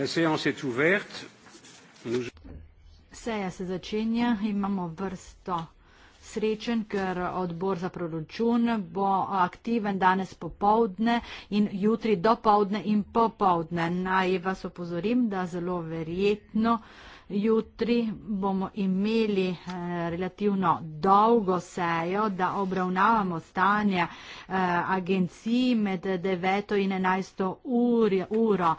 La séance est ouverte. Nous... Seja se začenja, imamo vrsto srečen, ker odbor za proračun bo aktiven danes popovdne in jutri dopovdne in popovdne. Naj vas opozorim, da zelo verjetno. Jutri bomo imeli eh, relativno dolgo sejo, da obravnavamo stanje eh, agencij med 9 in 11 uri, uro.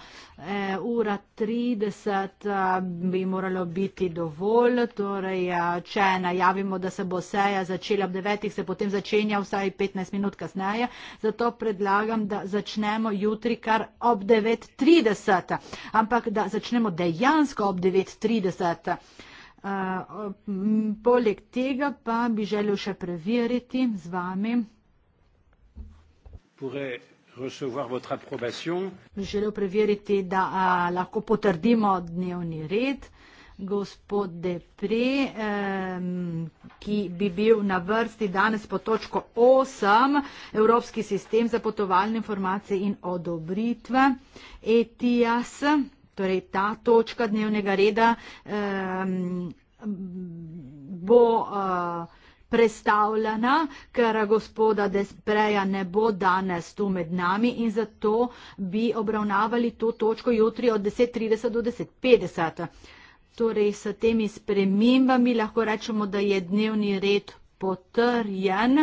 Eh, ura 30 bi moralo biti dovolj, torej če najavimo, da se bo seja začela ob 9, se potem začenja vsaj 15 minut kasneje, zato predlagam, da začnemo jutri kar ob 9.30, ampak da začnemo dejansko ob 9.30 30. Uh, eh, poleg tega pa bi želel še preveriti z vami. Bi želel preveriti, da uh, lahko potrdimo dnevni red. Gospod Depre, eh, ki bi bil na vrsti danes po točko 8, Evropski sistem za potovalne informacije in odobritve, ETIAS. Torej, ta točka dnevnega reda um, bo uh, eh, predstavljena, ker gospoda Despreja ne bo danes tu med nami in zato bi obravnavali to točko jutri od 10.30 do 10.50. Torej, s temi spremembami lahko rečemo, da je dnevni red potrjen.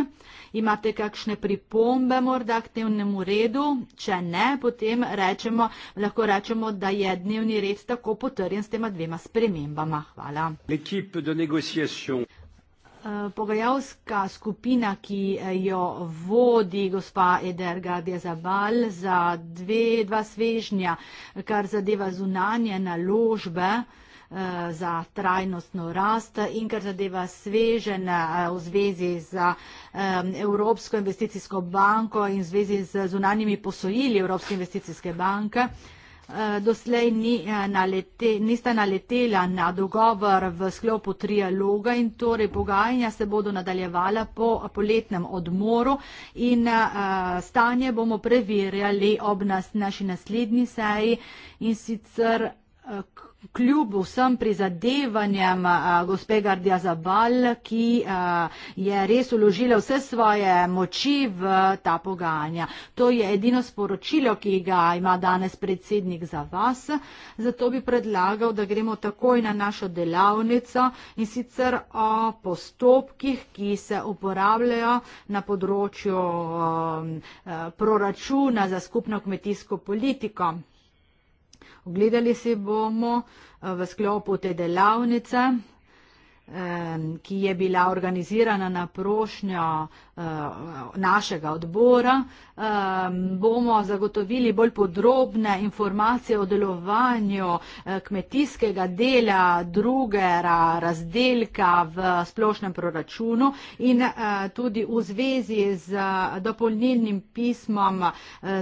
Imate kakšne pripombe morda k dnevnemu redu? Če ne, potem rečemo, lahko rečemo, da je dnevni red tako potrjen s tema dvema spremembama. Hvala. Eh, pogajalska skupina, ki eh, jo vodi gospa Ederga Diazabal za dve, dva svežnja, kar zadeva zunanje naložbe, Eh, za trajnostno rast in kar zadeva svežen eh, v zvezi z eh, Evropsko investicijsko banko in v zvezi z zunanjimi posojili Evropske investicijske banke. Doslej ni nalete, nista naletela na dogovor v sklopu trialoga in torej pogajanja se bodo nadaljevala po poletnem odmoru in stanje bomo preverjali ob nas naši naslednji seji in sicer kljub vsem prizadevanjem gospe Gardija Zabal, ki je res uložila vse svoje moči v ta pogajanja. To je edino sporočilo, ki ga ima danes predsednik za vas. Zato bi predlagal, da gremo takoj na našo delavnico in sicer o postopkih, ki se uporabljajo na področju proračuna za skupno kmetijsko politiko. Ogledali se bomo eh, v sklopu te delavnice, eh, ki je bila organizirana na prošnjo Eh, našega odbora, eh, bomo zagotovili bolj podrobne informacije o delovanju eh, kmetijskega dela drugega razdelka v splošnem proračunu in tudi v zvezi z dopolnilnim pismom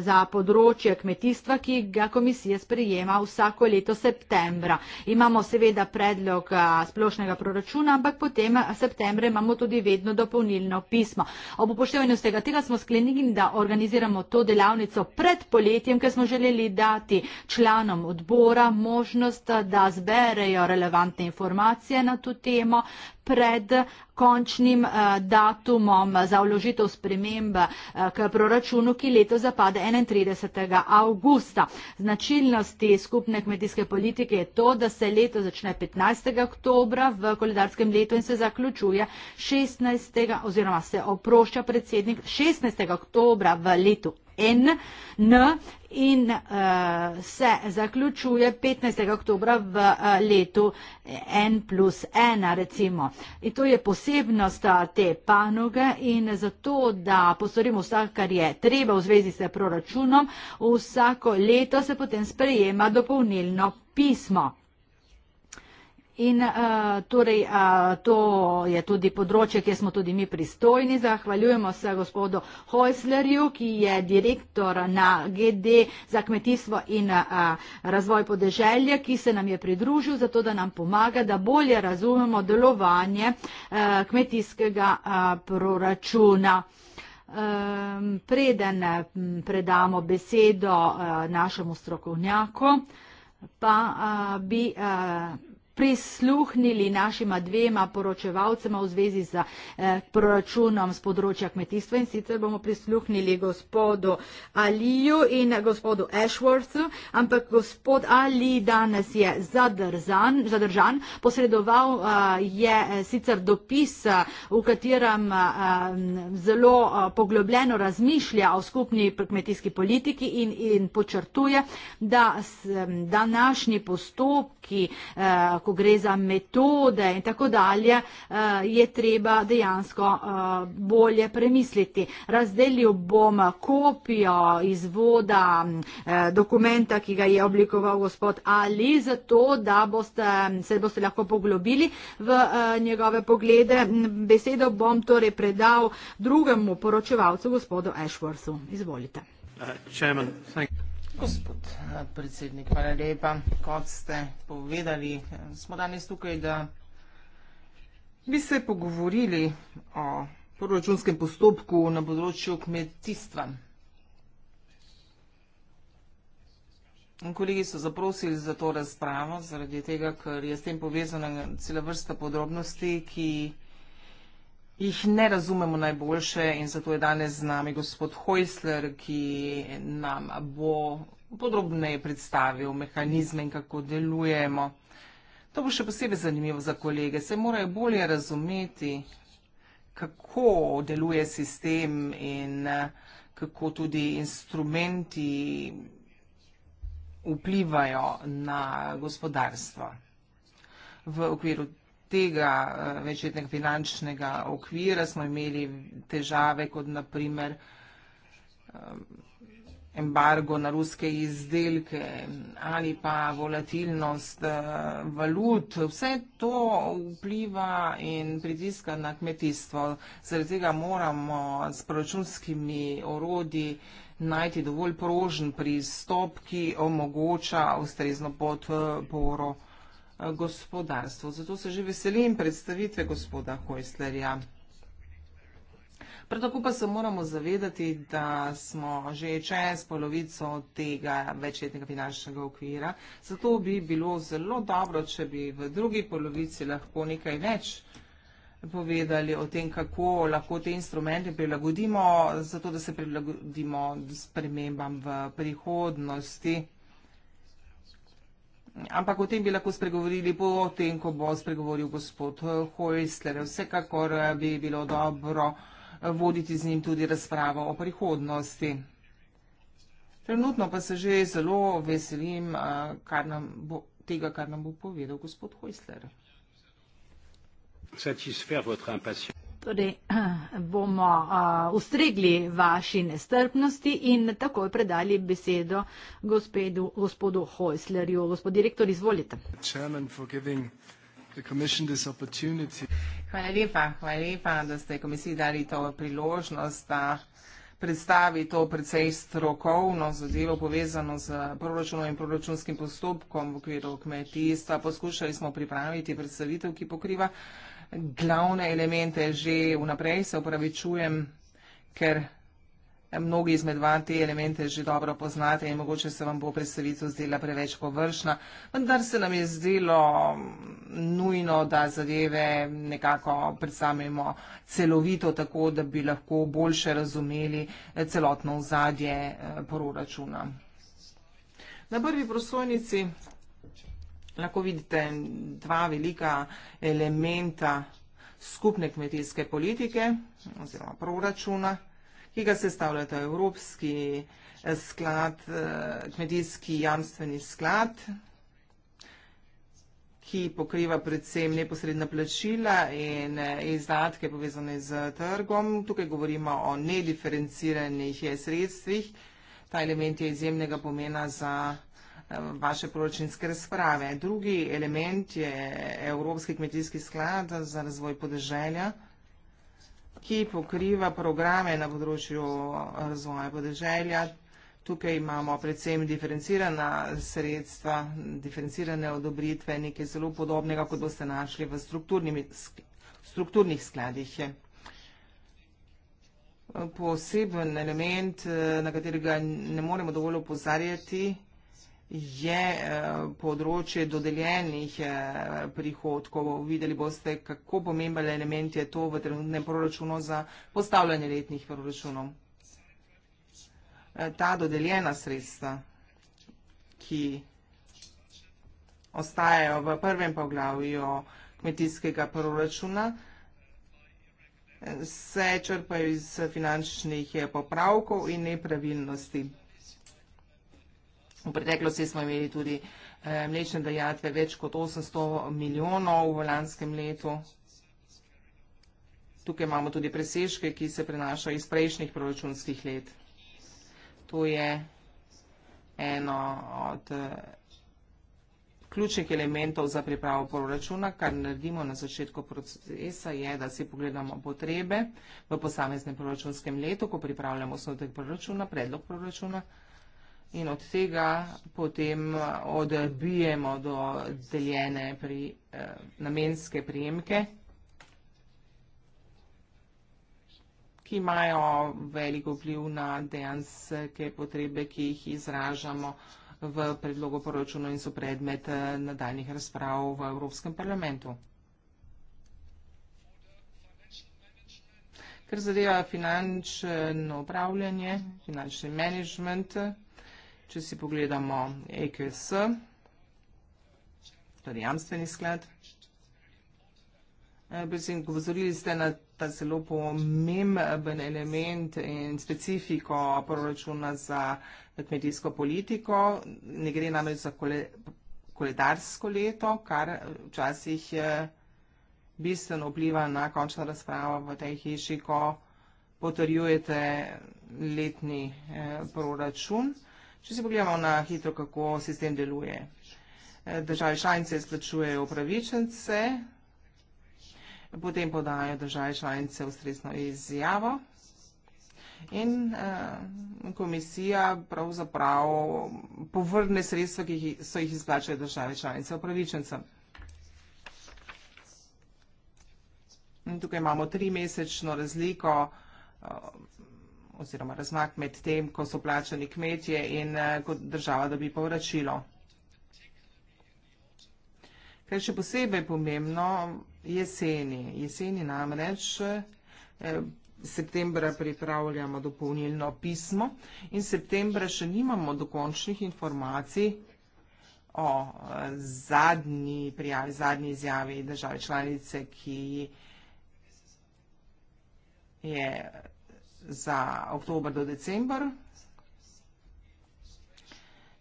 za področje kmetijstva, ki ga komisija sprejema vsako leto septembra. Imamo seveda predlog splošnega proračuna, ampak potem septembra imamo tudi vedno dopolnilno pismo. Ob upoštevanju vsega tega smo sklenili, da organiziramo to delavnico pred poletjem, ker smo želeli dati članom odbora možnost, da zberejo relevantne informacije na to temo, pred končnim eh, datumom za vložitev sprememb eh, k proračunu, ki leto zapade 31. augusta. Značilnosti skupne kmetijske politike je to, da se leto začne 15. oktobra v koledarskem letu in se zaključuje 16. oziroma se oprošča predsednik 16. oktobra v letu N, N in uh, se zaključuje 15. oktobra v uh, letu eh, N plus 1 recimo. In to je posebnost te panoge in zato, da postorimo vse, kar je treba v zvezi s proračunom, vsako leto se potem sprejema dopolnilno pismo. In uh, torej, uh, to je tudi področje, kjer smo tudi mi pristojni. Zahvaljujemo se gospodu Hojslerju, ki je direktor na GD za kmetijstvo in uh, razvoj podeželja, ki se nam je pridružil, zato da nam pomaga, da bolje razumemo delovanje uh, kmetijskega uh, proračuna. Um, preden predamo besedo uh, našemu strokovnjaku, pa uh, bi. Uh, prisluhnili našima dvema poročevalcema v zvezi z eh, proračunom z področja kmetijstva in sicer bomo prisluhnili gospodu Aliju in gospodu Ashworthu, ampak gospod Ali danes je zadržan, zadržan posredoval eh, je eh, sicer dopis, eh, v katerem eh, zelo eh, poglobljeno razmišlja o skupni kmetijski politiki in, in počrtuje, da s, eh, današnji postopki eh, ko gre za metode in tako dalje, eh, je treba dejansko eh, bolje premisliti. Razdelil bom kopijo izvoda eh, dokumenta, ki ga je oblikoval gospod Ali, zato da boste, se boste lahko poglobili v njegove poglede. Besedo bom torej predal drugemu poročevalcu, gospodu Ashworthu. Izvolite. Uh, chairman, thank you. Gospod eh, predsednik, hvala lepa. Kot ste povedali, eh, smo danes tukaj, da bi se pogovorili o proračunskem postopku na področju kmetijstva. Kolegi so zaprosili za to razpravo, zaradi tega, ker je s tem povezana cela vrsta podrobnosti, ki jih jih ne razumemo najboljše in zato je danes z nami gospod Hojsler, ki nam bo podrobneje predstavil mehanizme in kako delujemo. To bo še posebej zanimivo za kolege, se morajo bolje razumeti, kako deluje sistem in kako tudi instrumenti vplivajo na gospodarstvo. V okviru tega eh, večletnega finančnega okvira smo imeli težave, kot naprimer eh, embargo na ruske izdelke ali pa volatilnost eh, valut. Vse to vpliva in pritiska na kmetijstvo. Zaradi tega moramo s proračunskimi orodi najti dovolj prožen pristop, ki omogoča ustrezno podporo. Eh, gospodarstvo. Zato se že veselim predstavitve gospoda Hojslerja. Prav tako pa se moramo zavedati, da smo že čez polovico tega večletnega finančnega okvira, zato bi bilo zelo dobro, če bi v drugi polovici lahko nekaj več povedali o tem, kako lahko te instrumente prilagodimo, zato da se prilagodimo spremembam v prihodnosti ampak o tem bi lahko spregovorili po tem, ko bo spregovoril gospod Hojsler. Vsekakor bi bilo dobro voditi z njim tudi razpravo o prihodnosti. Trenutno pa se že zelo veselim kar bo, tega, kar nam bo povedal gospod Hojsler. Torej, bomo uh, ustregli vaši nestrpnosti in takoj predali besedo gospedu, gospodu Hojslerju. Gospod direktor, izvolite. Chairman, hvala lepa, hvala lepa, da ste komisiji dali to priložnost, da predstavi to precej strokovno zadevo povezano z proračunom in proračunskim postopkom v okviru kmetijstva. Poskušali smo pripraviti predstavitev, ki pokriva glavne elemente že vnaprej, se upravičujem, ker mnogi izmed vam te elemente že dobro poznate in mogoče se vam bo predstavitev zdela preveč površna, vendar se nam je zdelo mm, nujno, da zadeve nekako predstavimo celovito, tako da bi lahko boljše razumeli eh, celotno vzadje eh, proračuna. Na prvi prosojnici lahko vidite dva velika elementa skupne kmetijske politike oziroma proračuna, ki ga sestavljata Evropski eh, sklad, eh, kmetijski jamstveni sklad, ki pokriva predvsem neposredna plačila in eh, izdatke povezane z trgom. Tukaj govorimo o nediferenciranih sredstvih. Ta element je izjemnega pomena za vaše proračunske razprave. Drugi element je Evropski kmetijski sklad za razvoj podeželja, ki pokriva programe na področju eh, razvoja podeželja. Tukaj imamo predvsem diferencirana sredstva, diferencirane odobritve, nekaj zelo podobnega, kot boste našli v strukturnih skladih. Poseben element, eh, na katerega ne moremo dovolj upozarjati, je eh, področje dodeljenih eh, prihodkov. Videli boste, kako pomemben element je to v trenutnem proračunu za postavljanje letnih proračunov. Eh, ta dodeljena sredstva, ki ostajajo v prvem poglavju kmetijskega proračuna, se črpajo iz finančnih popravkov in nepravilnosti. V preteklosti smo imeli tudi eh, mlečne dejatve več kot 800 milijonov v lanskem letu. Tukaj imamo tudi presežke, ki se prenašajo iz prejšnjih proračunskih let. To je eno od eh, ključnih elementov za pripravo proračuna, kar naredimo na začetku procesa, je, da si pogledamo potrebe v posameznem proračunskem letu, ko pripravljamo osnovitek proračuna, predlog proračuna proračuna in od tega potem odbijemo do deljene pri eh, namenske prijemke, ki imajo veliko vpliv na dejanske potrebe, ki jih izražamo v predlogu poročuna in so predmet eh, nadaljnih razprav v Evropskem parlamentu. Ker zadeva finančno upravljanje, finančni management, Če si pogledamo EQS, torej jamstveni sklad, Mislim, eh, govorili ste na ta zelo pomemben element in specifiko proračuna za kmetijsko politiko. Ne gre namreč za kole, koledarsko leto, kar včasih eh, bistveno vpliva na končno razpravo v tej hiši, ko potrjujete letni eh, proračun. Če si pogledamo na hitro, kako sistem deluje. Eh, države članice izplačujejo upravičence, potem podajo države članice ustresno izjavo in eh, komisija pravzaprav povrne sredstva, ki so jih izplačali države članice upravičencem. Tukaj imamo tri mesečno razliko, eh, oziroma razmak med tem, ko so plačani kmetje in eh, kot država dobi povračilo. Kaj še posebej pomembno, jeseni. Jeseni namreč eh, septembra pripravljamo dopolnilno pismo in septembra še nimamo dokončnih informacij o eh, zadnji prijavi, zadnji izjavi države članice, ki je za oktober do december.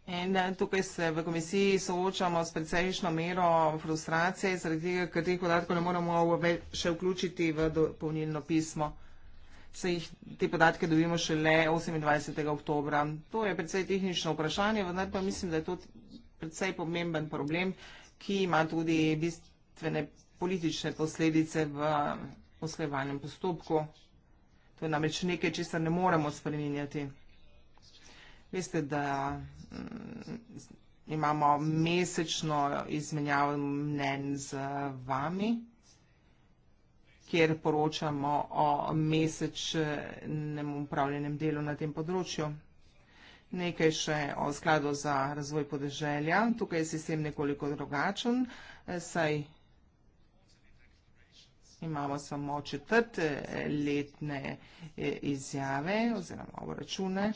In eh, tukaj se v komisiji soočamo s precejšno mero frustracije, zaradi tega, ker teh podatkov ne moramo še vključiti v dopolnilno pismo. Se jih te podatke dobimo šele 28. oktobra. To je precej tehnično vprašanje, vendar pa mislim, da je to precej pomemben problem, ki ima tudi bistvene politične posledice v poslevanjem postopku. To je namreč nekaj, česar ne moremo spreminjati. Veste, da mm, imamo mesečno izmenjavo mnen z vami, kjer poročamo o mesečnem upravljenem delu na tem področju. Nekaj še o skladu za razvoj podeželja. Tukaj je sistem nekoliko drugačen, saj imamo samo četrte eh, letne eh, izjave oziroma obračune.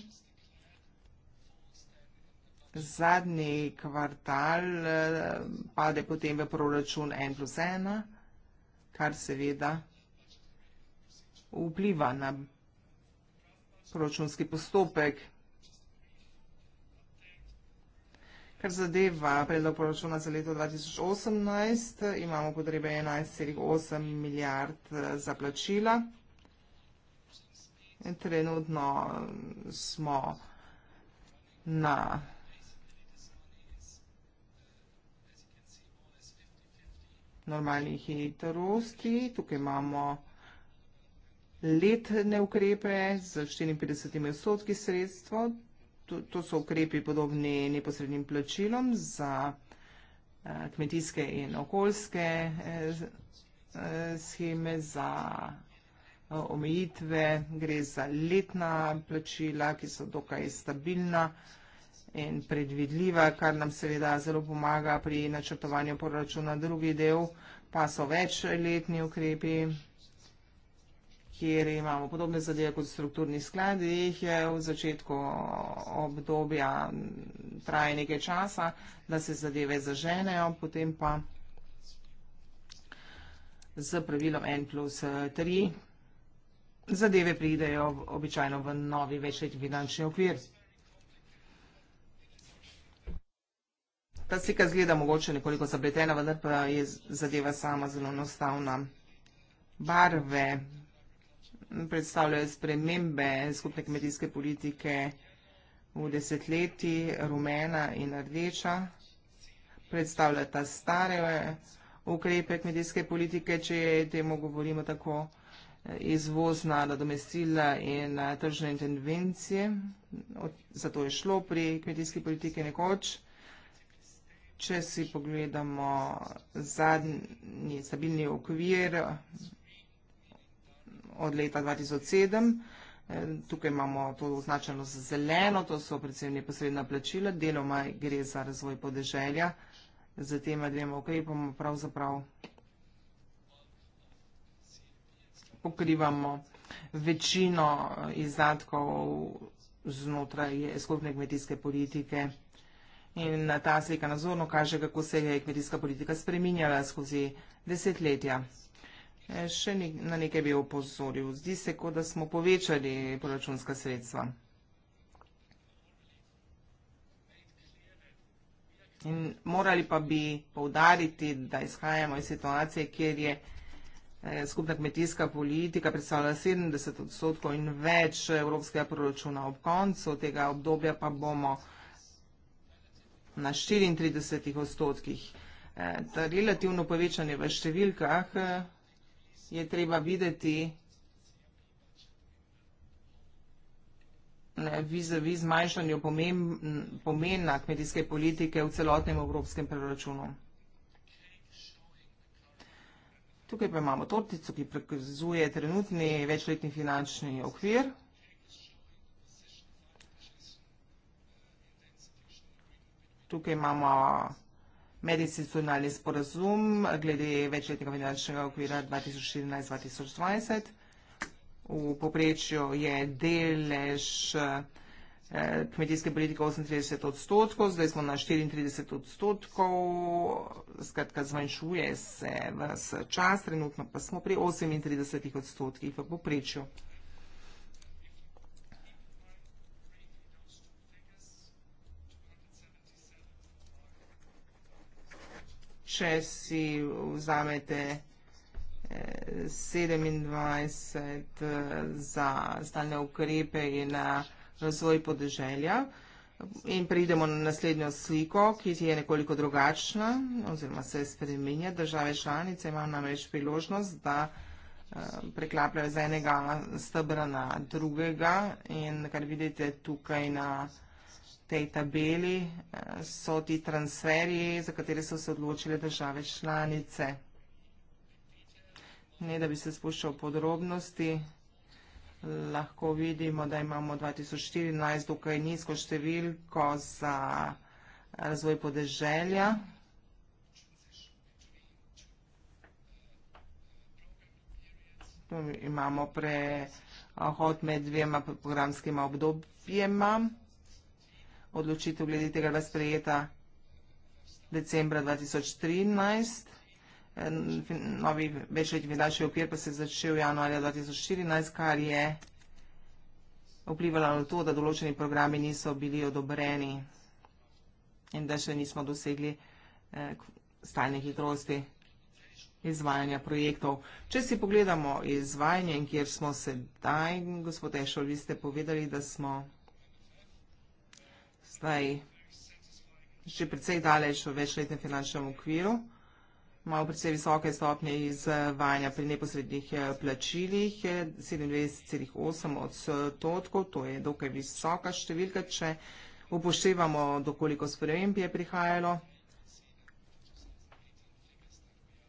Zadnji kvartal eh, pade potem v proračun 1 plus 1, kar seveda vpliva na proračunski postopek. Kar zadeva predlog proračuna za leto 2018, imamo potrebe 11,8 milijard eh, za plačila. In trenutno mm, smo na 50-50. normalni hitrosti. Tukaj imamo letne ukrepe z 54 odstotki sredstva to so ukrepi podobni neposrednim plačilom za eh, kmetijske in okoljske eh, scheme, eh, za omejitve, gre za letna plačila, ki so dokaj stabilna in predvidljiva, kar nam seveda zelo pomaga pri načrtovanju poračuna. Drugi del pa so večletni ukrepi, ki so večletni ukrepi, kjer imamo podobne zadeve kot strukturni skladi, jih je v začetku obdobja traje nekaj časa, da se zadeve zaženejo, potem pa z pravilom N plus 3 zadeve pridejo običajno v novi večletni finančni okvir. Ta slika zgleda mogoče nekoliko zapletena, vendar pa je zadeva sama zelo enostavna. Barve predstavljajo spremembe skupne kmetijske politike v desetletji, rumena in rdeča, predstavljata stare ukrepe kmetijske politike, če je temu govorimo tako izvozna nadomestila in tržne intervencije. Zato je šlo pri kmetijski politike nekoč. Če si pogledamo zadnji stabilni okvir, od leta 2007. E, tukaj imamo to označeno za zeleno, to so predvsem neposredna plačila, deloma gre za razvoj podeželja. Za tem dvema ukrepom pravzaprav pokrivamo večino e, izdatkov znotraj skupne kmetijske politike. In ta slika nazorno kaže, kako se je kmetijska politika spreminjala skozi desetletja. Eh, še na nekaj bi opozoril. Zdi se, kot da smo povečali proračunska sredstva. In morali pa bi povdariti, da izhajamo iz situacije, kjer je eh, skupna kmetijska politika predstavljala 70 odstotkov in več evropskega proračuna. Ob koncu tega obdobja pa bomo na 34 odstotkih. Eh, ta relativno povečanje v številkah je, je treba videti vizavi zmanjšanju pomena kmetijske politike v celotnem evropskem preračunu. Tukaj pa imamo tortico, ki prekazuje trenutni večletni finančni okvir. Tukaj imamo medinstitucionalni sporazum glede večletnega finančnega okvira 2014-2020. V poprečju je delež eh, kmetijske politike 38 odstotkov, zdaj smo na 34 odstotkov, skratka zmanjšuje se vse čas, trenutno pa smo pri 38 odstotkih v poprečju. če si vzamete 27 eh, eh, za stalne ukrepe in razvoj podeželja. In pridemo na naslednjo sliko, ki je nekoliko drugačna oziroma se spreminja. Države članice imajo namreč priložnost, da eh, preklapljajo z enega stebra na drugega in kar vidite tukaj na drugega, tej tabeli eh, so ti transferji, za katere so se odločile države članice. Ne, da bi se spuščal podrobnosti, lahko vidimo, da imamo 2014 dokaj nizko številko za razvoj podeželja. Imamo prehod med dvema programskima obdobjema odločitev glede tega bila sprejeta decembra 2013, novi večletni finančni okvir pa se je začel januarja 2014, kar je vplivalo na to, da določeni programi niso bili odobreni in da še nismo dosegli eh, stalne hitrosti izvajanja projektov. Če si pogledamo izvajanje in kjer smo sedaj, gospod Ešol, vi ste povedali, da smo zdaj že precej daleč v večletnem finančnem okviru. Imamo precej visoke stopnje izvajanja pri neposrednih eh, plačilih, 27,8 eh, odstotkov, to je dokaj visoka številka, če upoštevamo, dokoliko sprejem je prihajalo.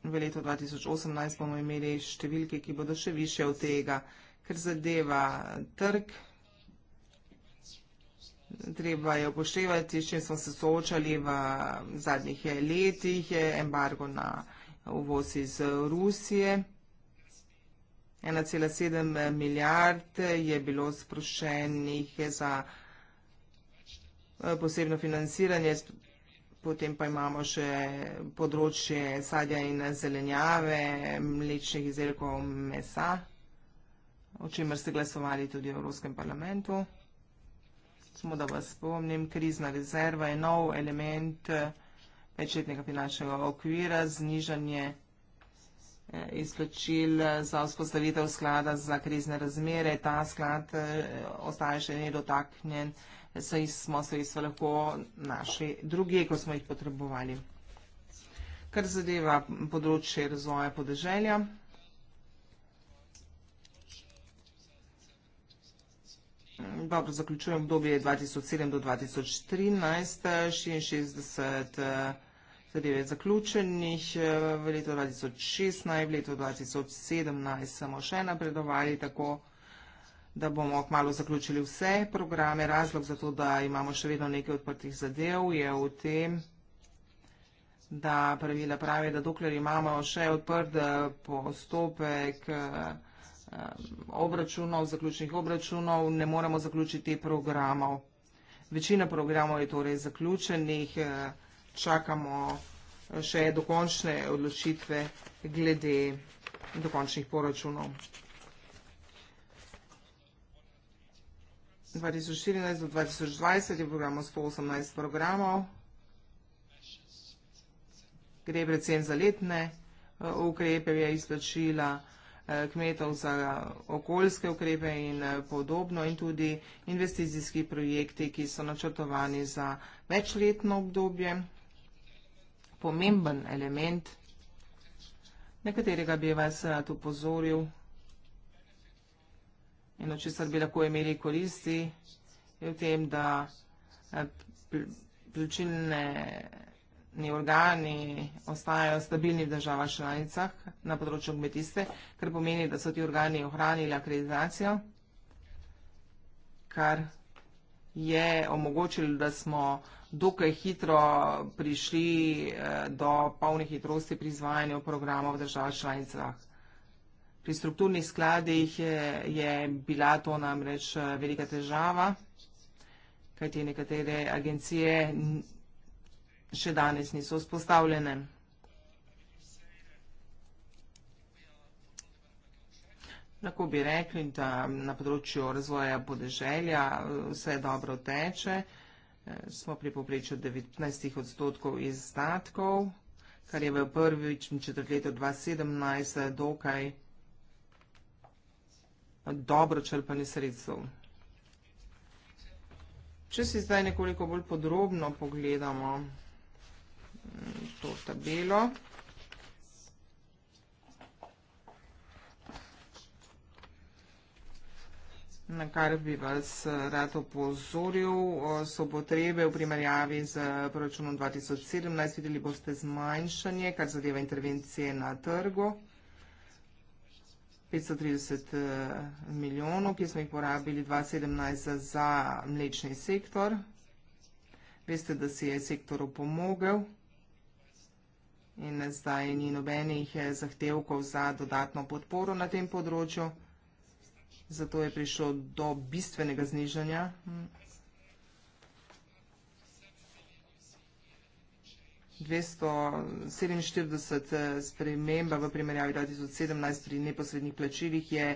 V letu 2018 bomo imeli številke, ki bodo še više od tega, ker zadeva trg, treba je upoštevati, s čim smo se soočali v zadnjih letih, je embargo na uvoz iz Rusije. 1,7 milijard je bilo sproščenih za eh, posebno financiranje, potem pa imamo še področje sadja in zelenjave, mlečnih izdelkov mesa, o čemer ste glasovali tudi v Evropskem parlamentu. Samo da vas spomnim, krizna rezerva je nov element eh, večletnega finančnega okvira, znižanje eh, izločil eh, za vzpostavitev sklada za krizne razmere. Ta sklad ostaje še nedotaknjen, saj smo sredstva lahko našli druge, ko smo jih potrebovali. Kar zadeva področje razvoja podeželja, Dobro, zaključujem obdobje 2007 do 2013, 66 eh, zadev je zaključenih, eh, v letu 2016, v letu 2017 smo še napredovali tako, da bomo kmalo zaključili vse programe. Razlog za to, da imamo še vedno nekaj odprtih zadev, je v tem, da pravila pravi, da dokler imamo še odprt eh, postopek, da imamo še odprt postopek, Eh, obračunov, zaključnih obračunov, ne moremo zaključiti programov. Večina programov je torej zaključenih, eh, čakamo eh, še dokončne odločitve glede dokončnih poračunov. 2014 do 2020 je programov 118 programov, gre predvsem za letne ukrepe, je izplačila programov, kmetov za okoljske ukrepe in eh, podobno in tudi investicijski projekti, ki so načrtovani za večletno obdobje. Pomemben element, nekaterega bi vas tu pozoril in očistar bi lahko imeli koristi, je v tem, da eh, plučilne projekte, ni organi ostajajo stabilni v državah članicah na področju kmetiste, kar pomeni, da so ti organi ohranili akreditacijo, kar je omogočilo, da smo dokaj hitro prišli eh, do polne hitrosti pri izvajanju programa v državah članicah. Pri strukturnih skladih je, eh, je bila to namreč eh, velika težava, kajti nekatere agencije še danes niso vzpostavljene. Lahko bi rekli, da na področju razvoja podeželja eh, vse dobro teče. Eh, smo pri poprečju 19 odstotkov izdatkov, kar je v prvič in četrt leto 2017 dokaj dobro črpanje sredstv. Če si zdaj nekoliko bolj podrobno pogledamo, to tabelo. Na kar bi vas rad opozoril, so potrebe v primerjavi z proračunom 2017. Videli boste zmanjšanje, kar zadeva intervencije na trgu. 530 eh, milijonov, ki smo jih porabili 2017 za mlečni sektor. Veste, da si je sektor opomogel in zdaj ni nobenih eh, zahtevkov za dodatno podporo na tem področju, zato je prišlo do bistvenega znižanja. Dvesto sedemštirideset eh, sprememba v primerjavi 2017 pri neposrednih plačilih je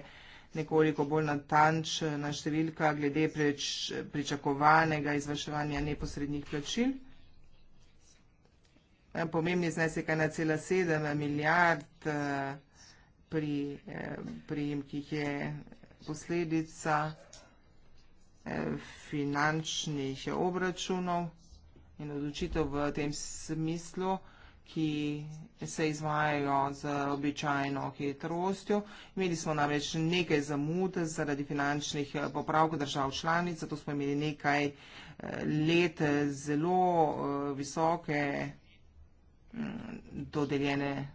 nekoliko bolj natančna številka glede preč, pričakovanega izvrševanja neposrednih plačil. En pomembni znesek 1,7 milijard eh, pri eh, prijemkih je posledica eh, finančnih obračunov in odločitev v tem smislu, ki se izvajajo z običajno hitrostjo. Imeli smo namreč nekaj zamud zaradi finančnih popravkov držav članic, zato smo imeli nekaj let zelo visoke obračunov dodeljene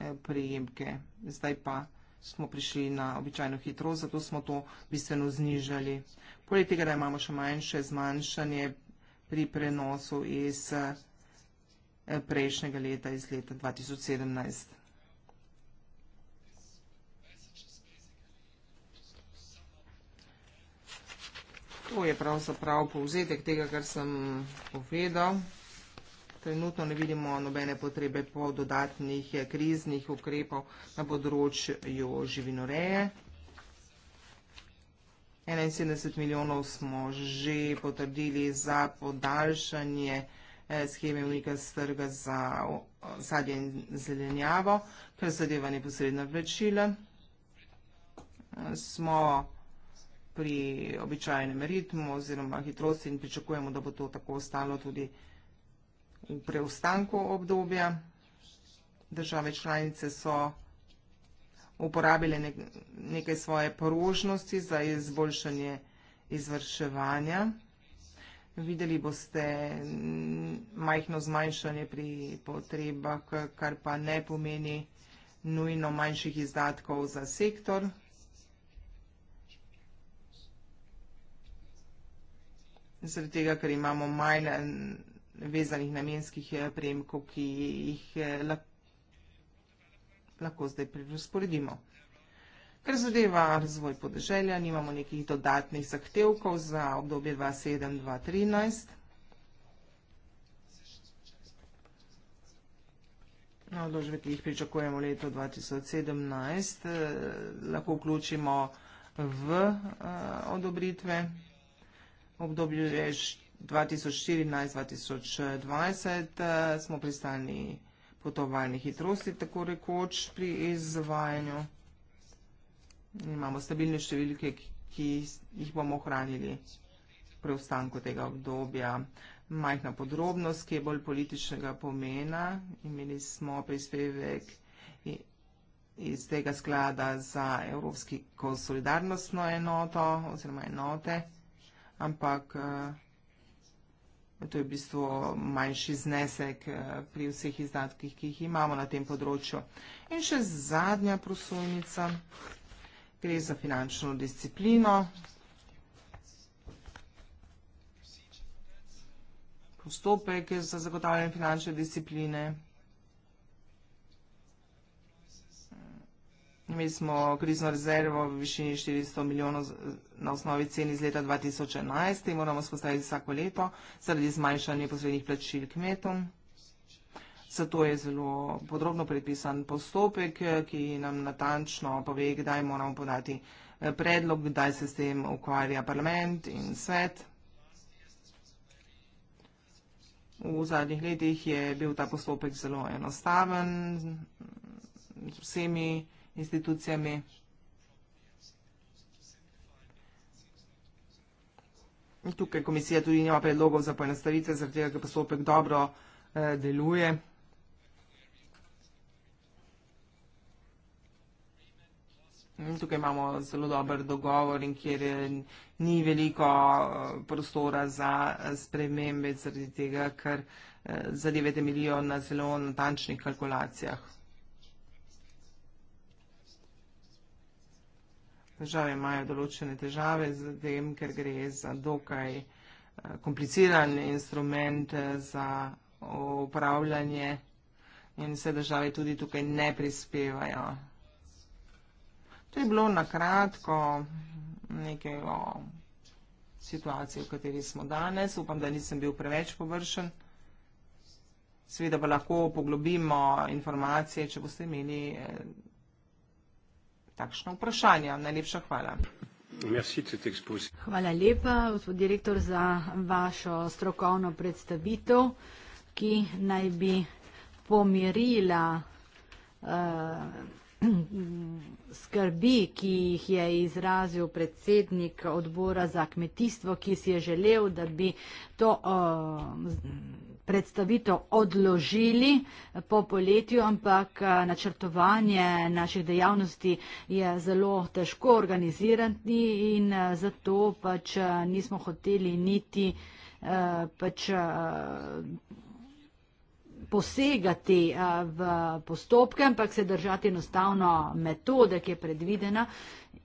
eh, prejemke. Zdaj pa smo prišli na običajno hitrost, zato smo to bistveno znižali. Poleg tega, da imamo še manjše zmanjšanje pri prenosu iz eh, prejšnjega leta, iz leta 2017. To je pravzaprav povzetek tega, kar sem povedal trenutno ne vidimo nobene potrebe po dodatnih eh, kriznih ukrepov na področju živinoreje. 71 milijonov smo že potrdili za podaljšanje eh, scheme Unika strga za sadje in zelenjavo, kar zadeva neposredna vrečila. Eh, smo pri običajnem ritmu oziroma hitrosti in pričakujemo, da bo to tako ostalo tudi vrečila v preostanku obdobja. Države članice so uporabile nekaj svoje porožnosti za izboljšanje izvrševanja. Videli boste majhno zmanjšanje pri potrebah, kar pa ne pomeni nujno manjših izdatkov za sektor. Zdaj tega, ker imamo majhne vezanih namenskih eh, prejemkov, ki jih eh, lahko zdaj prerasporedimo. Ker zadeva razvoj podeželja, nimamo nekih dodatnih zahtevkov za obdobje 2.7.2.13. Na odložbe, ki jih pričakujemo leto 2017, eh, lahko vključimo v odobritve. Obdobje je 2014-2020 eh, smo pristani potovalni hitrosti, tako rekoč pri izvajanju. Imamo stabilne številke, ki jih bomo ohranili preostanku tega obdobja. Majhna podrobnost, ki je bolj političnega pomena. Imeli smo prispevek iz tega sklada za Evropsko solidarnostno enoto oziroma enote, ampak eh, To je v bistvu manjši znesek eh, pri vseh izdatkih, ki jih imamo na tem področju. In še zadnja prosojnica, gre za finančno disciplino. Postopek za zagotavljanje finančne discipline. Mi smo krizno rezervo v višini 400 milijonov na osnovi cen iz leta 2011 in moramo spostaviti vsako leto zaradi zmanjšanja posrednjih plačil kmetom. Zato je zelo podrobno predpisan postopek, ki nam natančno pove, kdaj moramo podati eh, predlog, kdaj se s tem ukvarja parlament in svet. V zadnjih letih je bil ta postopek zelo enostaven z vsemi postopek, institucijami. Tukaj komisija tudi nima predlogov za poenostavitve, zaradi tega, ker postopek dobro eh, deluje. Tukaj imamo zelo dober dogovor in kjer eh, ni veliko eh, prostora za spremembe, zaradi tega, ker zadeve temelijo na zelo natančnih kalkulacijah. žal imajo določene težave z tem, ker gre za dokaj eh, kompliciran instrument eh, za upravljanje in vse države tudi tukaj ne prispevajo. To je bilo nakratko nekaj o situaciji, v kateri smo danes. Upam, da nisem bil preveč površen. Seveda pa lahko poglobimo informacije, če boste imeli. Eh, takšno vprašanje. Najlepša hvala. Hvala lepa, gospod direktor, za vašo strokovno predstavitev, ki naj bi pomirila uh, skrbi, ki jih je izrazil predsednik odbora za kmetijstvo, ki si je želel, da bi to. Uh, predstavitev odložili po poletju, ampak eh, načrtovanje naših dejavnosti je zelo težko organizirati in eh, zato pač eh, nismo hoteli niti pač posegati v postopke, ampak se držati enostavno metode, ki je predvidena.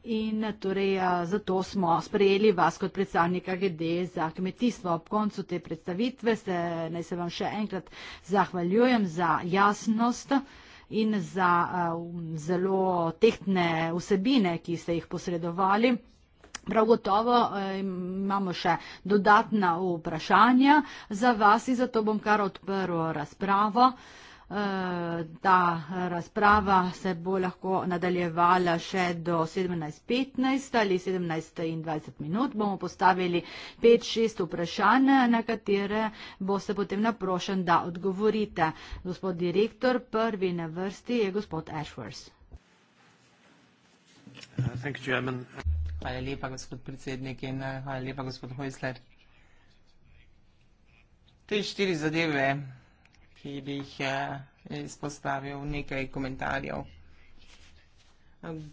In torej zato smo sprejeli vas kot predstavnika GD za kmetijstvo. Ob koncu te predstavitve se, naj se vam še enkrat zahvaljujem za jasnost in za um, zelo tehtne vsebine, ki ste jih posredovali. Prav gotovo imamo še dodatna vprašanja za vas in zato bom kar odprl razpravo da razprava se bo lahko nadaljevala še do 17.15 ali 17.20 minut. Bomo postavili 5-6 vprašanj, na katere boste potem naprošen, da odgovorite. Gospod direktor, prvi na vrsti je gospod Ashworth. Hvala lepa, gospod predsednik in eh, hvala lepa, gospod Hojsler. Te štiri zadeve ki bi jih eh, izpostavil nekaj komentarjev.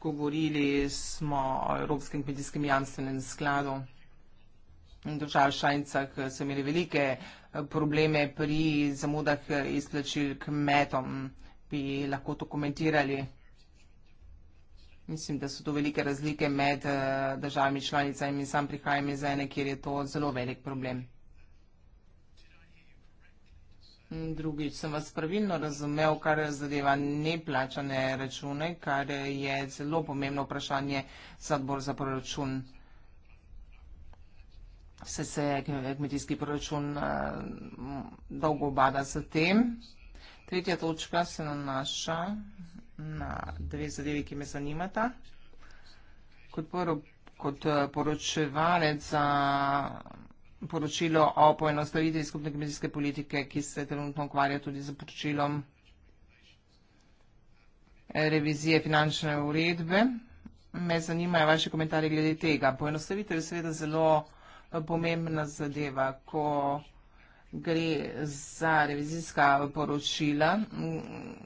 Govorili smo o Evropskem kmetijskem jamstvenem skladu. Država šajnicah so imeli velike eh, probleme pri zamudah eh, izplačil kmetom, bi lahko to komentirali. Mislim, da so tu velike razlike med državami članicami in sam prihajam iz ene, kjer je to zelo velik problem. Mm, drugič, sem vas pravilno razumel, kar zadeva neplačane račune, kar je zelo pomembno vprašanje za odbor za proračun. Se se kmetijski proračun eh, dolgo obada za tem. Tretja točka se nanaša na dve zadevi, ki me zanimata. Kot eh, poročevalec za proračun, poročilo o poenostavitvi skupne kmetijske politike, ki se trenutno ukvarja tudi z poročilom revizije finančne uredbe. Me zanimajo vaše komentarje glede tega. Poenostavitev je seveda zelo eh, pomembna zadeva, ko gre za revizijska poročila. Mm,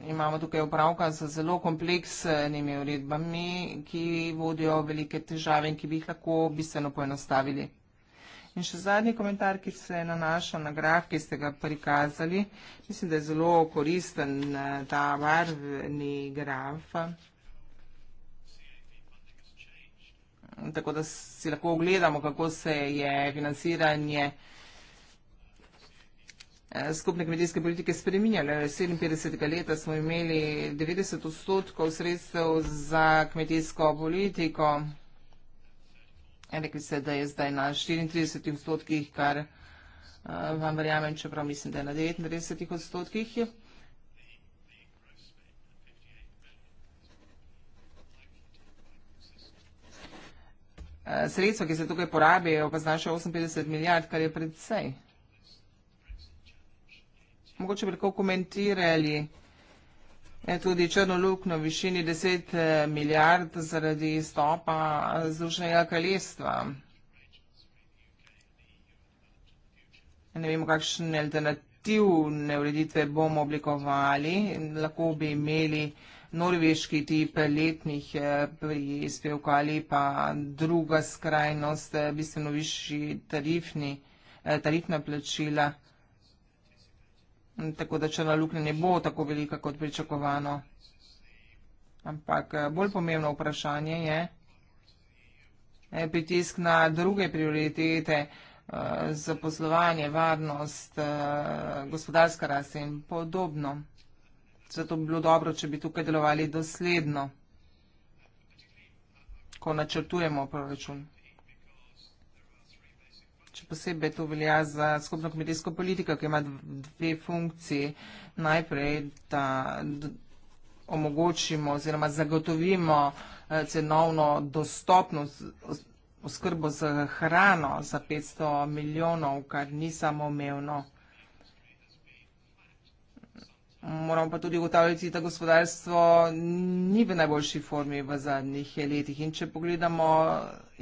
imamo tukaj upravka z zelo kompleksnimi uredbami, ki vodijo velike težave in ki bi jih lahko bistveno poenostavili. In še zadnji komentar, ki se je nanašal na graf, ki ste ga prikazali. Mislim, da je zelo koristen eh, ta varvni graf. Tako da si lahko ogledamo, kako se je financiranje eh, skupne kmetijske politike spreminjale. 57. leta smo imeli 90 odstotkov sredstev za kmetijsko politiko. Ja, rekli ste, da je zdaj na 34 odstotkih, kar uh, vam verjamem, čeprav mislim, da je na 39 odstotkih. Eh, sredstva, ki se tukaj porabijo, pa znašajo 58 milijard, kar je predvsej. Mogoče bi lahko komentirali, Tudi črno lukno v višini 10 eh, milijard zaradi stopa eh, zrušenega kraljestva. Ne vemo, kakšne alternativne ureditve bomo oblikovali. Lahko bi imeli norveški tip letnih eh, prispevkov ali pa druga skrajnost, bistveno višji tarifni, tarifna plačila tako da črna luknja ne bo tako velika kot pričakovano. Ampak eh, bolj pomembno vprašanje je eh, pritisk na druge prioritete eh, za poslovanje, varnost, gospodarska rast in podobno. Zato bi bilo dobro, če bi tukaj delovali dosledno, ko načrtujemo proračun posebej to velja za skupno kmetijsko politiko, ki ima dve funkciji. Najprej, da omogočimo oziroma zagotovimo eh, cenovno dostopnost oskrbo z hrano za 500 milijonov, kar ni samo mevno. Moramo pa tudi ugotavljati, da gospodarstvo ni v najboljši formi v zadnjih letih. In če pogledamo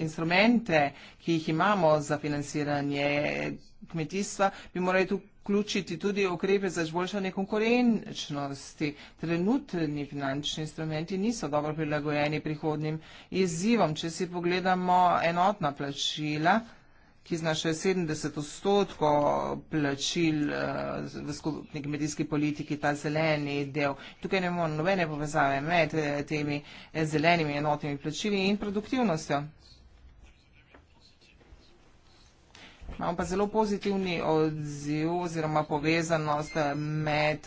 instrumente, ki jih imamo za financiranje kmetijstva, bi morali tu vključiti tudi okrepe za izboljšanje konkurenčnosti. Trenutni finančni instrumenti niso dobro prilagojeni prihodnim izzivom. Če si pogledamo enotna plačila, ki znašajo 70 odstotkov plačil eh, v skupni kmetijski politiki, ta zeleni del. Tukaj ne moramo nobene povezave med eh, temi eh, zelenimi enotnimi plačili in produktivnostjo. Imamo pa zelo pozitivni odziv oziroma povezanost med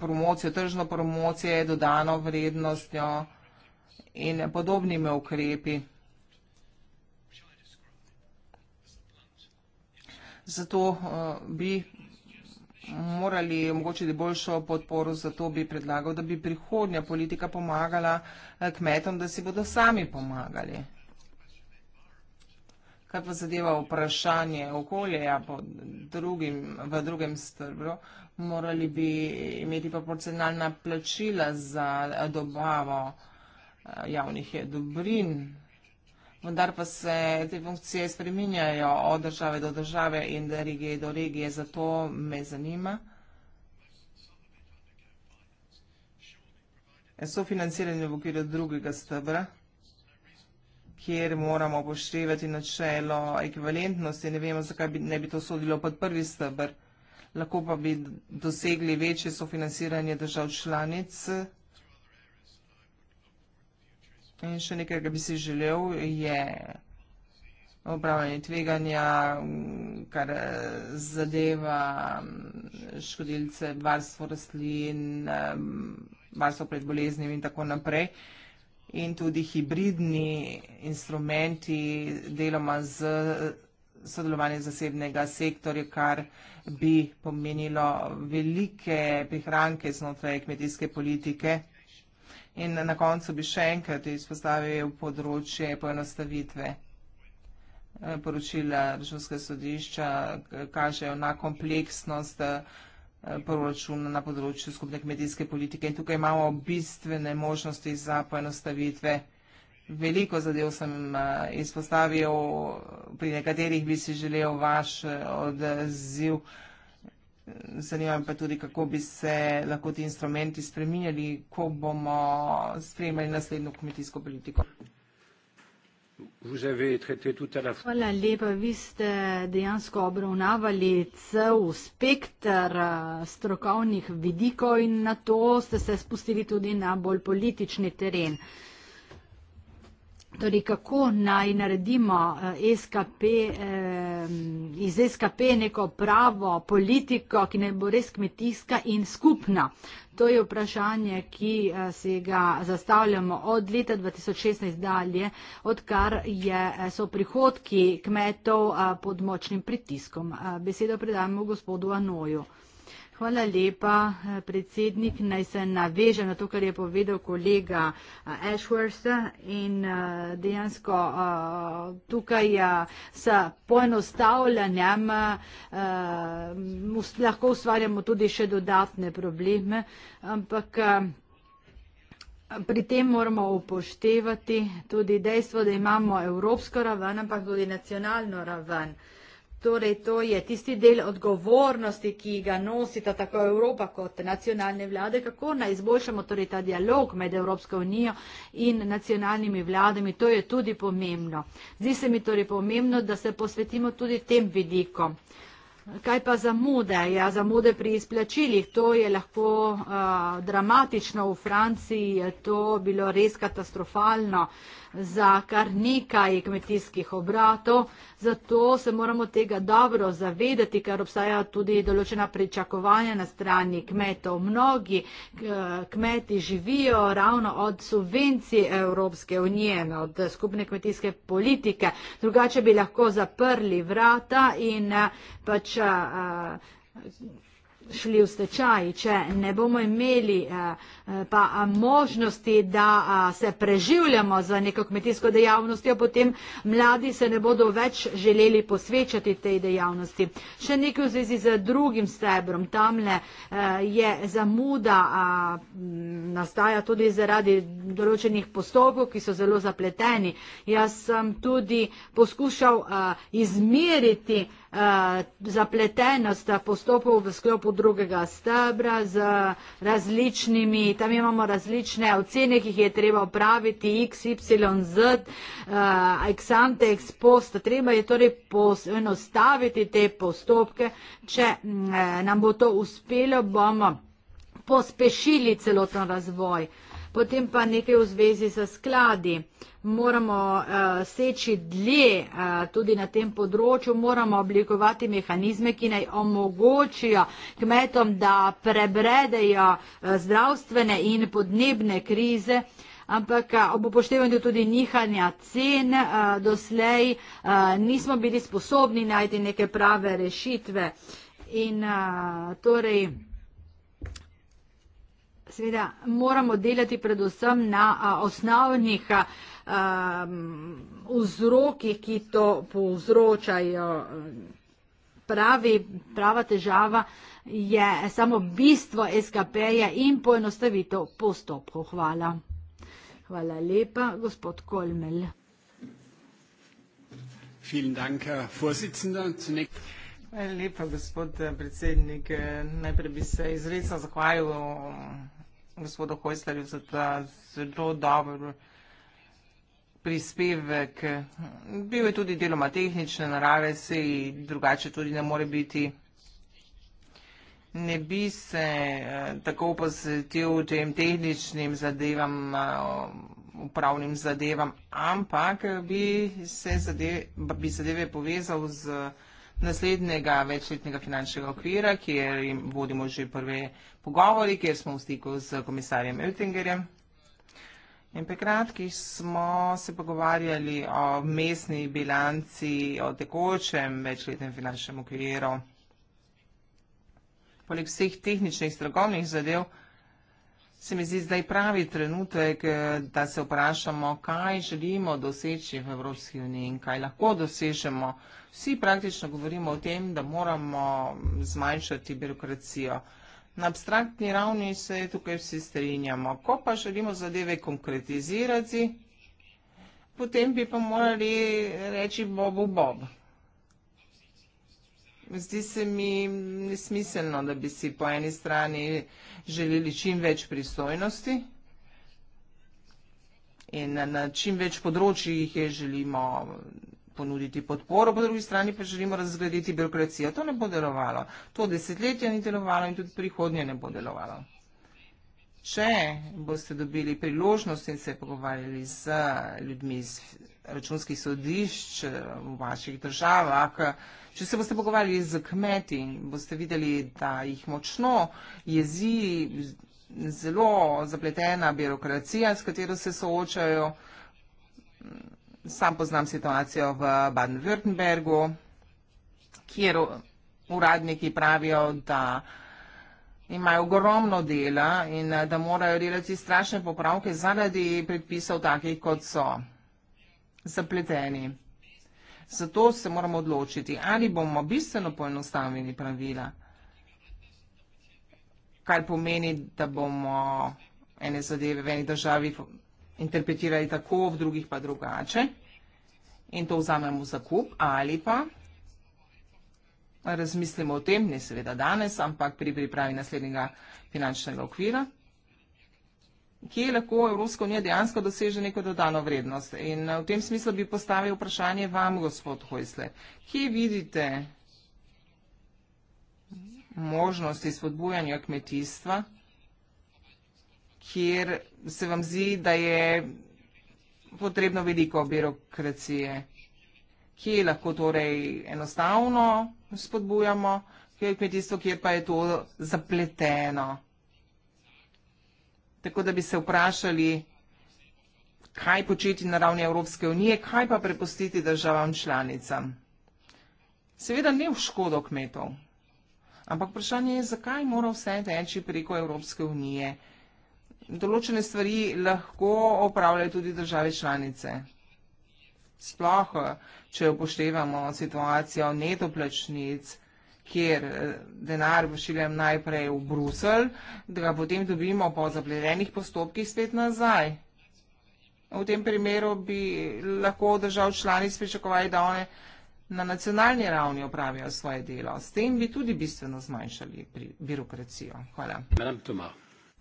promocijo, tržno promocijo, dodano vrednostjo in podobnimi ukrepi. zato eh, bi morali omogočiti boljšo podporo, zato bi predlagal, da bi prihodnja politika pomagala eh, kmetom, da si bodo sami pomagali. Kaj pa zadeva vprašanje okolja ja, drugim, v drugem strbru, morali bi imeti proporcionalna plačila za eh, dobavo javnih dobrin vendar pa se te funkcije spreminjajo od države do države in regije do regije, zato me zanima. So financiranje v okviru drugega stebra, kjer moramo poštevati načelo ekvivalentnosti, ne vemo, zakaj bi, ne bi to sodilo pod prvi stebr, lahko pa bi dosegli večje sofinanciranje držav članic, In še nekaj, kar bi si želel, je obravnavanje tveganja, kar zadeva mm, škodilce, varstvo rastlin, mm, varstvo pred boleznimi in tako naprej. In tudi hibridni instrumenti, deloma z sodelovanjem zasebnega sektorja, kar bi pomenilo velike prihranke znotraj kmetijske politike. In na koncu bi še enkrat izpostavil področje poenostavitve eh, poročila Računskega sodišča, eh, kažejo na kompleksnost eh, poročuna na področju skupne kmetijske politike in tukaj imamo bistvene možnosti za poenostavitve. Veliko zadev sem izpostavil, pri nekaterih bi si želel vaš odziv vsega. Zanima me pa tudi, kako bi se lahko ti instrumenti spreminjali, ko bomo spremljali naslednjo kmetijsko politiko. Hvala lepa, vi ste dejansko obravnavali cel spektr eh, strokovnih vidikov in na to ste se spustili tudi na bolj politični teren. Torej, kako naj naredimo eh, SKP, eh, iz SKP neko pravo politiko, ki ne bo res kmetijska in skupna? To je vprašanje, ki eh, se ga zastavljamo od leta 2016 dalje, odkar je, eh, so prihodki kmetov pod močnim pritiskom. Besedo predajamo gospodu Anoju. Hvala lepa, eh, predsednik. Naj se navežem na to, kar je povedal kolega eh, Ashworth in eh, dejansko tukaj s poenostavljanjem lahko ustvarjamo tudi še dodatne probleme, ampak pri tem moramo upoštevati tudi dejstvo, da imamo evropsko raven, ampak tudi nacionalno raven. Torej, to je tisti del odgovornosti, ki ga nosita tako Evropa kot nacionalne vlade, kako naj izboljšamo torej ta dialog med Evropsko unijo in nacionalnimi vladami. To je tudi pomembno. Zdi se mi torej pomembno, da se posvetimo tudi tem vidikom. Kaj pa zamude? Ja, zamude pri izplačilih, to je lahko uh, dramatično. V Franciji je to bilo res katastrofalno. Uh, za kar nekaj kmetijskih obratov, zato se moramo tega dobro zavedati, ker obstajajo tudi določena pričakovanja na strani kmetov. Mnogi eh, kmeti živijo ravno od subvencij Evropske unije, od skupne kmetijske politike. Drugače bi lahko zaprli vrata in eh, pač. Uh, šli v stečaj, če ne bomo imeli eh, eh, pa eh, možnosti, da se preživljamo z neko kmetijsko dejavnostjo, potem mladi se ne bodo več želeli posvečati tej dejavnosti. Še nekaj v zvezi z drugim stebrom. Tamle je zamuda, nastaja tudi zaradi določenih postopkov, ki so zelo zapleteni. Jaz sem tudi poskušal izmeriti zapletenost postopov v sklopu drugega stebra z različnimi, tam imamo različne ocene, ki jih je treba upraviti, x, y, z, exante, expost, treba je torej enostaviti te postopke, če e, nam bo to uspelo, bomo pospešili celoten razvoj. Potem pa nekaj v zvezi z skladi. Moramo uh, seči dlje uh, tudi na tem področju, moramo oblikovati mehanizme, ki naj omogočijo kmetom, da prebredejo uh, zdravstvene in podnebne krize. Ampak ob upoštevanju tudi nihanja cen, doslej nismo bili sposobni najti neke prave rešitve. In torej seveda moramo delati predvsem na a, osnovnih a, a, vzrokih, ki to povzročajo. Pravi, prava težava je samo bistvo SKP-ja in poenostavitev postopkov. Hvala. Hvala lepa, gospod Kolmel. Hvala lepa, gospod eh, predsednik. Eh, najprej bi se izredno zahvalil gospodu Hojslerju za ta zelo dober prispevek. Bil je tudi deloma tehnične narave, se ji drugače tudi ne more biti. Ne bi se eh, tako posvetil tem tehničnim zadevam, eh, upravnim zadevam, ampak bi se zadeve, bi zadeve povezal z naslednjega večletnega finančnega okvira, kjer vodimo že prve pogovori, kjer smo v stiku z komisarjem Oettingerjem. In pekrat, ki smo se pogovarjali o mestni bilanci, o tekočem večletnem finančnem okviru, poleg vseh tehničnih strokovnih zadev, Se mi zdi zdaj pravi trenutek, eh, da se vprašamo, kaj želimo doseči v Evropski uniji in kaj lahko dosežemo. Vsi praktično govorimo o tem, da moramo zmanjšati birokracijo. Na abstraktni ravni se tukaj vsi strinjamo. Ko pa želimo zadeve konkretizirati, potem bi pa morali reči bobu bob. bob. Zdi se mi nesmiselno, da bi si po eni strani želeli čim več pristojnosti in na čim več področjih je želimo ponuditi podporo, po drugi strani pa želimo razgraditi birokracijo. To ne bo delovalo. To desetletje ni delovalo in tudi prihodnje ne bo delovalo. Če boste dobili priložnost in se pogovarjali z ljudmi iz računskih sodišč eh, v vaših državah. Če se boste pogovarjali z kmeti in boste videli, da jih močno jezi zelo zapletena birokracija, s katero se soočajo. Mm, sam poznam situacijo v Baden-Württembergu, kjer uradniki pravijo, da imajo ogromno dela in eh, da morajo delati strašne popravke zaradi predpisov takih, kot so zapleteni. Zato se moramo odločiti, ali bomo bistveno poenostavili pravila, kar pomeni, da bomo ene zadeve v eni državi interpretirali tako, v drugih pa drugače in to vzamemo za kup, ali pa razmislimo o tem, ne seveda danes, ampak pri pripravi naslednjega finančnega okvira kje lahko Evropska unija dejansko doseže neko dodano vrednost. In eh, v tem smislu bi postavil vprašanje vam, gospod Hojsle. Kje vidite možnosti spodbujanja kmetijstva, kjer se vam zdi, da je potrebno veliko birokracije? Kje lahko torej enostavno spodbujamo, kje je kmetijstvo, kje pa je to zapleteno? Tako da bi se vprašali, kaj početi na ravni Evropske unije, kaj pa prepustiti državam članicam. Seveda ne v škodo kmetov, ampak vprašanje je, zakaj mora vse teči preko Evropske unije. Določene stvari lahko opravljajo tudi države članice. Sploh, če upoštevamo situacijo netoplačnic, kjer eh, denar pošiljam najprej v Bruselj, da ga potem dobimo po zapletenih postopkih spet nazaj. V tem primeru bi lahko držav člani spričakovali, da one na nacionalni ravni opravijo svoje delo. S tem bi tudi bistveno zmanjšali birokracijo. Hvala.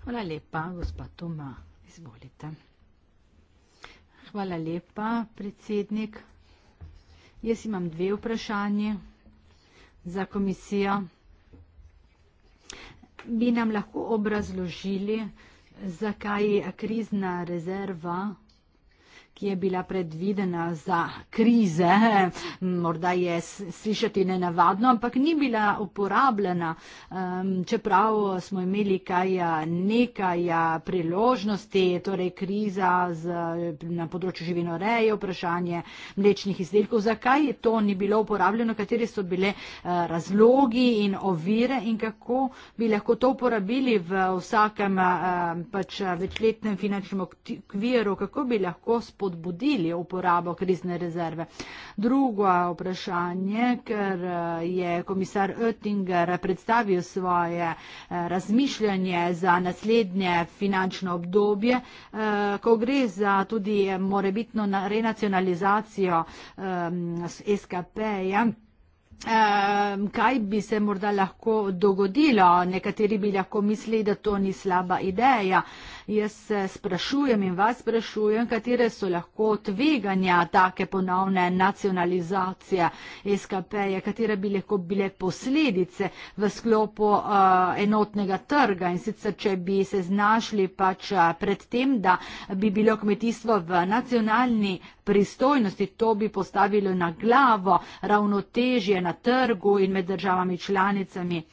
Hvala lepa, gospod Toma. Izvolite. Hvala lepa, predsednik. Jaz imam dve vprašanje za komisijo. Bi nam lahko obrazložili, zakaj krizna rezerva ki je bila predvidena za krize. Morda je slišati nenavadno, ampak ni bila uporabljena. Čeprav smo imeli kaj nekaj priložnosti, torej kriza z, na področju živinoreje, vprašanje mlečnih izdelkov, zakaj to ni bilo uporabljeno, kateri so bile eh, razlogi in ovire in kako bi lahko to uporabili v vsakem eh, pač večletnem finančnem okviru, kako bi lahko spodobili spodbudili uporabo krizne rezerve. Drugo vprašanje, ker eh, je komisar Oettinger predstavil svoje eh, razmišljanje za naslednje finančno obdobje, eh, ko gre za tudi morebitno renacionalizacijo SKP-ja. Kaj bi se morda lahko dogodilo? Nekateri bi lahko mislili, da to ni slaba ideja. Jaz se eh, sprašujem in vas sprašujem, katere so lahko tveganja take ponovne nacionalizacije SKP-je, katere bi lahko bile posledice v sklopu uh, enotnega trga in sicer, če bi se znašli pač eh, pred tem, da bi bilo kmetijstvo v nacionalni pristojnosti, to bi postavilo na glavo ravnotežje na trgu in med državami članicami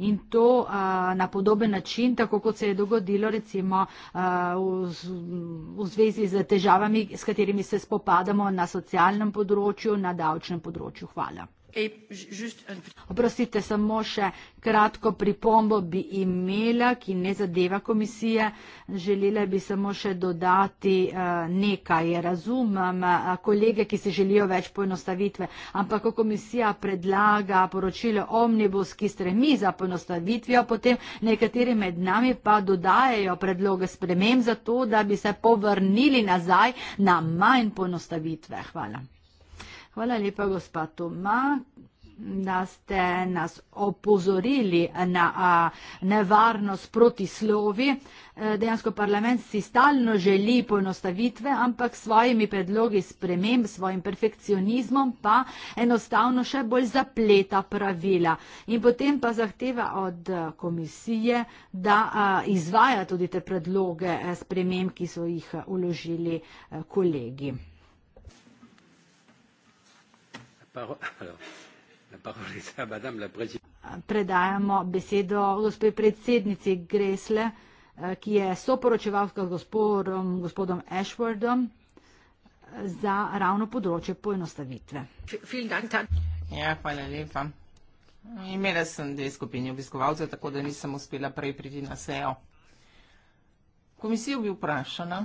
in to a, na podoben način, tako kot se je dogodilo recimo a, v, v zvezi z težavami, s katerimi se spopadamo na socialnem področju, na davčnem področju. Hvala. E, Oprostite, samo še kratko pripombo bi imela, ki ne zadeva komisije. Želela bi samo še dodati eh, nekaj. Razumem eh, kolege, ki si želijo več poenostavitve, ampak ko komisija predlaga poročilo omnibus, ki stremi za poenostavitvijo, potem nekateri med nami pa dodajajo predloge sprememb za to, da bi se povrnili nazaj na manj poenostavitve. Hvala. Hvala lepa, gospa Toma, da ste nas opozorili na nevarnost proti slovi. E, dejansko parlament si stalno želi poenostavitve, ampak s svojimi predlogi sprememb, s svojim perfekcionizmom pa enostavno še bolj zapleta pravila. In potem pa zahteva od e, komisije, da izvaja tudi te predloge e, sprememb, ki so jih uložili kolegi. Predajamo besedo gospe predsednici Gresle, eh, ki je soporočevalka z gospodom, gospodom Ashwardom eh, za ravno področje poenostavitve. Ja, hvala lepa. Imela sem dve skupini obiskovalcev, tako da nisem uspela prej priti na sejo. Komisijo bi vprašala,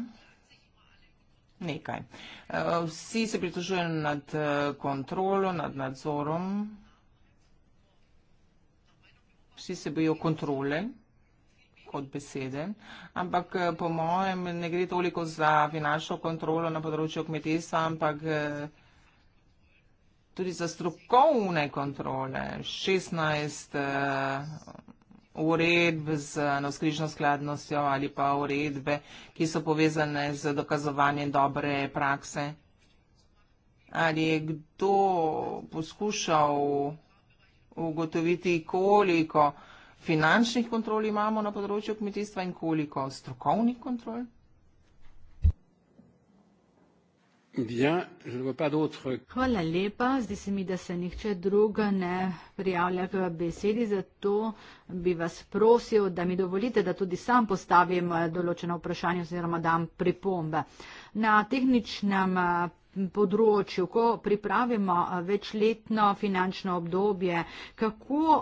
nekaj. Eh, vsi se pritožujejo nad eh, kontrolo, nad nadzorom. Vsi se bojo kontrole kot besede, ampak eh, po mojem ne gre toliko za finančno kontrolo na področju kmetijstva, ampak tudi za strokovne kontrole. 16 uh, uredb z navskrižno skladnostjo ali pa uredbe, ki so povezane z dokazovanjem dobre prakse? Ali je kdo poskušal ugotoviti, koliko finančnih kontrol imamo na področju kmetijstva in koliko strokovnih kontrol? Bien, je ne vois pas d'autres. Hvala lepa. Zdi se mi, da se nihče drug ne prijavlja k besedi, zato bi vas prosil, da mi dovolite, da tudi sam postavim eh, določeno vprašanje oziroma dam pripombe. Na tehničnem eh, področju, ko pripravimo eh, večletno finančno obdobje, kako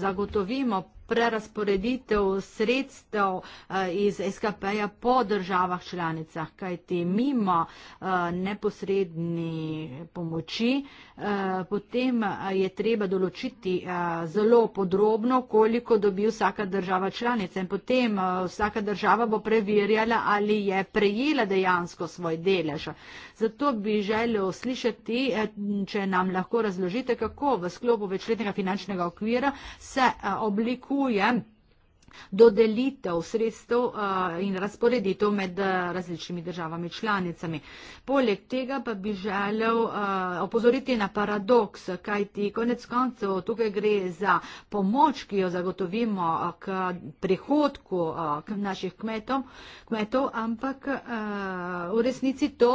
zagotovimo prerasporeditev sredstev eh, iz SKP-ja po državah članicah, kajti mimo eh, neposredni pomoči, eh, potem je treba določiti zelo podrobno, koliko dobi vsaka država članica in potem vsaka država bo preverjala, ali je prejela dejansko svoj delež. Zato bi želel slišati, če nam lahko razložite, kako v sklopu večletnega finančnega okvira se oblikuje narekuje dodelitev sredstev eh, in razporeditev med eh, različnimi državami članicami. Poleg tega pa bi želel eh, opozoriti na paradoks, kaj ti konec koncev tukaj gre za pomoč, ki jo zagotovimo k prihodku k naših kmetom, kmetov, ampak v resnici to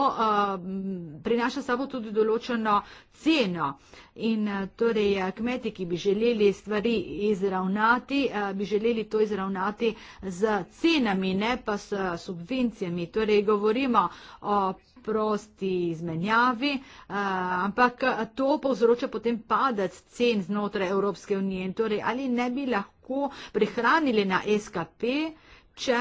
prinaša sabo tudi določeno ceno. In eh, torej eh, kmeti, ki bi želeli stvari izravnati, eh, bi želeli to izravnati z cenami, ne pa s subvencijami. Torej govorimo o prosti izmenjavi, ampak to povzroča potem padec cen znotraj Evropske unije. In torej ali ne bi lahko prihranili na SKP, če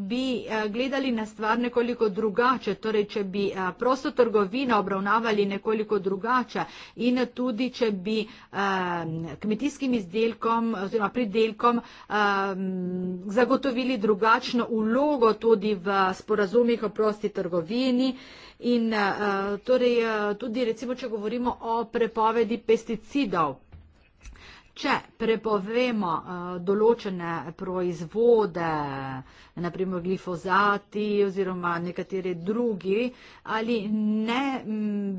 bi eh, gledali na stvar nekoliko drugače, torej če bi eh, prosto trgovino obravnavali nekoliko drugače in tudi če bi eh, kmetijskim izdelkom oziroma pridelkom zagotovili drugačno ulogo tudi v sporazumih o prosti trgovini. In torej tudi recimo, če govorimo o prepovedi pesticidov. Če prepovemo uh, določene proizvode, naprimer glifozati oziroma nekateri drugi, ali ne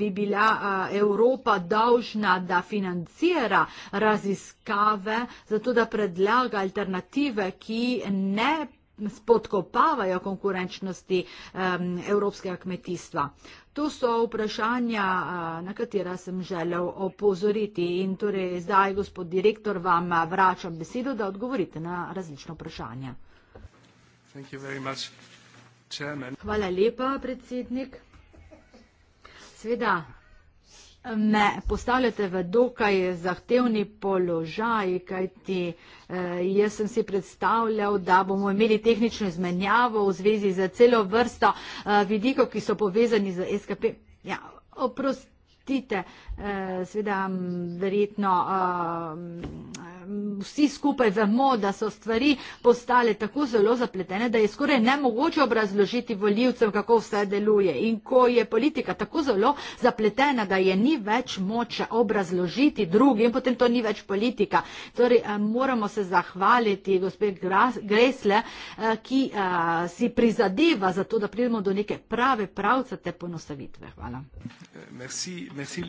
bi bila uh, Evropa dolžna, da financira raziskave, zato da predlaga alternative, ki ne spodkopavajo konkurenčnosti um, evropskega kmetijstva. To so vprašanja, na katera sem želel opozoriti in torej zdaj, gospod direktor, vam vračam besedo, da odgovorite na različno vprašanje. Hvala lepa, predsednik. Sveda, me postavljate v dokaj zahtevni položaj, kajti eh, jaz sem si predstavljal, da bomo imeli tehnično izmenjavo v zvezi z celo vrsto eh, vidikov, ki so povezani z SKP. Ja, oprostite, eh, seveda verjetno. Eh, vsi skupaj vemo, da so stvari postale tako zelo zapletene, da je skoraj nemogoče obrazložiti voljivcem, kako vse deluje. In ko je politika tako zelo zapletena, da je ni več moče obrazložiti drugim, potem to ni več politika. Torej, eh, moramo se zahvaliti gospod Gresle, eh, ki eh, si prizadeva za to, da pridemo do neke prave pravce te ponosavitve. Hvala. Merci, merci,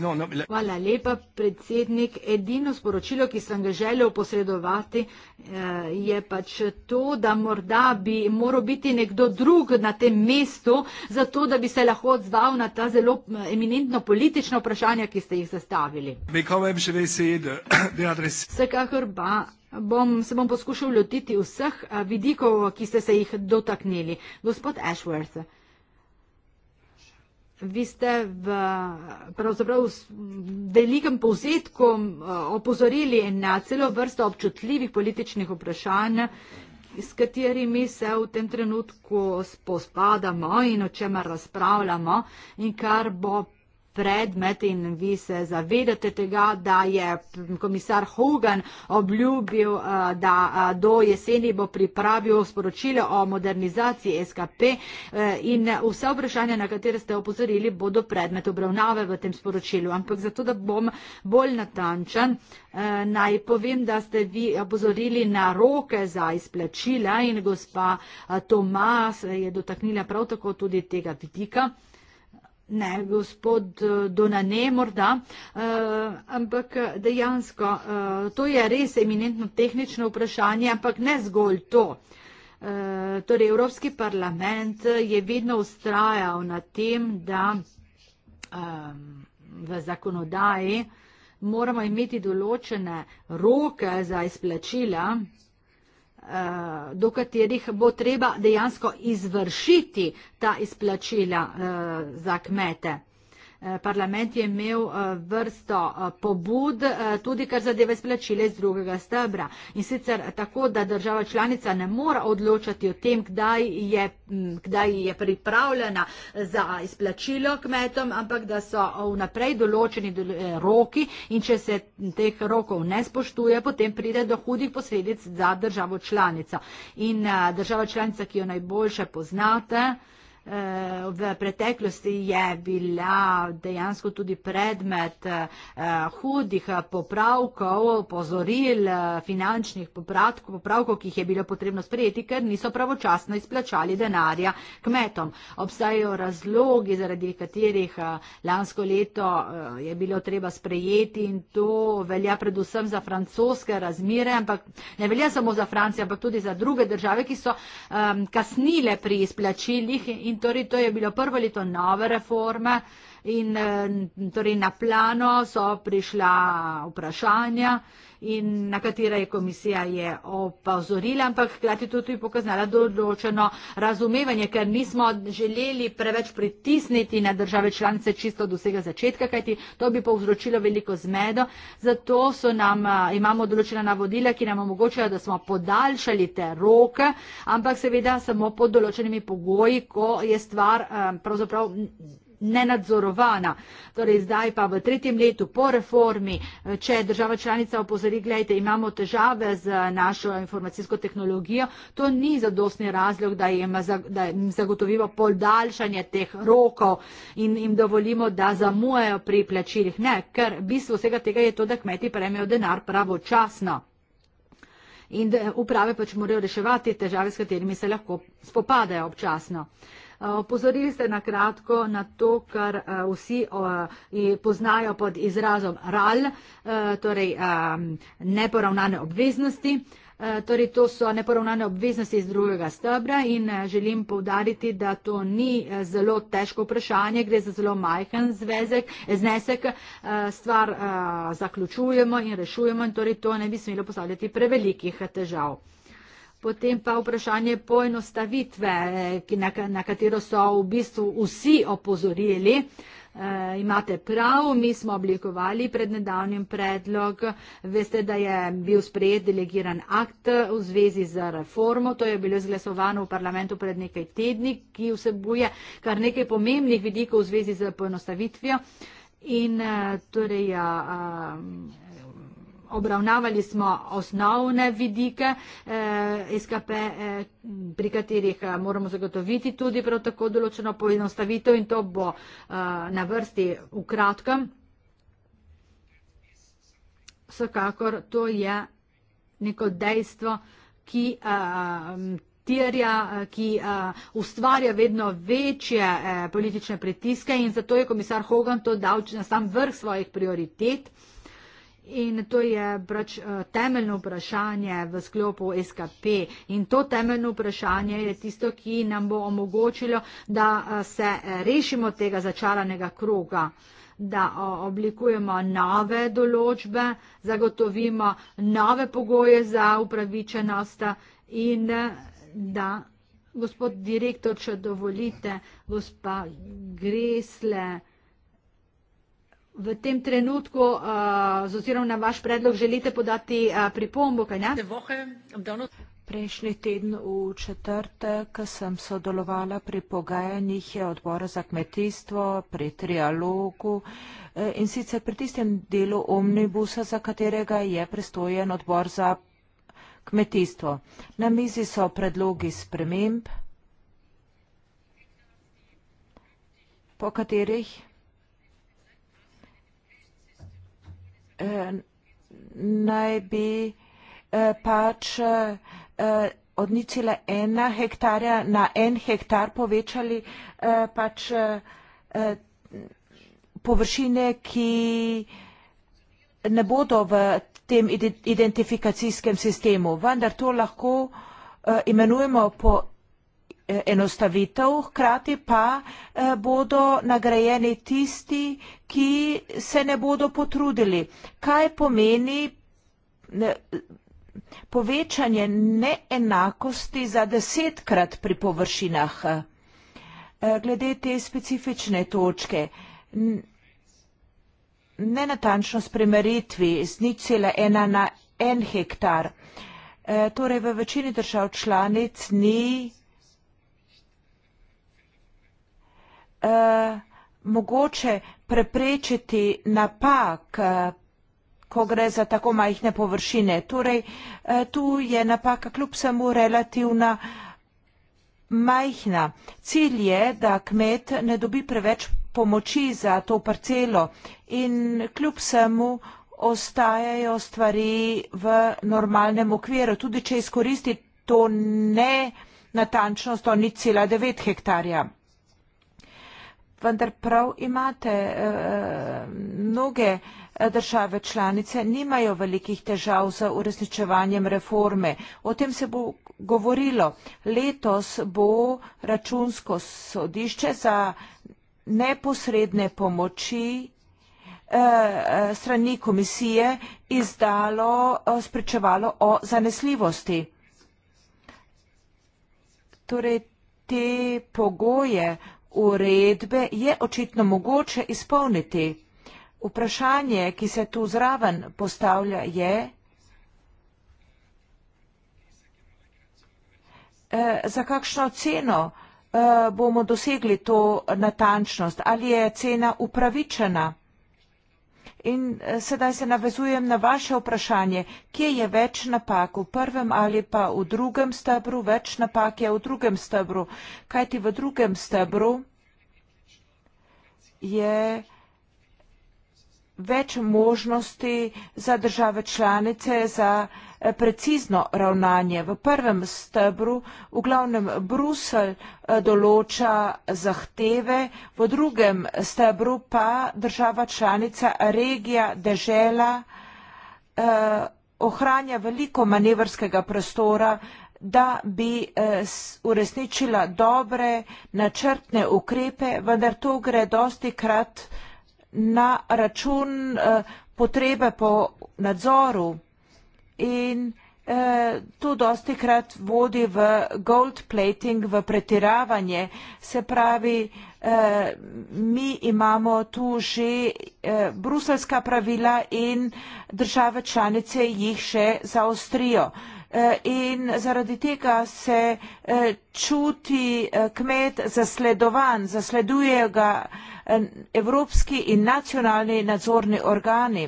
la... Hvala lepa, predsednik. Edino sporočilo, sporočilo, ki sem ga želel posredovati, eh, je pač to, da morda bi moral biti nekdo drug na tem mestu, zato da bi se lahko odzval na ta zelo eh, eminentno politična vprašanja, ki ste jih zastavili. Vsekakor pa. Bom, se bom poskušal lotiti vseh eh, vidikov, ki ste se jih dotaknili. Gospod Ashworth, Vi ste v pravzaprav s velikem povzetku eh, opozorili na celo vrsto občutljivih političnih vprašanj, s katerimi se v tem trenutku spospadamo in o čemer razpravljamo in kar bo predmet in vi se zavedate tega, da je komisar Hogan obljubil, eh, da eh, do jeseni bo pripravil sporočilo o modernizaciji SKP eh, in vse vprašanja, na katere ste opozorili, bodo predmet obravnave v tem sporočilu. Ampak zato, da bom bolj natančen, naj povem, da ste vi opozorili na roke za izplačila in gospa Tomas je dotaknila prav tako tudi tega vidika. Ne, gospod eh, Dona ne, morda, eh, ampak dejansko eh, to je res eminentno tehnično vprašanje, ampak ne zgolj to. Torej, Evropski parlament je vedno ustrajal na tem, da ehm, v zakonodaji moramo imeti določene roke za izplačila Eh, do katerih bo treba dejansko izvršiti ta izplačila eh, za kmete parlament je imel eh, vrsto eh, pobud, eh, tudi kar zadeve splačile iz drugega stebra. In sicer tako, da država članica ne mora odločati o tem, kdaj je, kdaj je pripravljena za izplačilo kmetom, ampak da so vnaprej določeni roki in če se teh rokov ne spoštuje, potem pride do hudih posledic za državo članico. In država članica, ki jo najboljše poznate, Eh, v preteklosti je bila dejansko tudi predmet eh, hudih popravkov, pozoril, eh, finančnih popravkov, popravkov, ki jih je bilo potrebno sprejeti, ker niso pravočasno izplačali denarja kmetom. Obstajajo razlogi, zaradi katerih lansko leto je bilo treba sprejeti in to velja predvsem za francoske razmire, ampak ne velja samo za Francijo, ampak tudi za druge države, ki so kasnile pri izplačilih in torej to je bilo prvo leto nove reforme in eh, torej na plano so prišla vprašanja, in na katere je komisija je opozorila, ampak hkrati tudi pokazala določeno razumevanje, ker nismo želeli preveč pritisniti na države članice čisto od vsega začetka, kajti to bi povzročilo veliko zmedo. Zato nam, imamo določena navodila, ki nam omogočajo, da smo podaljšali te roke, ampak seveda samo pod določenimi pogoji, ko je stvar pravzaprav nenadzorovana. Torej zdaj pa v tretjem letu po reformi, eh, če država članica opozori, gledajte, imamo težave z našo informacijsko tehnologijo, to ni zadostni razlog, da jim, da jim zagotovimo podaljšanje teh rokov in jim dovolimo, da zamujajo pri plačilih. Ne, ker bistvo vsega tega je to, da kmeti prejmejo denar pravočasno. In eh, uprave pač morajo reševati težave, s katerimi se lahko spopadajo občasno. Eh, opozorili ste na kratko na to, kar eh, vsi eh, poznajo pod izrazom RAL, torej ehm, neporavnane obveznosti. Torej, to so neporavnane obveznosti iz drugega stebra in želim povdariti, da to ni zelo težko vprašanje, gre za zelo majhen zvezek, znesek, stvar zaključujemo in rešujemo in torej to ne bi smelo postavljati prevelikih težav. Potem pa vprašanje poenostavitve, na katero so v bistvu vsi opozorili. E, imate prav, mi smo oblikovali prednedavnjem predlog. Veste, da je bil sprejet delegiran akt v zvezi z reformo. To je bilo izglasovano v parlamentu pred nekaj tedni, ki vsebuje kar nekaj pomembnih vidikov v zvezi z poenostavitvijo. In eh, torej, ja, obravnavali smo osnovne vidike eh, SKP, eh, pri katerih eh, moramo zagotoviti tudi prav tako določeno poenostavitev in to bo eh, na vrsti v kratkem. Vsekakor to je neko dejstvo, ki. Eh, eh ki uh, ustvarja vedno večje uh, politične pritiske in zato je komisar Hogan to dal na sam vrh svojih prioritet. Uh, In to je brač, eh, temeljno vprašanje v sklopu SKP. In to temeljno vprašanje je tisto, ki nam bo omogočilo, da eh, se rešimo tega začaranega kroga da oblikujemo nove določbe, zagotovimo nove pogoje za upravičenost in da, gospod direktor, če dovolite, gospa Gresle v tem trenutku, eh, z oziroma na vaš predlog, želite podati eh, pripombo, kaj ne? Prejšnji teden v četrtek sem sodelovala pri pogajanjih odbora za kmetijstvo, pri trialogu eh, in sicer pri tistem delu omnibusa, za katerega je prestojen odbor za kmetijstvo. Na mizi so predlogi sprememb, po katerih naj bi eh, pač eh, od nič cela ena hektarja na en hektar povečali eh, pač površine, ki ne bodo v tem identifikacijskem sistemu, vendar to lahko imenujemo po enostavitev, hkrati pa eh, bodo nagrajeni tisti, ki se ne bodo potrudili. Kaj pomeni povečanje neenakosti za desetkrat pri površinah? Eh, glede te specifične točke, nenatančno spremeritvi z nič cela ena na en hektar, eh, torej v večini držav članic ni izgledanje, uh, mogoče preprečiti napak, uh, ko gre za tako majhne površine. Torej, uh, tu je napaka kljub samo relativna majhna. Cilj je, da kmet ne dobi preveč pomoči za to parcelo in kljub samo ostajajo stvari v normalnem okviru. Tudi če izkoristi to ne natančnost, to ni cela devet hektarja vendar prav imate, eh, mnoge eh, države članice nimajo velikih težav za uresničevanjem reforme. O tem se bo govorilo. Letos bo računsko sodišče za neposredne pomoči eh, strani komisije izdalo spričevalo o zanesljivosti. Torej, te pogoje uredbe je očitno mogoče izpolniti. Vprašanje, ki se tu zraven postavlja, je, eh, za kakšno ceno eh, bomo dosegli to natančnost, ali je cena upravičena. In eh, sedaj se navezujem na vaše vprašanje, kje je več napak, v prvem ali pa v drugem stebru, več napak je v drugem stebru, kajti v drugem stebru je več možnosti za države članice za eh, precizno ravnanje. V prvem stebru, v glavnem Brusel eh, določa zahteve, v drugem stebru pa država članica, regija, dežela eh, ohranja veliko manevrskega prostora, da bi uresničila dobre načrtne ukrepe, vendar to gre dosti krat vsega na račun eh, potrebe po nadzoru in eh, to dosti krat vodi v gold plating, v pretiravanje, se pravi, eh, mi imamo tu že bruseljska pravila in države članice jih še zaostrijo. Eh, in zaradi tega se eh, čuti eh, kmet zasledovan, zasledujejo ga evropski in nacionalni nadzorni organi.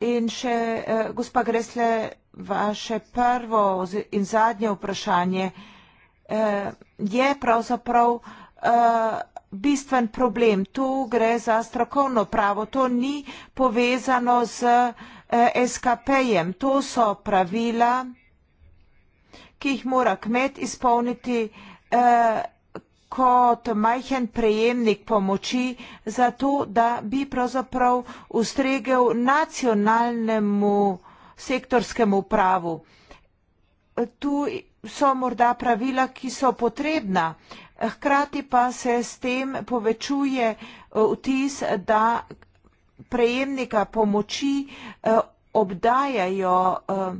In še, gospa Gresle, vaše prvo in zadnje vprašanje je pravzaprav bistven problem. Tu gre za strokovno pravo, to ni povezano z eh, SKP-jem. To so pravila, ki jih mora kmet izpolniti eh, kot majhen prejemnik pomoči, zato da bi pravzaprav ustregel nacionalnemu sektorskemu pravu. Tu so morda pravila, ki so potrebna, hkrati pa se s tem povečuje eh, vtis, da prejemnika pomoči eh, obdajajo eh,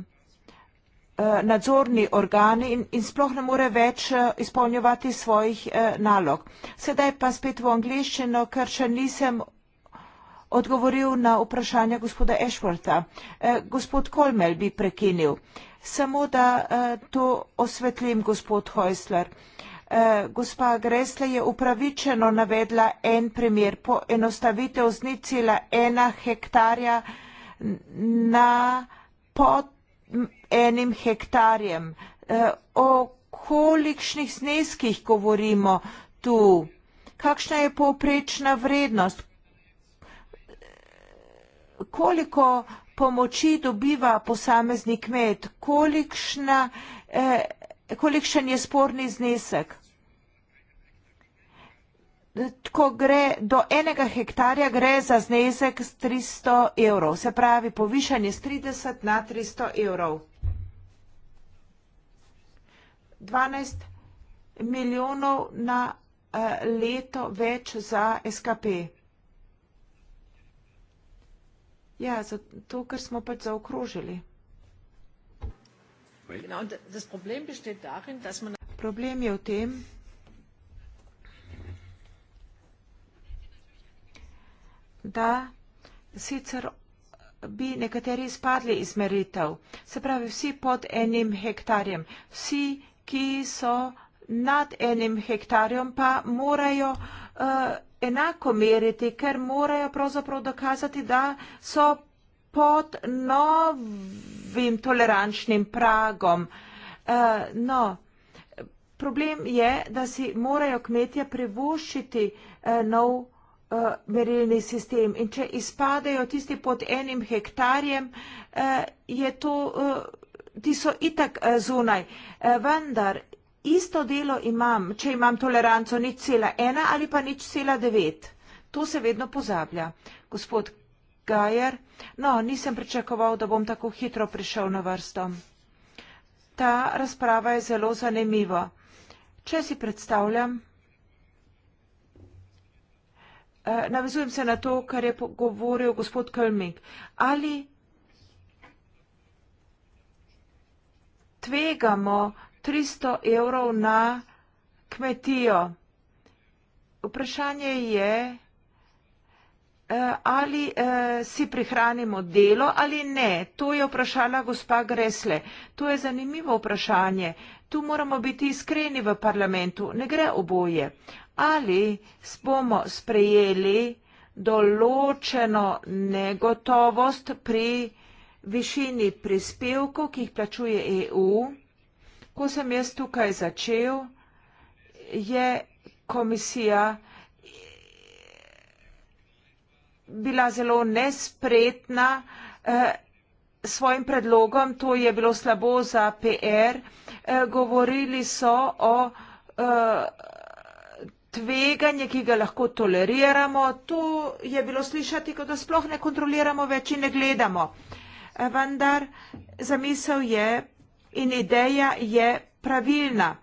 nadzorni organi in, in sploh ne more več izpolnjevati svojih nalog. Sedaj pa spet v angliščino, ker še nisem odgovoril na vprašanje gospoda Ashworta. Gospod Kolmel bi prekinil. Samo da to osvetlim, gospod Heusler. Eh, gospa Gresle je upravičeno navedla en primer poenostavitev z nicila ena hektarja na pod enim hektarjem. Eh, o kolikšnih zneskih govorimo tu? Kakšna je povprečna vrednost? Koliko pomoči dobiva posamezni kmet? Kolikšna eh, kolikšen je sporni znesek. Ko gre do enega hektarja, gre za znesek z 300 evrov, se pravi povišanje z 30 na 300 evrov. 12 milijonov na eh, leto več za SKP. Ja, zato, ker smo pač zaokrožili. Problem je v tem, da sicer bi nekateri izpadli iz meritev, se pravi vsi pod enim hektarjem, vsi, ki so nad enim hektarjem, pa morajo uh, enako meriti, ker morajo pravzaprav dokazati, da so pod novim vem, tolerančnim pragom. Uh, no, problem je, da si morajo kmetje privoščiti uh, nov uh, merilni sistem in če izpadajo tisti pod enim hektarjem, uh, je to, uh, ti so itak uh, zunaj. Uh, vendar, isto delo imam, če imam toleranco nič cela ena ali pa nič cela devet. To se vedno pozablja. Gospod Gajer. No, nisem pričakoval, da bom tako hitro prišel na vrsto. Ta razprava je zelo zanimiva. Če si predstavljam, eh, navezujem se na to, kar je govoril gospod Kölmik. Ali tvegamo 300 evrov na kmetijo? Vprašanje je. Eh, ali eh, si prihranimo delo ali ne? To je vprašala gospa Gresle. To je zanimivo vprašanje. Tu moramo biti iskreni v parlamentu. Ne gre oboje. Ali bomo sprejeli določeno negotovost pri višini prispevkov, ki jih plačuje EU. Ko sem jaz tukaj začel, je komisija bila zelo nespretna eh, s svojim predlogom, to je bilo slabo za PR. Eh, govorili so o eh, tveganje, ki ga lahko toleriramo. To je bilo slišati, kot da sploh ne kontroliramo več in ne gledamo. Vendar zamisel je in ideja je pravilna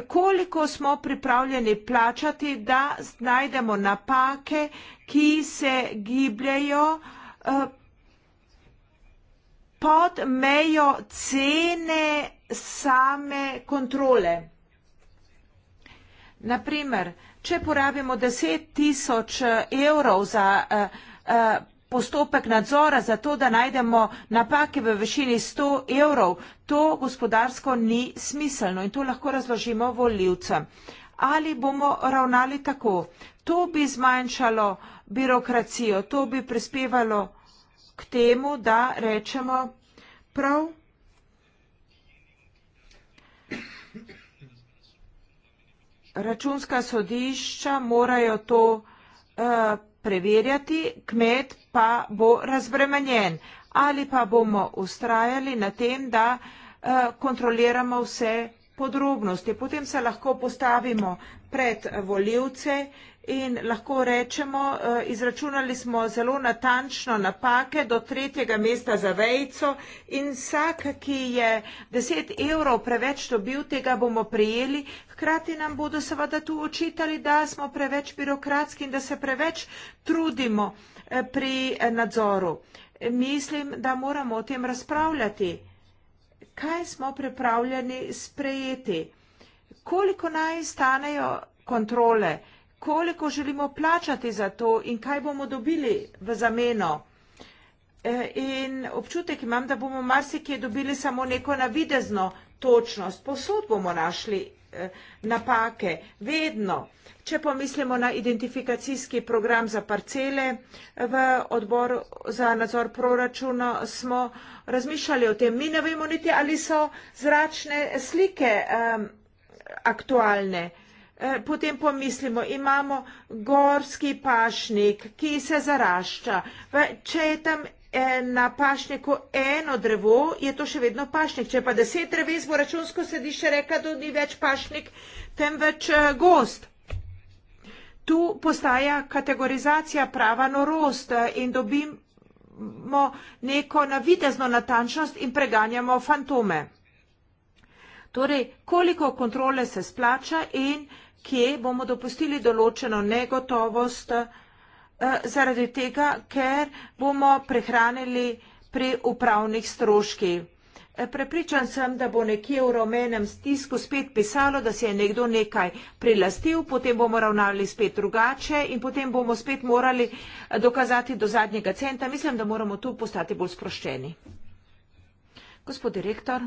koliko smo pripravljeni plačati, da najdemo napake, ki se gibljajo eh, pod mejo cene same kontrole. Naprimer, če porabimo 10 tisoč eh, evrov za eh, postopek nadzora za to, da najdemo napake v višini 100 evrov. To gospodarsko ni smiselno in to lahko razložimo voljivcem. Ali bomo ravnali tako? To bi zmanjšalo birokracijo, to bi prispevalo k temu, da rečemo prav. Računska sodišča morajo to uh, preverjati, kmet pa bo razbremenjen. Ali pa bomo ustrajali na tem, da eh, kontroliramo vse podrobnosti. Potem se lahko postavimo pred voljivce in lahko rečemo, eh, izračunali smo zelo natančno napake do tretjega mesta za vejco in vsak, ki je 10 evrov preveč dobil, tega bomo prijeli. Hkrati nam bodo seveda tu očitali, da smo preveč birokratski in da se preveč trudimo eh, pri nadzoru. Mislim, da moramo o tem razpravljati kaj smo pripravljeni sprejeti, koliko naj stanejo kontrole, koliko želimo plačati za to in kaj bomo dobili v zameno. E, in občutek imam, da bomo marsikje dobili samo neko navidezno točnost. Posod bomo našli Eh, napake. Vedno, če pomislimo na identifikacijski program za parcele eh, v odboru za nadzor proračuna, smo razmišljali o tem. Mi ne vemo niti, ali so zračne slike um, aktualne. Eh, potem pomislimo, imamo gorski pašnik, ki se zarašča. Če je tam E, na pašniku eno drevo, je to še vedno pašnik. Če pa deset dreves bo računsko središče reka, da ni več pašnik, temveč e, gost. Tu postaja kategorizacija prava norost e, in dobimo neko navidezno natančnost in preganjamo fantome. Torej, koliko kontrole se splača in kje bomo dopustili določeno negotovost vsega. Eh, zaradi tega, ker bomo prehranili pri upravnih stroških. Eh, prepričan sem, da bo nekje v romenem stisku spet pisalo, da se je nekdo nekaj prilastil, potem bomo ravnali spet drugače in potem bomo spet morali eh, dokazati do zadnjega centa. Mislim, da moramo tu postati bolj sproščeni. Gospod direktor.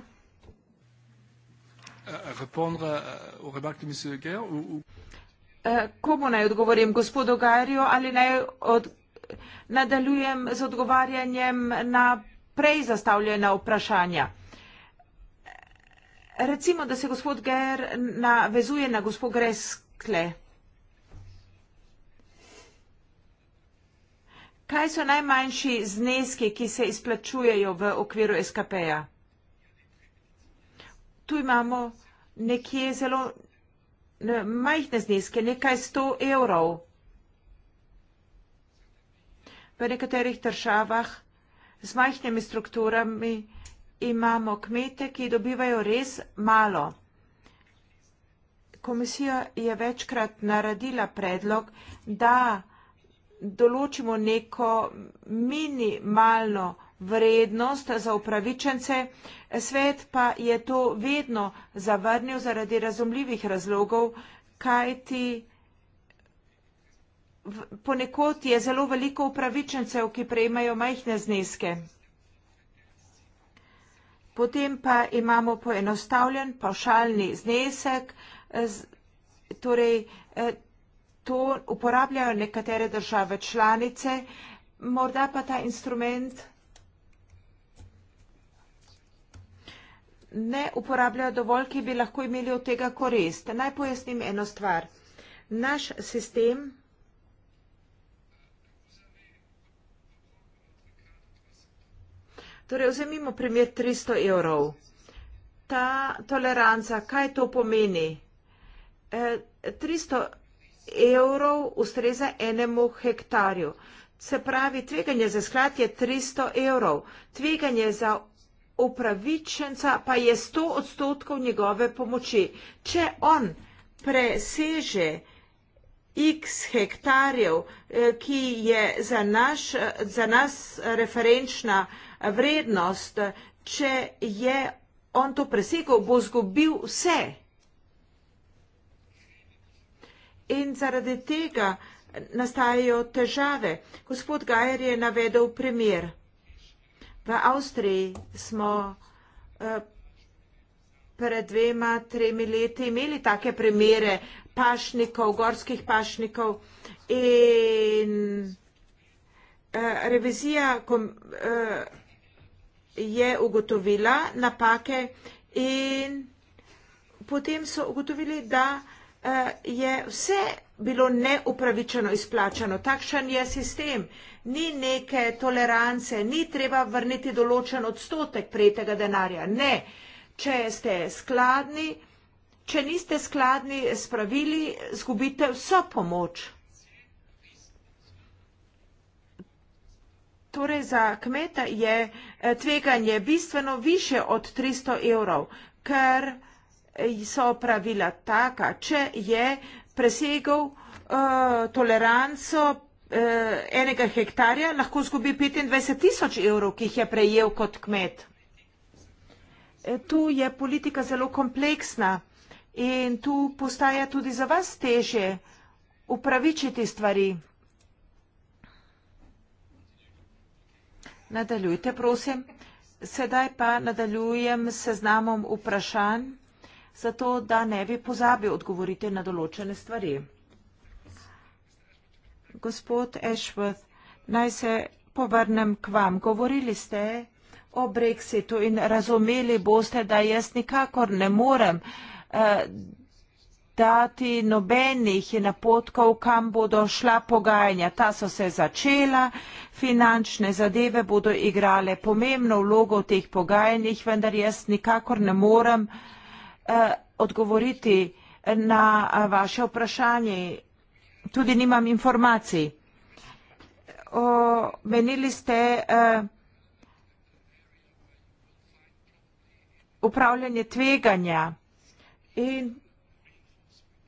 Répondre aux remarques de M. Guerre ou, ou... Eh, komu naj odgovorim, gospodu Gajerju, ali naj od, nadaljujem z odgovarjanjem na prej zastavljena vprašanja. Recimo, da se gospod Gajer navezuje na gospod Greskle. Kaj so najmanjši zneski, ki se izplačujejo v okviru SKP-ja? Tu imamo nekje zelo majhne zneske, nekaj sto evrov. V nekaterih državah z majhnimi strukturami imamo kmete, ki dobivajo res malo. Komisija je večkrat naredila predlog, da določimo neko minimalno vsega, vrednost za upravičence, svet pa je to vedno zavrnil zaradi razumljivih razlogov, kaj ti ponekod je zelo veliko upravičencev, ki prejmajo majhne zneske. Potem pa imamo poenostavljen pavšalni znesek, torej eh, to uporabljajo nekatere države članice, morda pa ta instrument ne uporabljajo dovolj, ki bi lahko imeli od tega korist. Naj pojasnim eno stvar. Naš sistem Torej, vzemimo primer 300 evrov. Ta toleranca, kaj to pomeni? E, 300 evrov ustreza enemu hektarju. Se pravi, tveganje za sklad je 300 evrov. Tveganje za upravičenca pa je 100 odstotkov njegove pomoči. Če on preseže x hektarjev, eh, ki je za, naš, za nas referenčna vrednost, če je on to presegel, bo zgubil vse. In zaradi tega nastajajo težave. Gospod Gajer je navedel primer. V Avstriji smo eh, pred dvema, tremi leti imeli take primere pašnikov, gorskih pašnikov in eh, revizija eh, je ugotovila napake in potem so ugotovili, da je vse bilo neupravičeno izplačano. Takšen je sistem ni neke tolerance, ni treba vrniti določen odstotek prejetega denarja. Ne, če ste skladni, če niste skladni s pravili, zgubite vso pomoč. Torej za kmeta je eh, tveganje bistveno više od 300 evrov, ker eh, so pravila taka, če je presegal uh, eh, toleranco eh, enega hektarja, lahko zgubi 25 tisoč evrov, ki jih je prejel kot kmet. E, tu je politika zelo kompleksna in tu postaja tudi za vas teže upravičiti stvari. Nadaljujte, prosim. Sedaj pa nadaljujem s seznamom vprašanj, zato da ne bi pozabil odgovoriti na določene stvari. Gospod Ashworth, naj se povrnem k vam. Govorili ste o Brexitu in razumeli boste, da jaz nikakor ne morem eh, dati nobenih napotkov, kam bodo šla pogajanja. Ta so se začela, finančne zadeve bodo igrale pomembno vlogo v teh pogajanjih, vendar jaz nikakor ne morem uh, odgovoriti na uh, vaše vprašanje tudi nimam informacij. Omenili ste uh, upravljanje tveganja in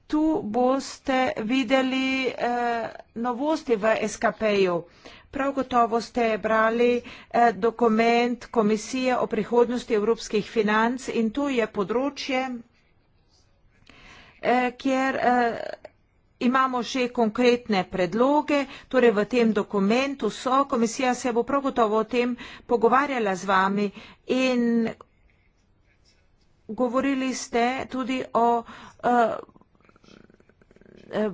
tu boste videli uh, novosti v SKP-ju. Prav gotovo ste brali uh, dokument Komisije o prihodnosti evropskih financ in tu je področje, uh, kjer uh, Imamo že konkretne predloge, torej v tem dokumentu so, komisija se bo prav gotovo o tem pogovarjala z vami in govorili ste tudi o eh, eh,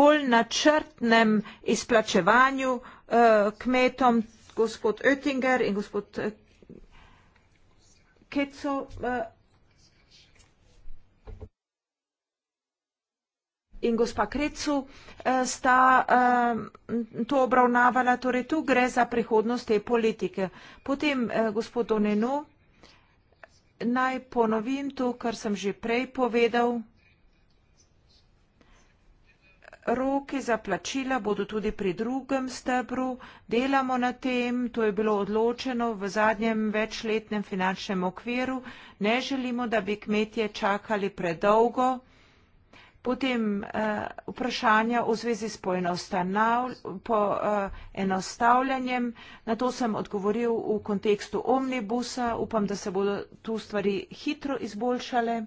bolj načrtnem izplačevanju eh, kmetom, gospod Oettinger in gospod Kecov. in gospa Krecu eh, sta eh, to obravnavala. Torej, tu gre za prihodnost te politike. Potem, eh, gospod Donenu, naj ponovim to, kar sem že prej povedal. Roke za plačila bodo tudi pri drugem stebru. Delamo na tem, to je bilo odločeno v zadnjem večletnem finančnem okviru. Ne želimo, da bi kmetje čakali predolgo. Potem uh, vprašanja v zvezi s poenostavljanjem. Na to sem odgovoril v kontekstu omnibusa. Upam, da se bodo tu stvari hitro izboljšale.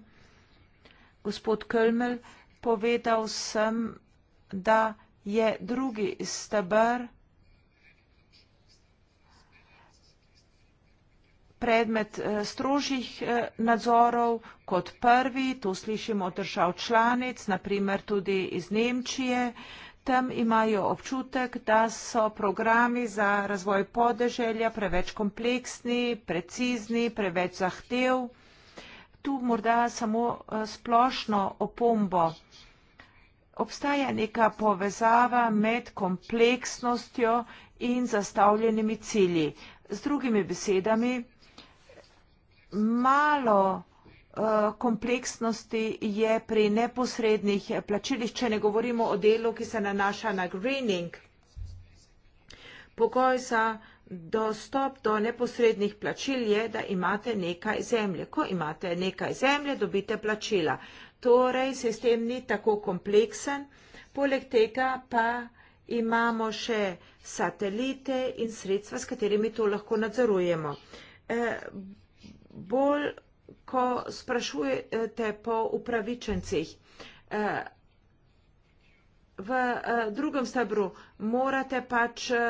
Gospod Kölmel, povedal sem, da je drugi stebr. predmet eh, strožjih eh, nadzorov kot prvi, to slišimo od držav članic, naprimer tudi iz Nemčije. Tam imajo občutek, da so programi za razvoj podeželja preveč kompleksni, precizni, preveč zahtev. Tu morda samo eh, splošno opombo. Obstaja neka povezava med kompleksnostjo in zastavljenimi cilji. Z drugimi besedami, malo eh, kompleksnosti je pri neposrednih plačilih, če ne govorimo o delu, ki se nanaša na greening. Pogoj za dostop do neposrednih plačil je, da imate nekaj zemlje. Ko imate nekaj zemlje, dobite plačila. Torej, sistem ni tako kompleksen, poleg tega pa imamo še satelite in sredstva, s katerimi to lahko nadzorujemo. Eh, bolj, ko sprašujete po upravičencih. E, v e, drugem stebru morate pač e,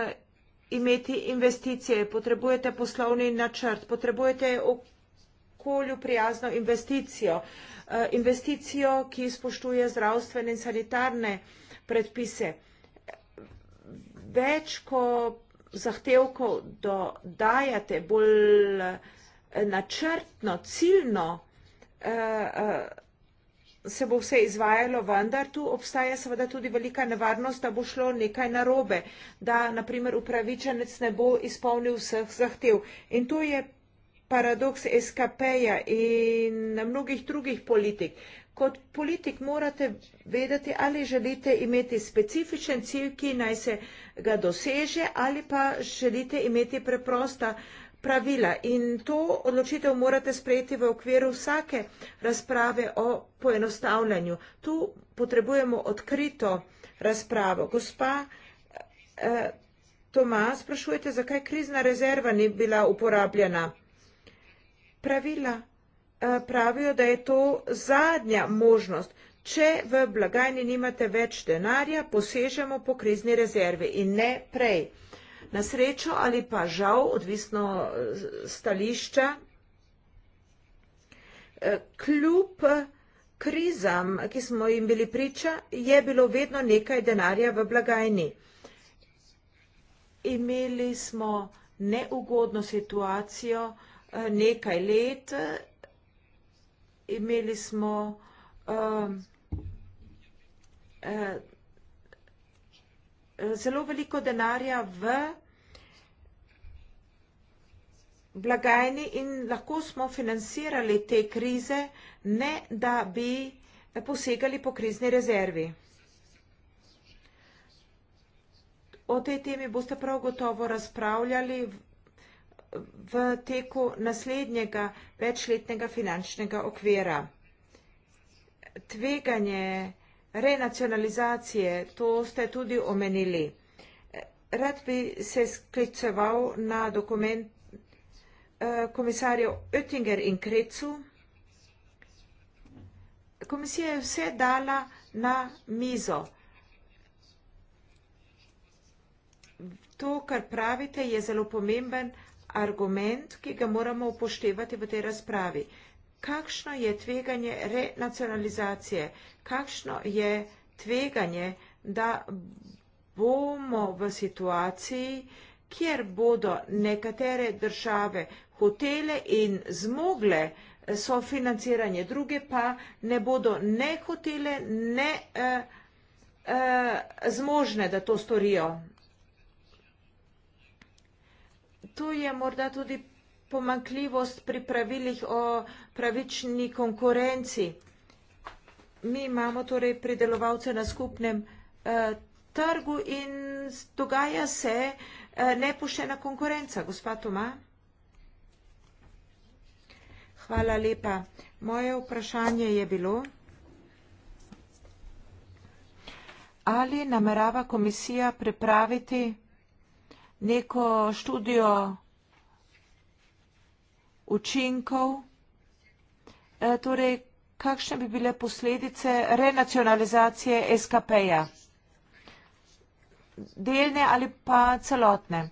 imeti investicije, potrebujete poslovni načrt, potrebujete okolju prijazno investicijo, investicijo, ki spoštuje zdravstvene in sanitarne predpise. Več, ko zahtevkov dodajate, bolj vsega, načrtno, ciljno eh, eh, se bo vse izvajalo, vendar tu obstaja seveda tudi velika nevarnost, da bo šlo nekaj narobe, da naprimer upravičenec ne bo izpolnil vseh zahtev. In to je paradoks SKP-ja in mnogih drugih politik. Kot politik morate vedeti, ali želite imeti specifičen cilj, ki naj se ga doseže, ali pa želite imeti preprosta uh, pravila in to odločitev morate sprejeti v okviru vsake razprave o poenostavljanju. Tu potrebujemo odkrito razpravo. Gospa eh, Toma, sprašujete, zakaj krizna rezerva ni bila uporabljena? Pravila eh, pravijo, da je to zadnja možnost. Če v blagajni nimate več denarja, posežemo po krizni rezervi in ne prej na srečo ali pa žal, odvisno eh, stališča, eh, kljub eh, krizam, ki smo jim bili priča, je bilo vedno nekaj denarja v blagajni. Imeli smo neugodno situacijo nekaj let, imeli smo uh, uh, zelo veliko denarja v blagajni in lahko smo financirali te krize, ne da bi posegali po krizni rezervi. O tej temi boste prav gotovo razpravljali v teku naslednjega večletnega finančnega okvira. Tveganje renacionalizacije, to ste tudi omenili. Rad bi se skliceval na dokument Eh, komisarjev Oettinger in Krecu. Komisija je vse dala na mizo. To, kar pravite, je zelo pomemben argument, ki ga moramo upoštevati v tej razpravi. Kakšno je tveganje renacionalizacije? Kakšno je tveganje, da bomo v situaciji, kjer bodo nekatere države hotele in zmogle so financiranje, druge pa ne bodo ne hotele, ne eh, eh, zmožne, da to storijo. To je morda tudi pomankljivost pri pravilih o pravični konkurenci. Mi imamo torej pridelovalce na skupnem eh, trgu in dogaja se, eh, Eh, nepoštena konkurenca. Gospa Toma? Hvala lepa. Moje vprašanje je bilo, ali namerava komisija pripraviti neko študijo učinkov, eh, torej kakšne bi bile posledice renacionalizacije SKP-ja delne ali pa celotne.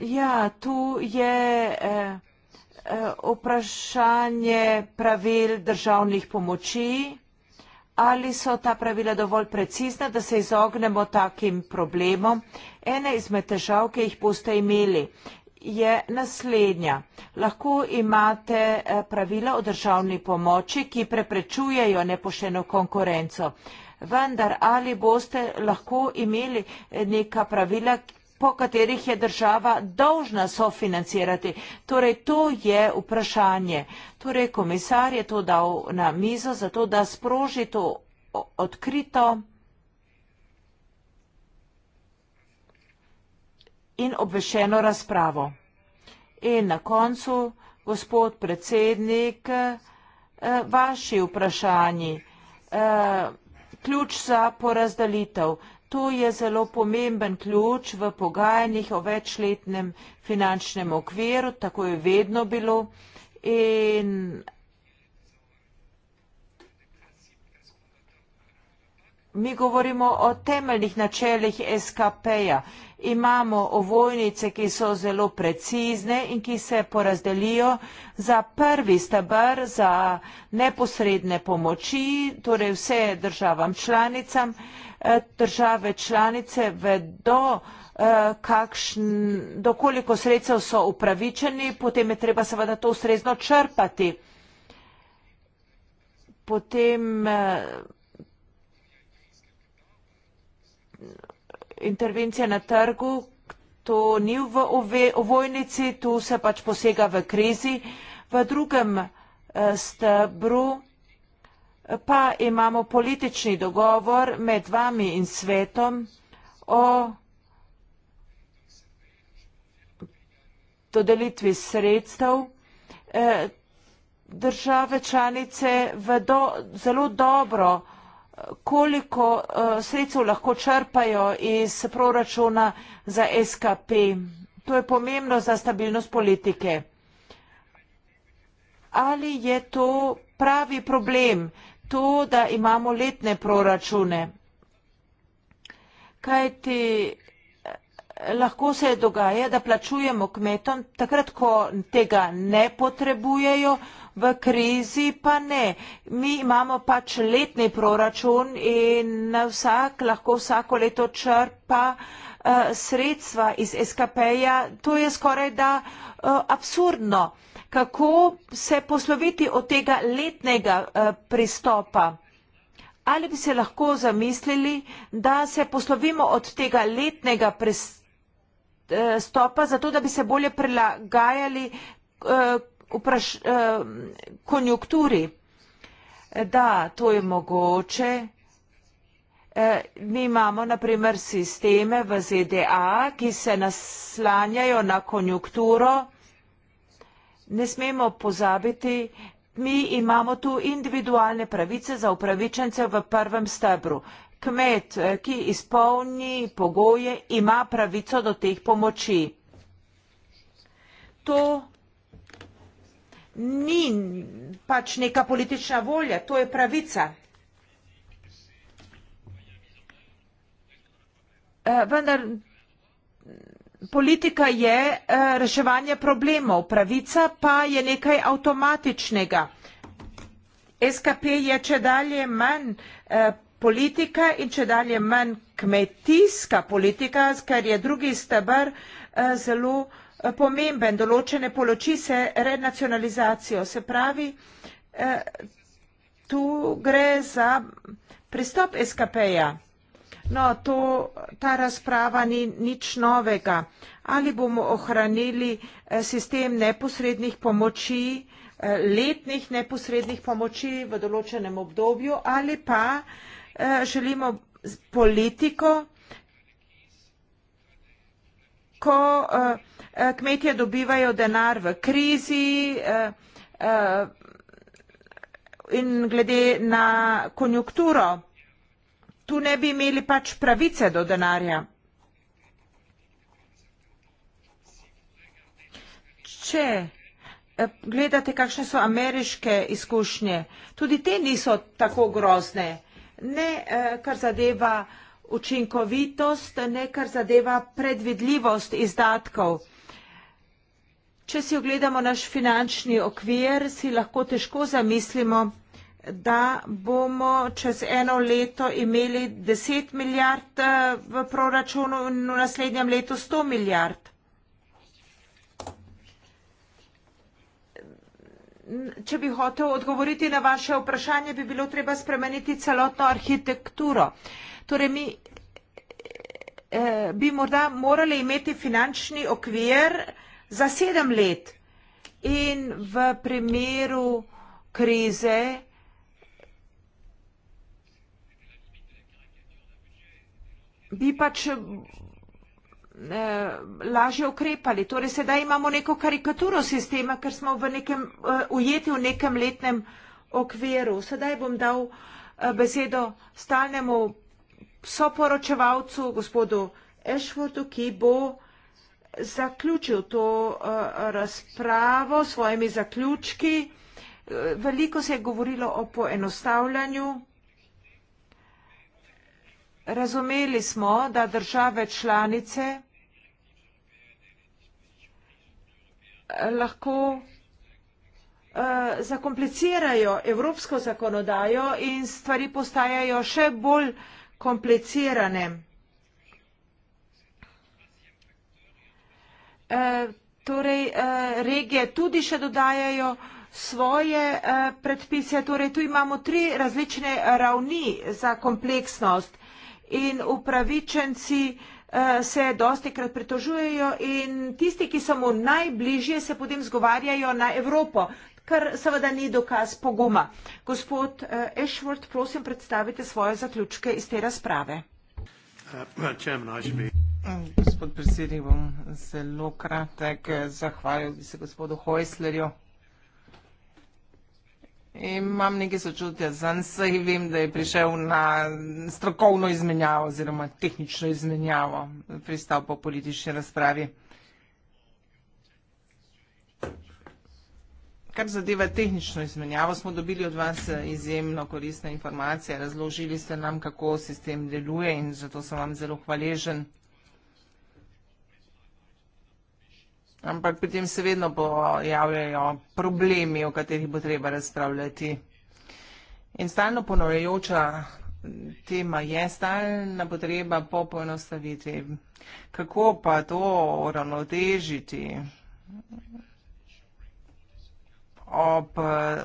Ja, tu je eh, eh, vprašanje pravil državnih pomoči. Ali so ta pravila dovolj precizna, da se izognemo takim problemom? Ene izmed težav, ki jih boste imeli, je naslednja. Lahko imate eh, pravila o državni pomoči, ki preprečujejo nepošteno konkurenco vendar ali boste lahko imeli eh, neka pravila, po katerih je država dolžna sofinancirati. Torej, to je vprašanje. Torej, komisar je to dal na mizo, zato da sproži to odkrito in obvešeno razpravo. In na koncu, gospod predsednik, eh, vaši vprašanji. Uh, ključ za porazdelitev. To je zelo pomemben ključ v pogajanjih o večletnem finančnem okviru, tako je vedno bilo. In mi govorimo o temeljnih načelih SKP-ja imamo ovojnice, ki so zelo precizne in ki se porazdelijo za prvi stebr, za neposredne pomoči, torej vse državam članicam. E, države članice vedo, e, kakšn, dokoliko sredstev so upravičeni, potem je treba seveda to ustrezno črpati. Potem e, intervencija na trgu, to ni v ovojnici, tu se pač posega v krizi. V drugem eh, stebru eh, pa imamo politični dogovor med vami in svetom o dodelitvi sredstev. Eh, države članice vedo zelo dobro, da je to, koliko uh, sredstev lahko črpajo iz proračuna za SKP. To je pomembno za stabilnost politike. Ali je to pravi problem, to, da imamo letne proračune? Kaj ti eh, lahko se dogaja, da plačujemo kmetom takrat, ko tega ne potrebujejo, v krizi pa ne. Mi imamo pač letni proračun in vsak lahko vsako leto črpa eh, sredstva iz SKP-ja, to je skoraj da eh, absurdno. Kako se posloviti od tega letnega eh, pristopa? Ali bi se lahko zamislili, da se poslovimo od tega letnega pristopa, zato da bi se bolje prilagajali vpraš, eh, konjunkturi, da to je mogoče. Eh, mi imamo naprimer sisteme v ZDA, ki se naslanjajo na konjunkturo. Ne smemo pozabiti, mi imamo tu individualne pravice za upravičence v prvem stebru. Kmet, eh, ki izpolni pogoje, ima pravico do teh pomoči. To ni pač neka politična volja, to je pravica. Eh, vendar politika je eh, reševanje problemov, pravica pa je nekaj avtomatičnega. SKP je če dalje manj eh, politika in če dalje manj kmetijska politika, ker je drugi stebr zelo politika pomemben, določene poloči se renacionalizacijo. Se pravi, eh, tu gre za pristop SKP-ja. No, to, ta razprava ni nič novega. Ali bomo ohranili eh, sistem neposrednih pomoči, eh, letnih neposrednih pomoči v določenem obdobju ali pa želimo politiko, ko uh, Eh, kmetje dobivajo denar v krizi eh, eh, in glede na konjunkturo. Tu ne bi imeli pač pravice do denarja. Če gledate, kakšne so ameriške izkušnje, tudi te niso tako grozne. Ne, kar zadeva učinkovitost, ne, kar zadeva predvidljivost izdatkov. Če si ogledamo naš finančni okvir, si lahko težko zamislimo, da bomo čez eno leto imeli 10 milijard eh, v proračunu in v naslednjem letu 100 milijard. Če bi hotel odgovoriti na vaše vprašanje, bi bilo treba spremeniti celotno arhitekturo. Torej, mi eh, bi morda morali imeti finančni okvir, za sedem let. In v primeru krize bi pač eh, lažje ukrepali. Torej, sedaj imamo neko karikaturo sistema, ker smo v nekem, eh, ujeti v nekem letnem okviru. Sedaj bom dal eh, besedo stalnemu soporočevalcu, gospodu Ashfordu, ki bo zaključil to eh, razpravo s svojimi zaključki. Eh, veliko se je govorilo o poenostavljanju. Razumeli smo, da države članice eh, lahko zakomplicirajo evropsko zakonodajo in stvari postajajo še bolj komplicirane. Eh, torej, eh, regije tudi še dodajajo svoje eh, predpise. Torej, tu imamo tri različne ravni za kompleksnost in upravičenci se dosti krat pritožujejo in tisti, ki so mu najbližje, se potem zgovarjajo na Evropo, kar seveda ni dokaz poguma. Gospod Ešvort, prosim, predstavite svoje zaključke iz te razprave. Uh, well, Chairman, I should be... Gospod predsednik, bom zelo kratek. Zahvalil bi se gospodu Hojslerju. Imam nekaj sočutja zan, saj vem, da je prišel na strokovno izmenjavo oziroma tehnično izmenjavo, pristal po politični razpravi. Kar zadeva tehnično izmenjavo, smo dobili od vas izjemno koristne informacije, razložili ste nam, kako sistem deluje in zato sem vam zelo hvaležen. Ampak pri tem se vedno pojavljajo problemi, o katerih bo treba razpravljati. In stalno ponovajoča tema je stalna potreba po poenostavitvi. Kako pa to uravnotežiti ob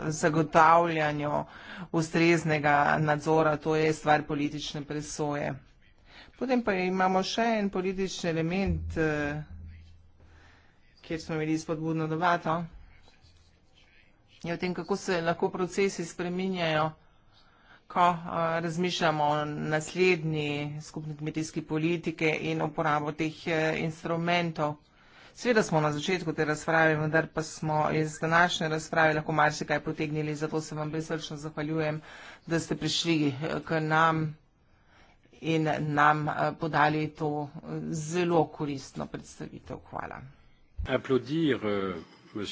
zagotavljanju ustreznega nadzora, to je stvar politične presoje. Potem pa imamo še en politični element. Eh, kjer smo imeli spodbudno debato, je o tem, kako se lahko procesi spreminjajo, ko eh, razmišljamo o naslednji skupni kmetijski politike in uporabo teh eh, instrumentov. Sveda smo na začetku te razprave, vendar pa smo iz današnje razprave lahko marsikaj potegnili, zato se vam besrčno zahvaljujem, da ste prišli eh, k nam in nam podali to zelo koristno predstavitev. Hvala applaudir euh, m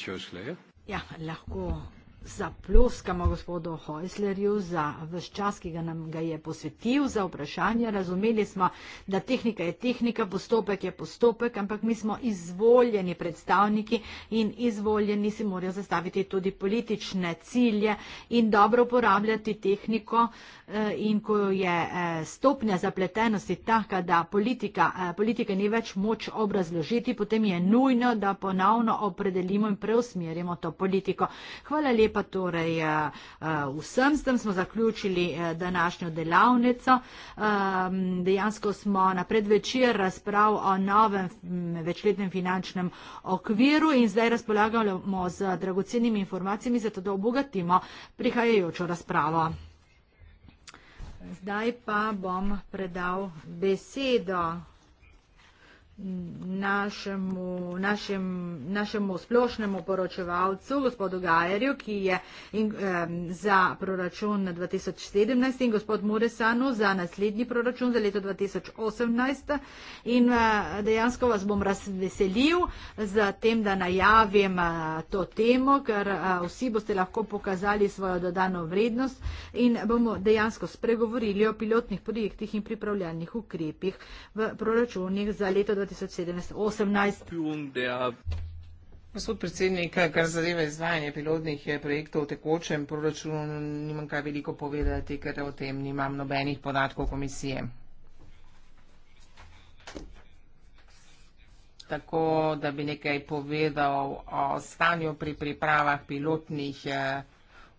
zaploskamo gospodu Heuslerju za vse čas, ki ga nam ga je posvetil, za vprašanje. Razumeli smo, da tehnika je tehnika, postopek je postopek, ampak mi smo izvoljeni predstavniki in izvoljeni si morajo zastaviti tudi politične cilje in dobro uporabljati tehniko. Eh, in ko je eh, stopnja zapletenosti taka, da politika, eh, politika ni več moč obrazložiti, potem je nujno, da ponovno opredelimo in preusmerimo to politiko. Hvala lepa lepa. Torej, eh, eh, vsem s tem smo zaključili eh, današnjo delavnico. Ehm, dejansko smo na predvečer razprav o novem mm, večletnem finančnem okviru in zdaj razpolagamo z dragocenimi informacijami, zato da obogatimo prihajajočo razpravo. Zdaj pa bom predal besedo našemu, našem, našemu splošnemu poročevalcu, gospodu Gajerju, ki je in, um, za proračun 2017 in gospod Muresanu za naslednji proračun za leto 2018. In uh, dejansko vas bom razveselil z tem, da najavim uh, to temo, ker uh, vsi boste lahko pokazali svojo dodano vrednost in bomo dejansko spregovorili o pilotnih projektih in pripravljalnih ukrepih v proračunih za leto 2018. 2017-2018. Gospod predsednik, kar zadeva izvajanje pilotnih eh, projektov v tekočem proračunu, nimam kaj veliko povedati, ker o tem nimam nobenih podatkov komisije. Tako, da bi nekaj povedal o stanju pri pripravah pilotnih eh,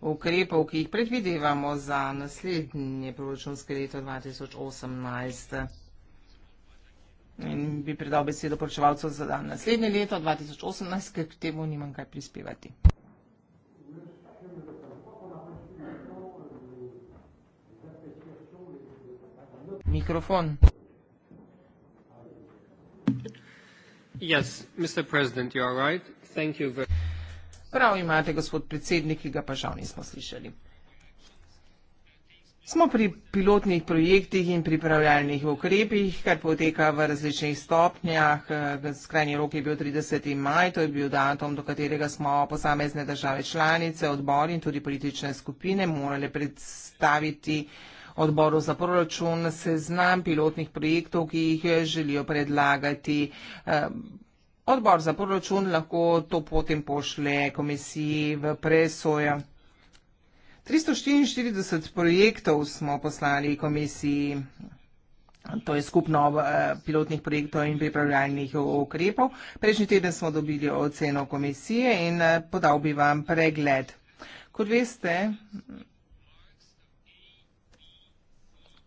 ukrepov, ki jih predvidevamo za naslednje proračunske leto 2018 in bi predal besedo poročevalcu za dan. Naslednje leto 2018, ker k temu nimam kaj prispevati. Mikrofon. Yes, Mr. President, you are right. Thank you very much. Prav imate, gospod predsednik, ki ga pa žal nismo slišali. Smo pri pilotnih projektih in pripravljalnih ukrepih, kar poteka v različnih stopnjah. Eh, skrajni rok je bil 30. maj, to je bil datum, do katerega smo posamezne države članice, odbor in tudi politične skupine morali predstaviti odboru za proračun seznam pilotnih projektov, ki jih eh, želijo predlagati. Eh, odbor za proračun lahko to potem pošle komisiji v presojo. 344 projektov smo poslali komisiji, to je skupno eh, pilotnih projektov in pripravljalnih ukrepov. Prejšnji teden smo dobili oceno komisije in eh, podal bi vam pregled. Kot veste,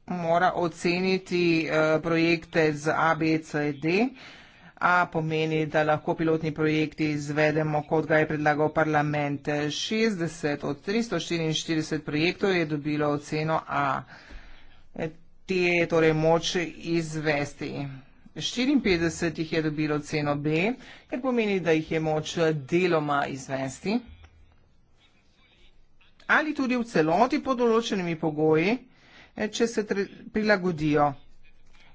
mora oceniti eh, projekte z ABCD, ki je vse, A pomeni, da lahko pilotni projekti izvedemo, kot ga je predlagal parlament. 60 od 344 projektov je dobilo oceno A. E, te je torej moč izvesti. 54 jih je dobilo oceno B, ker pomeni, da jih je moč deloma izvesti. Ali tudi v celoti pod določenimi pogoji, e, če se prilagodijo.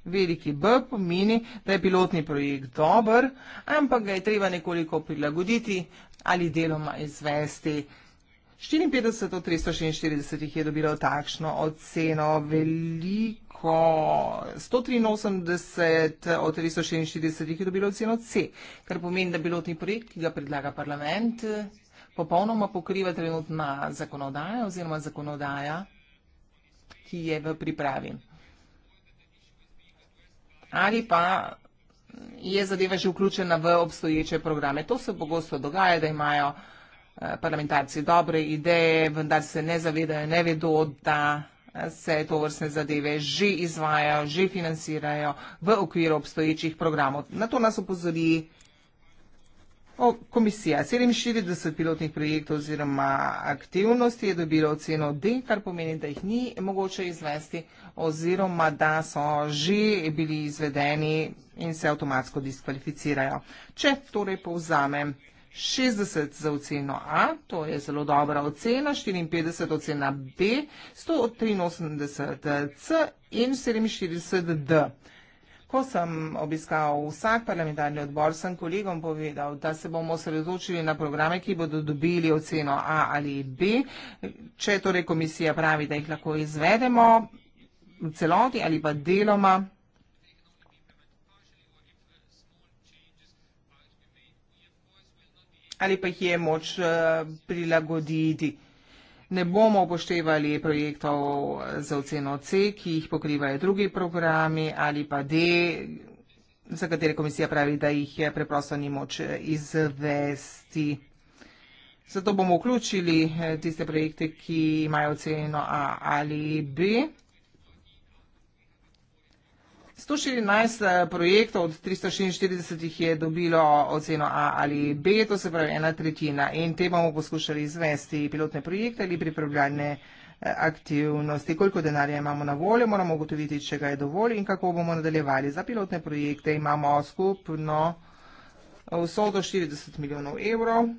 Veliki B pomeni, da je pilotni projekt dober, ampak ga je treba nekoliko prilagoditi ali deloma izvesti. 54 od 346 je dobilo takšno oceno, veliko 183 od 346 je dobilo oceno C, kar pomeni, da pilotni projekt, ki ga predlaga parlament, popolnoma pokriva trenutna zakonodaja oziroma zakonodaja, ki je v pripravi ali pa je zadeva že vključena v obstoječe programe. To se pogosto dogaja, da imajo eh, parlamentarci dobre ideje, vendar se ne zavedajo, ne vedo, da eh, se to vrstne zadeve že izvajajo, že financirajo v okviru obstoječih programov. Na to nas opozori Komisija 47 pilotnih projektov oziroma aktivnosti je dobila oceno D, kar pomeni, da jih ni mogoče izvesti oziroma da so že bili izvedeni in se avtomatsko diskvalificirajo. Če torej povzamem 60 za oceno A, to je zelo dobra ocena, 54 ocena B, 183 C in 47 D. Ko sem obiskal vsak parlamentarni odbor, sem kolegom povedal, da se bomo osredotočili na programe, ki bodo dobili oceno A ali B. Če torej komisija pravi, da jih lahko izvedemo v celoti ali pa deloma, ali pa jih je moč eh, prilagoditi ne bomo upoštevali projektov za oceno C, ki jih pokrivajo drugi programi ali pa D, za katere komisija pravi, da jih je preprosto ni moč izvesti. Zato bomo vključili tiste projekte, ki imajo oceno A ali B. 114 eh, projektov od 346 je dobilo oceno A ali B, to se pravi ena tretjina. In te bomo poskušali izvesti pilotne projekte ali pripravljalne eh, aktivnosti. Koliko denarja imamo na voljo, moramo ugotoviti, če ga je dovolj in kako bomo nadaljevali. Za pilotne projekte imamo skupno vso do 40 milijonov evrov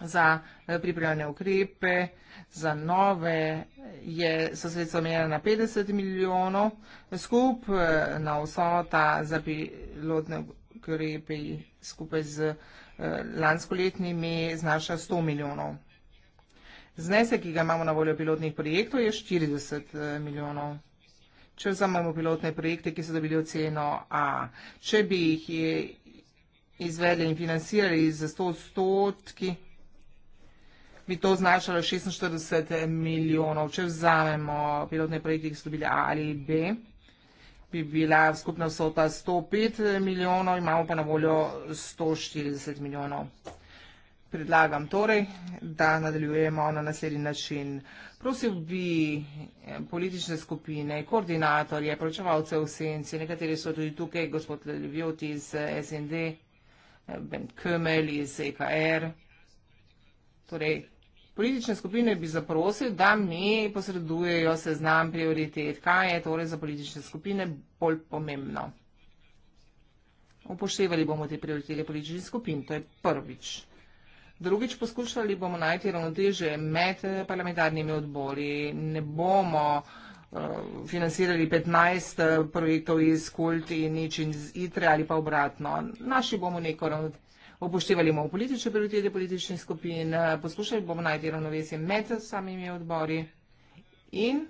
za eh, pripravljanje ukrepe za nove je, so sredstva omenjena na 50 milijonov, skup eh, na vsota za pilotne ukrepe skupaj z eh, lanskoletnimi znaša 100 milijonov. Znesek, ki ga imamo na voljo pilotnih projektov, je 40 eh, milijonov. Če vzamemo pilotne projekte, ki so dobili oceno A, če bi jih izvedli in financirali za 100 odstotki, bi to znašalo 46 milijonov. Če vzamemo pilotne projekte, ki so dobili A ali B, bi bila skupna vsota 105 milijonov, imamo pa na voljo 140 milijonov. Predlagam torej, da nadaljujemo na naslednji način. Prosil bi politične skupine, koordinatorje, pročevalce v senci, nekateri so tudi tukaj, gospod Ljubjot iz eh, SND, eh, Ben Kömel iz EKR, torej Politične skupine bi zaprosil, da mi posredujejo seznam prioritet. Kaj je torej za politične skupine bolj pomembno? Upoštevali bomo te prioritete političnih skupin, to je prvič. Drugič poskušali bomo najti ravnoteže med parlamentarnimi odbori. Ne bomo eh, financirali 15 eh, projektov iz Kulti, nič iz ITRE ali pa obratno. Naši bomo neko ravnoteže upoštevali bomo politične prioritete političnih skupin, poslušali bomo najti ravnovesje med samimi odbori in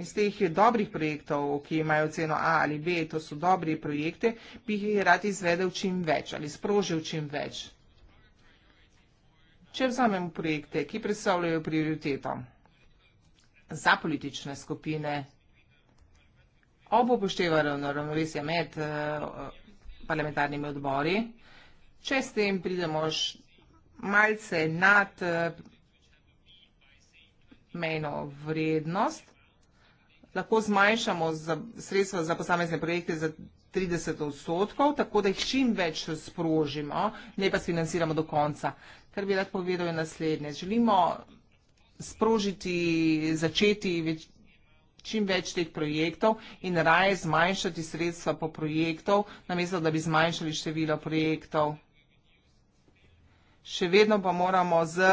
iz teh dobrih projektov, ki imajo ceno A ali B, to so dobri projekte, bi jih rad izvedel čim več ali sprožil čim več. Če vzamemo projekte, ki predstavljajo prioriteto za politične skupine, ob upoštevanju ravnovesja med eh, parlamentarnimi odbori, če s tem pridemo malce nad eh, mejno vrednost, lahko zmanjšamo sredstva za posamezne projekte za 30 odstotkov, tako da jih čim več sprožimo, ne pa sfinanciramo do konca. Kar bi lahko povedal je naslednje. Želimo sprožiti, začeti čim več teh projektov in raje zmanjšati sredstva po projektov, namesto da bi zmanjšali število projektov. Še vedno pa moramo z,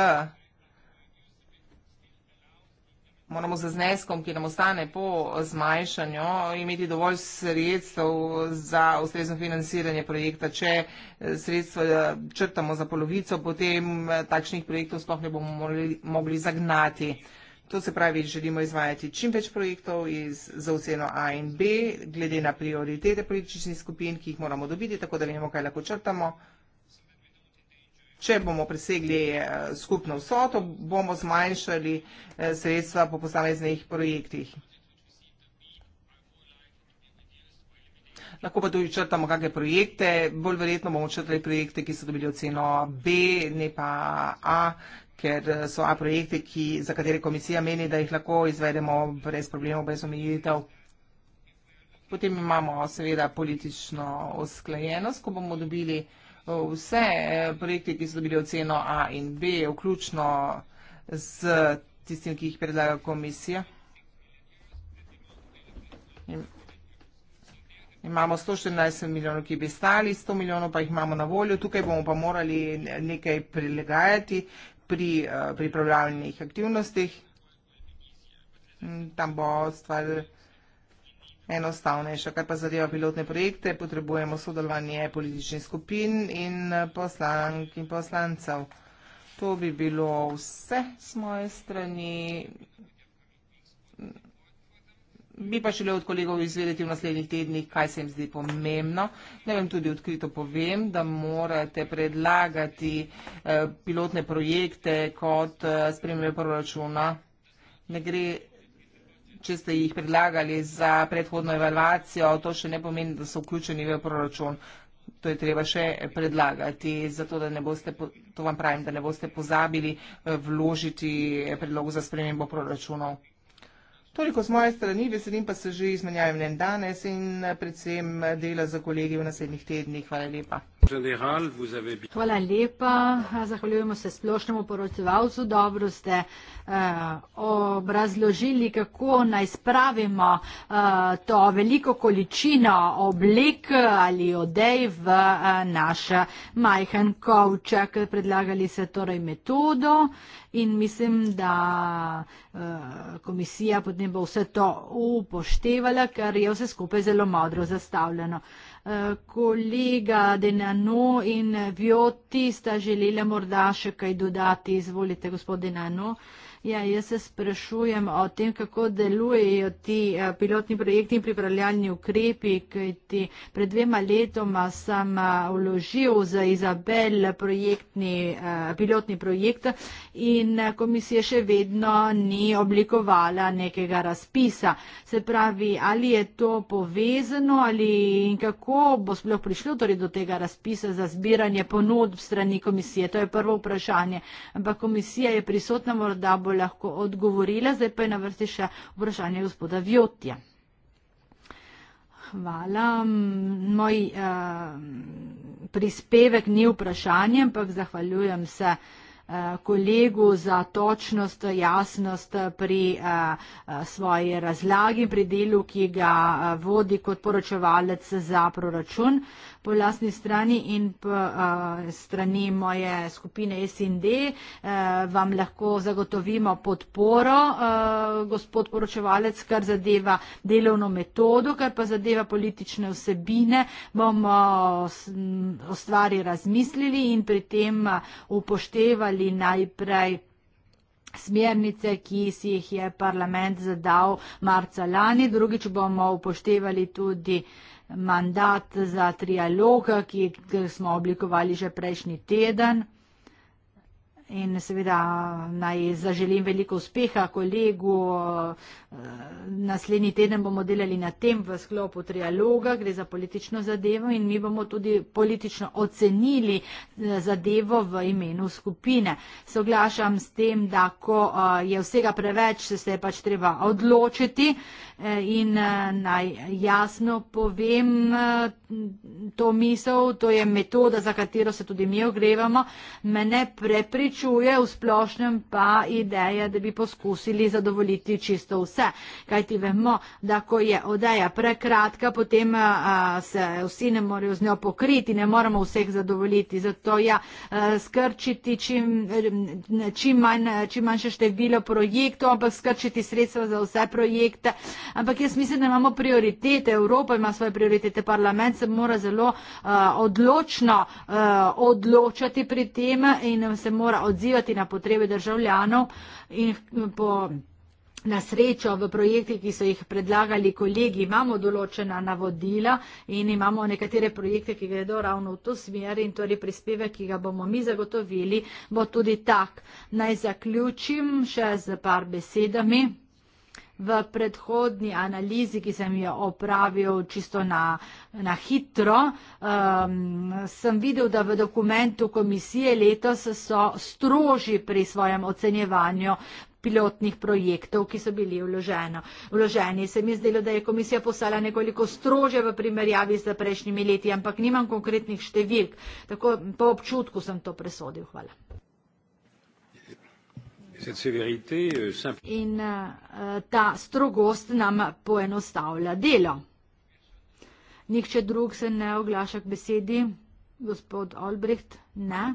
moramo z zneskom, ki nam ostane po zmanjšanju, imeti dovolj sredstev za ustrezno financiranje projekta. Če eh, sredstva eh, črtamo za polovico, potem eh, takšnih projektov sploh ne bomo mogli zagnati. To se pravi, želimo izvajati čim več projektov iz, za oceno A in B, glede na prioritete političnih skupin, ki jih moramo dobiti, tako da vemo, kaj lahko črtamo. Če bomo presegli eh, skupno vsoto, bomo zmanjšali eh, sredstva po posameznih projektih. Lahko pa tudi črtamo kakšne projekte, bolj verjetno bomo črtali projekte, ki so dobili oceno B, ne pa A, ker eh, so A projekti, ki, za katere komisija meni, da jih lahko izvedemo brez problemov, brez omejitev. Potem imamo seveda politično usklajenost, ko bomo dobili eh, vse eh, projekte, ki so dobili oceno A in B, vključno z tistim, ki jih predlaga komisija. Imamo 114 milijonov, ki bi stali, 100 milijonov pa jih imamo na voljo, tukaj bomo pa morali nekaj prilegajati, pri eh, pripravljalnih aktivnostih. Mm, tam bo stvar enostavnejša. Kar pa zadeva pilotne projekte, potrebujemo sodelovanje političnih skupin in eh, poslank in poslancev. To bi bilo vse z moje strani bi pa želel od kolegov izvedeti v naslednjih tednih, kaj se jim zdi pomembno. Ne vem, tudi odkrito povem, da morate predlagati eh, pilotne projekte kot eh, spremljajo proračuna. Ne gre, če ste jih predlagali za predhodno evalvacijo, to še ne pomeni, da so vključeni v proračun. To je treba še predlagati, zato da ne boste, to vam pravim, da ne boste pozabili eh, vložiti predlogu za spremembo proračunov. Toliko z moje strani, veselim pa se že izmenjavim mnen danes in predvsem dela za kolegi v naslednjih tednih. Hvala lepa. Hvala lepa, zahvaljujemo se splošnemu poročevalcu, dobro ste eh, obrazložili, kako naj spravimo eh, to veliko količino oblik ali odej v eh, naša majhen kovček. Predlagali se torej metodo in mislim, da eh, komisija potem bo vse to upoštevala, ker je vse skupaj zelo modro zastavljeno. Eh, kolega Denano in Vjoti sta želela morda še kaj dodati. Izvolite, gospod Denano. Ja, jaz se sprašujem o tem, kako delujejo ti eh, pilotni projekti in pripravljalni ukrepi, kaj ti pred dvema letoma sem eh, vložil za Izabel projektni, eh, pilotni projekt in komisija še vedno ni oblikovala nekega razpisa. Se pravi, ali je to povezano ali in kako bo sploh prišlo torej do tega razpisa za zbiranje ponudb strani komisije? To je prvo vprašanje. Ampak komisija je prisotna morda bolj lahko odgovorila. Zdaj pa je na vrsti še vprašanje gospoda Vjotja. Hvala. Moj uh, prispevek ni vprašanje, ampak zahvaljujem se eh, kolegu za točnost, jasnost eh, pri a, a, svoji razlagi, pri delu, ki ga vodi kot poročevalec za proračun po lastni strani in po uh, strani moje skupine SND uh, e, vam lahko zagotovimo podporo, uh, gospod poročevalec, kar zadeva delovno metodo, kar pa zadeva politične vsebine, bomo o stvari razmislili in pri tem upoštevali najprej smernice, ki si jih je parlament zadal marca lani, drugič bomo upoštevali tudi uh, mandat za trialog, ki smo oblikovali že prejšnji teden in seveda naj zaželim veliko uspeha kolegu. Naslednji teden bomo delali na tem v sklopu trialoga, gre za politično zadevo in mi bomo tudi politično ocenili eh, zadevo v imenu skupine. Soglašam s tem, da ko eh, je vsega preveč, se je pač treba odločiti eh, in naj jasno povem to misel, to je metoda, za katero se tudi mi ogrevamo, me ne prepričuje, v splošnem pa ideja, da bi poskusili zadovoljiti čisto vse. Kaj ti vemo, da ko je odeja prekratka, potem a, se vsi ne morejo z njo pokriti, ne moramo vseh zadovoljiti. Zato ja, skrčiti čim, čim, manj, čim manjše število projektov, ampak skrčiti sredstva za vse projekte. Ampak jaz mislim, da imamo prioritete, Evropa ima svoje prioritete, parlament se mora zelo uh, odločno uh, odločati pri tem in se mora odzivati na potrebe državljanov in po. Na srečo v projektih, ki so jih predlagali kolegi, imamo določena navodila in imamo nekatere projekte, ki gredo ravno v to smer in torej prispevek, ki ga bomo mi zagotovili, bo tudi tak. Naj zaključim še z par besedami v predhodni analizi, ki sem jo opravil čisto na, na hitro, um, sem videl, da v dokumentu komisije letos so stroži pri svojem ocenjevanju pilotnih projektov, ki so bili vloženo, vloženi. Se mi zdelo, da je komisija poslala nekoliko strože v primerjavi z prejšnjimi leti, ampak nimam konkretnih številk. Tako po občutku sem to presodil. Hvala. Euh, in uh, ta strogost nam poenostavlja delo. Nihče drug se ne oglaša k besedi, gospod Albrecht, ne.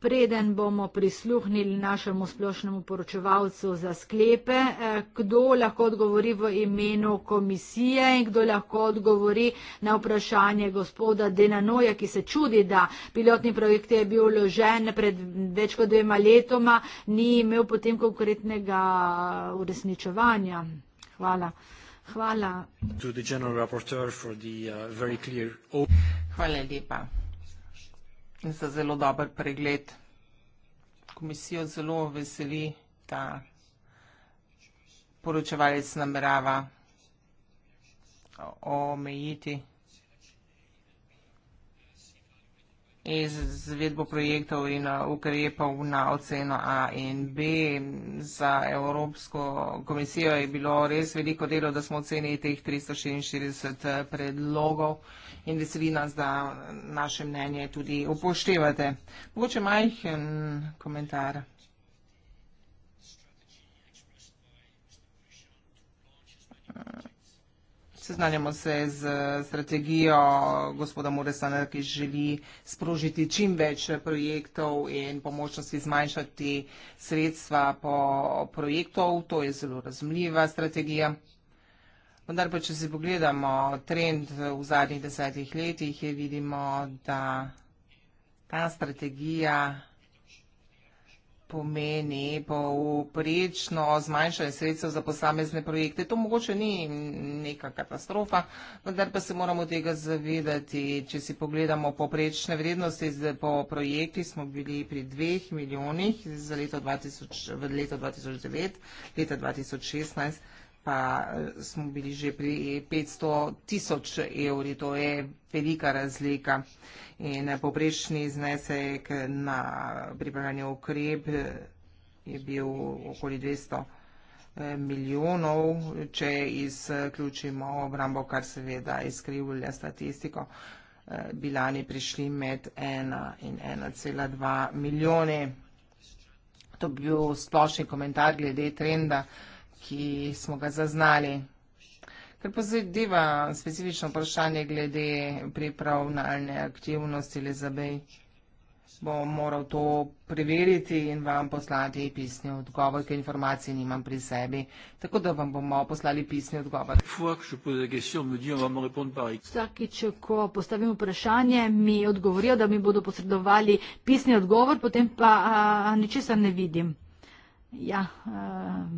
Preden bomo prisluhnili našemu splošnemu poročevalcu za sklepe, eh, kdo lahko odgovori v imenu komisije in kdo lahko odgovori na vprašanje gospoda Denanoja, ki se čudi, da pilotni projekt je bil vložen pred več kot dvema letoma, ni imel potem konkretnega uresničevanja. Hvala. Hvala. Uh, Hvala lepa za zelo dober pregled. Komisijo zelo veseli, da poročevalec namerava omejiti. iz izvedbo projektov in uh, ukrepov na oceno A in B. Za Evropsko komisijo je bilo res veliko delo, da smo ocenili teh 346 uh, predlogov in veseli nas, da naše mnenje tudi upoštevate. Mogoče majhen komentar. Uh. Seznanjamo se z strategijo gospoda Moresana, ki želi sprožiti čim več projektov in pomočnosti zmanjšati sredstva po projektov. To je zelo razumljiva strategija. Vendar pa, če si pogledamo trend v zadnjih desetih letih, je vidimo, da ta strategija pomeni povprečno zmanjšanje sredstev za posamezne projekte. To mogoče ni neka katastrofa, vendar pa se moramo tega zavedati. Če si pogledamo povprečne vrednosti po projekti, smo bili pri 2 milijonih za leto 2000, v leto 2009, leta 2016 pa eh, smo bili že pri 500 tisoč evri, to je velika razlika. In eh, poprečni znesek na pripravljanje ukrep eh, je bil okoli 200 milijonov, če izključimo obrambo, kar seveda izkrivlja statistiko, bilani prišli med 1 in 1,2 milijone. To bi bil splošni komentar glede trenda ki smo ga zaznali. Ker pa zadeva specifično vprašanje glede pripravljalne aktivnosti Elizabej, bom moral to preveriti in vam poslati pisni odgovor, ker informacije nimam pri sebi. Tako da vam bomo poslali pisni odgovor. Vsakič, ko postavim vprašanje, mi odgovorijo, da mi bodo posredovali pisni odgovor, potem pa ničesar ne vidim. Ja. A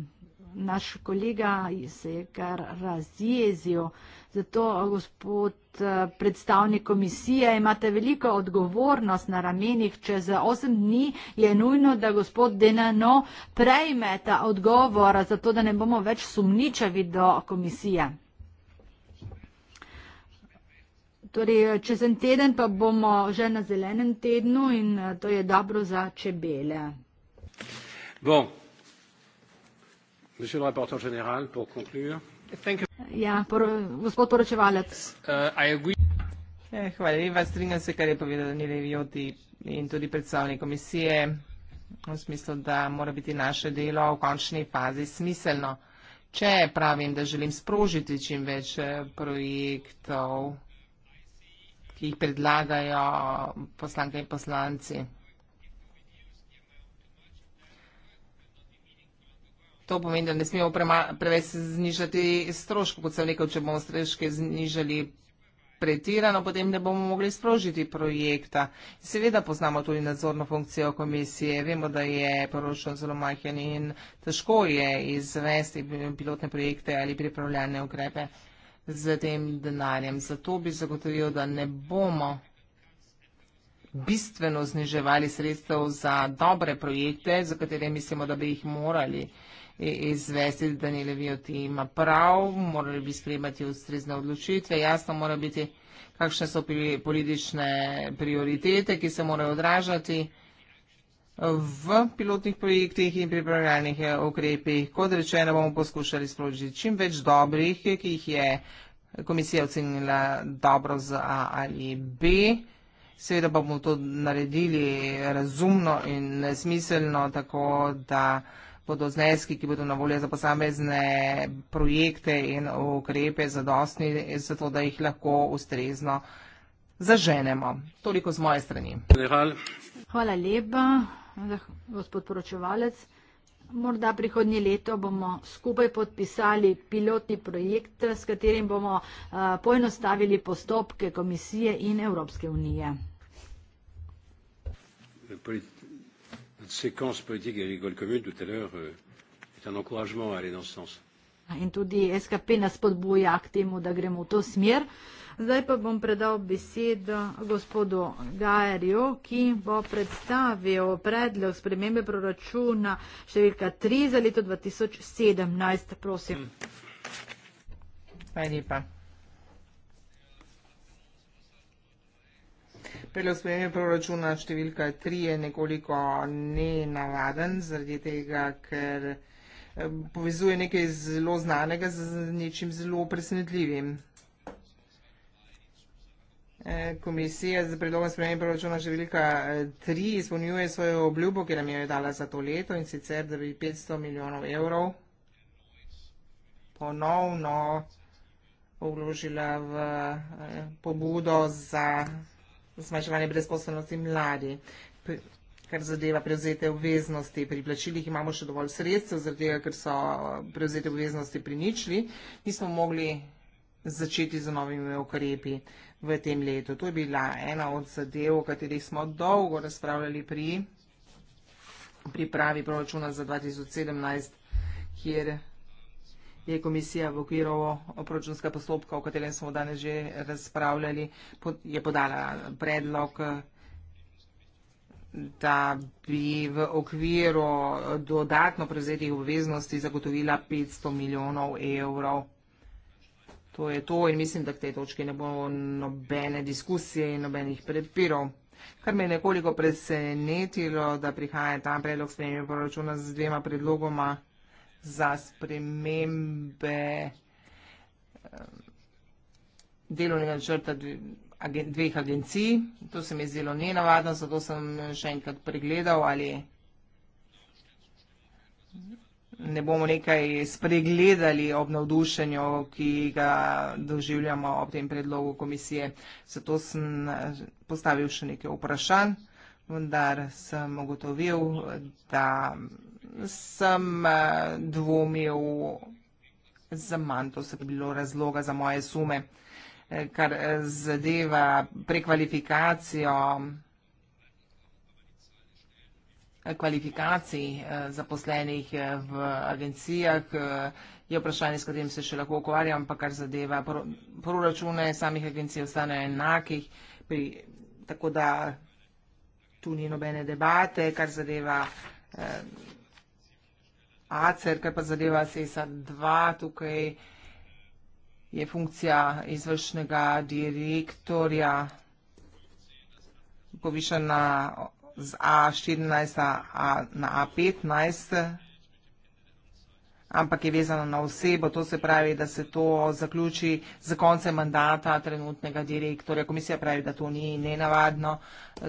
naš kolega se je kar razjezil. Zato, gospod eh, predstavnik komisije, imate veliko odgovornost na ramenih. Čez 8 dni je nujno, da gospod Denano prejme ta odgovor, zato da ne bomo več sumničavi do komisije. Torej, čez en teden pa bomo že na zelenem tednu in eh, to je dobro za čebele. Bom, Monsieur le rapporteur général, pour conclure. Thank you. Ja, por, gospod poročevalec. Uh, ja, Hvala lepa, strinjam se, kar je povedal Nilej Joti in tudi predstavnik komisije, v smislu, da mora biti naše delo v končni fazi smiselno. Če pravim, da želim sprožiti čim več eh, projektov, ki jih predlagajo poslanke in poslanci. To pomeni, da ne smemo preveč znižati stroškov, kot sem rekel, če bomo stroške znižali pretirano, potem ne bomo mogli sprožiti projekta. Seveda poznamo tudi nadzorno funkcijo komisije, vemo, da je proračun zelo majhen in težko je izvesti pilotne projekte ali pripravljalne ukrepe z tem denarjem. Zato bi zagotovil, da ne bomo bistveno zniževali sredstev za dobre projekte, za katere mislimo, da bi jih morali izvesti, da ne levijo ti ima prav, morali bi sprejemati ustrezne odločitve, jasno mora biti, kakšne so politične prioritete, ki se morajo odražati v pilotnih projektih in pripravljalnih eh, ukrepih. Kot rečeno, bomo poskušali sprožiti čim več dobrih, ki jih je komisija ocenila dobro z A ali B. Seveda pa bomo to naredili razumno in smiselno, tako da bodo zneski, ki bodo na voljo za posamezne projekte in ukrepe, zadostni, zato da jih lahko ustrezno zaženemo. Toliko z moje strani. Hvala lepa, gospod poročevalec. Morda prihodnje leto bomo skupaj podpisali pilotni projekt, s katerim bomo eh, poenostavili postopke Komisije in Evropske unije. Pri Euh, ah, in tudi SKP nas spodbuja k temu, da gremo v to smer. Zdaj pa bom predal besedo gospodu Gajerju, ki bo predstavil predlog spremembe proračuna številka 3 za leto 2017. Prosim. Hvala lepa. Predlog spremenja proračuna številka 3 je nekoliko nenavaden, zaradi tega, ker eh, povezuje nekaj zelo znanega z nečim zelo presenetljivim. Eh, Komisija za predlogom spremenja proračuna številka 3 eh, izpolnjuje svojo obljubo, ki nam jo je dala za to leto in sicer, da bi 500 milijonov evrov ponovno vložila v pobudo za zmanjševanje brezposobnosti mladi. Kar zadeva prevzete obveznosti pri plačilih, imamo še dovolj sredstev, zaradi tega, ker so prevzete obveznosti pri ničli, nismo mogli začeti z novimi ukrepi v tem letu. To je bila ena od zadev, o katerih smo dolgo razpravljali pri pripravi proračuna za 2017, kjer je komisija v okviru proračunska postopka, o katerem smo danes že razpravljali, je podala predlog, da bi v okviru dodatno prevzetih obveznosti zagotovila 500 milijonov evrov. To je to in mislim, da k tej točki ne bo nobene diskusije in nobenih prepirov. Kar me je nekoliko presenetilo, da prihaja ta predlog spremenja proračuna z dvema predlogoma za spremembe eh, delovnega načrta dveh agencij. To se mi je zdelo nenavadno, zato sem še enkrat pregledal, ali ne bomo nekaj spregledali ob navdušenju, ki ga doživljamo ob tem predlogu komisije. Zato sem eh, postavil še nekaj vprašanj, vendar sem ugotovil, da sem eh, dvomil za manj, to se bi bilo razloga za moje sume, eh, kar eh, zadeva prekvalifikacijo kvalifikacij zaposlenih v agencijah, je vprašanje, s katerim se še lahko ukvarjam, pa kar zadeva proračune samih agencij ostane enakih, pri, tako da tu ni nobene debate, kar zadeva eh, ACER, kar pa zadeva CSA2, tukaj je funkcija izvršnega direktorja povišena z A14 na A15 ampak je vezana na osebo, to se pravi, da se to zaključi z koncem mandata trenutnega direktorja. Komisija pravi, da to ni nenavadno,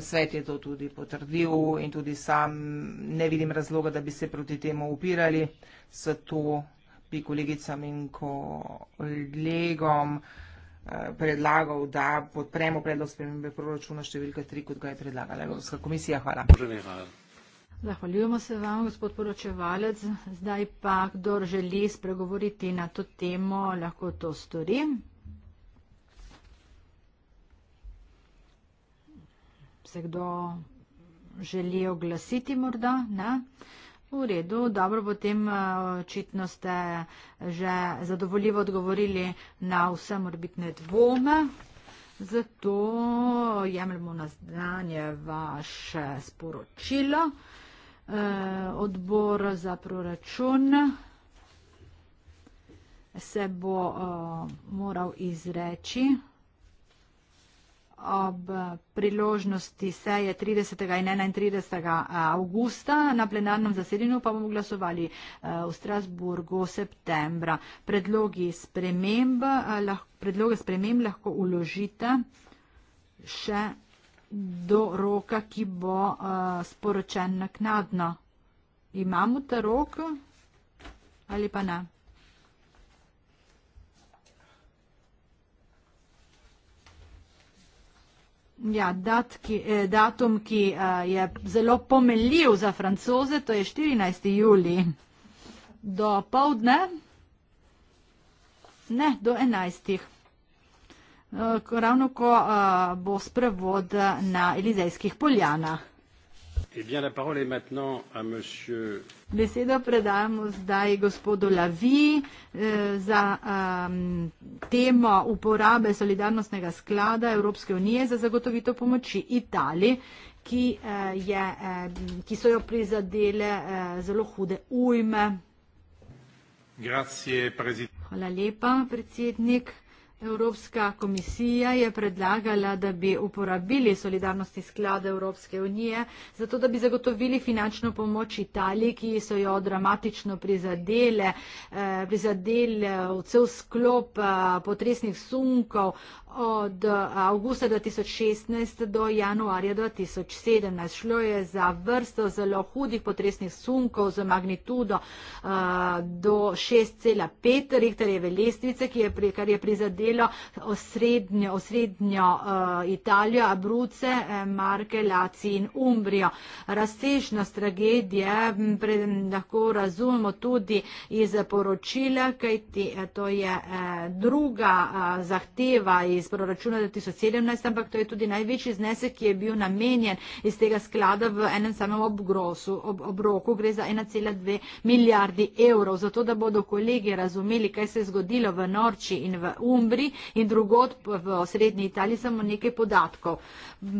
svet je to tudi potrdil in tudi sam ne vidim razloga, da bi se proti temu upirali, zato bi kolegicam in kolegom eh, predlagal, da podpremo predlog spremembe proračuna številka 3, kot ga je predlagala Evropska komisija. Hvala. Prvi, hvala. Zahvaljujemo se vam, gospod poročevalec. Zdaj pa, kdo želi spregovoriti na to temo, lahko to stori. Se kdo želi oglasiti morda? Ne? V redu, dobro, potem eh, očitno ste že zadovoljivo odgovorili na vse morbitne dvome. Zato jemljemo na znanje vaše sporočilo. Eh, odbor za proračun se bo eh, moral izreči ob priložnosti seje 30. in 31. Eh, avgusta. Na plenarnem zasedanju pa bomo glasovali v Strasburgu septembra. Predlogi sprememb, predloge sprememb lahko uložite še do roka, ki bo uh, sporočen naknadno. Imamo ta rok ali pa ne? Ja, datki, eh, datum, ki eh, je zelo pomeljiv za francoze, to je 14. juli do povdne, ne, do 11. Eh, ravno ko uh, bo sprevod na Elizejskih poljanah. Eh Besedo predajamo zdaj gospodu Lavi za um, temo uporabe solidarnostnega sklada Evropske unije za zagotovitev pomoči Italiji, ki, uh, je, uh, ki so jo prizadele uh, zelo hude ujme. Grazie, Hvala lepa, predsednik. Evropska komisija je predlagala, da bi uporabili solidarnostni sklad Evropske unije, zato da bi zagotovili finančno pomoč Italiji, ki so jo dramatično prizadele, eh, prizadele v cel sklop eh, potresnih sunkov od eh, avgusta 2016 do januarja 2017. Šlo je za vrsto zelo hudih potresnih sunkov z magnitudo do 6,5 Richterjeve lestvice, kar je prizadelo delo osrednjo, osrednjo uh, Italijo, Abruce, eh, Marke, Laci in Umbrijo. Razsežnost tragedije pre, lahko razumemo tudi iz poročila, kajti eh, to je eh, druga eh, zahteva iz proračuna 2017, ampak to je tudi največji znesek, ki je bil namenjen iz tega sklada v enem samem obgrosu, ob, obroku. Gre za 1,2 milijardi evrov. Zato, da bodo kolegi razumeli, kaj se je zgodilo v Norči in v Umbri, Italiji in drugod v srednji Italiji samo nekaj podatkov.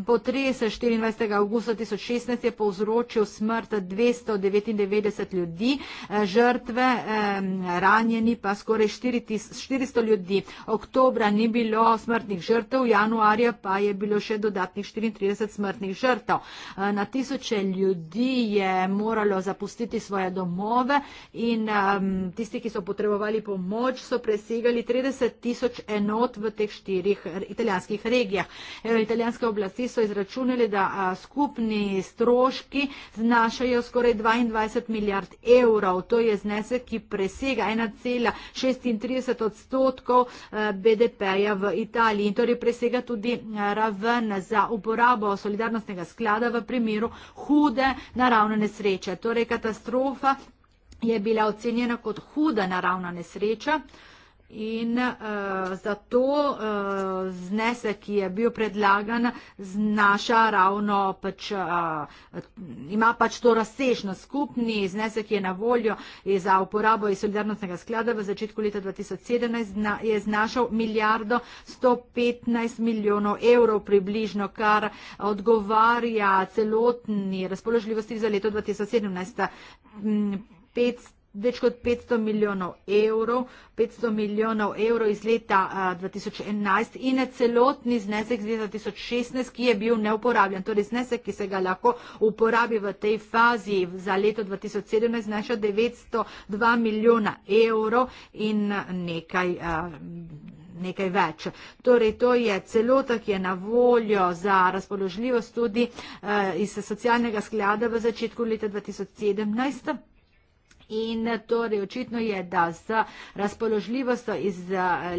Potres 24. augusta 2016 je povzročil smrt 299 ljudi, eh, žrtve ranjeni pa skoraj 400 ljudi. Oktobra ni bilo smrtnih žrtev, januarja pa je bilo še dodatnih 34 smrtnih žrtev. Eh, na tisoče ljudi je moralo zapustiti svoje domove in tisti, ki so potrebovali pomoč, so presegali 30 tisoč enot v teh štirih italijanskih regijah. E, italijanske oblasti so izračunali, da skupni stroški znašajo skoraj 22 milijard evrov. To je znesek, ki presega 1,36 odstotkov e, BDP-ja v Italiji in torej presega tudi raven za uporabo solidarnostnega sklada v primeru hude naravne nesreče. Torej katastrofa je bila ocenjena kot huda naravna nesreča. In uh, zato uh, eh, znese, ki je bil predlagan, znaša ravno, pač, uh, ima pač to razsežno skupni znese, ki je na voljo je za uporabo iz solidarnostnega sklada v začetku leta 2017, zna, je znašal milijardo 115 milijonov evrov približno, kar odgovarja celotni razpoložljivosti za leto 2017 več kot 500 milijonov evrov, 500 milijonov evrov iz leta uh, 2011 in ne celotni znesek iz leta 2016, ki je bil neuporabljen. Torej znesek, ki se ga lahko uporabi v tej fazi za leto 2017, znaša 902 milijona evrov in nekaj. Uh, nekaj več. Torej, to je celota, ki je na voljo za razpoložljivost tudi eh, iz socialnega sklada v začetku leta 2017. In torej očitno je, da z razpoložljivostjo eh, iz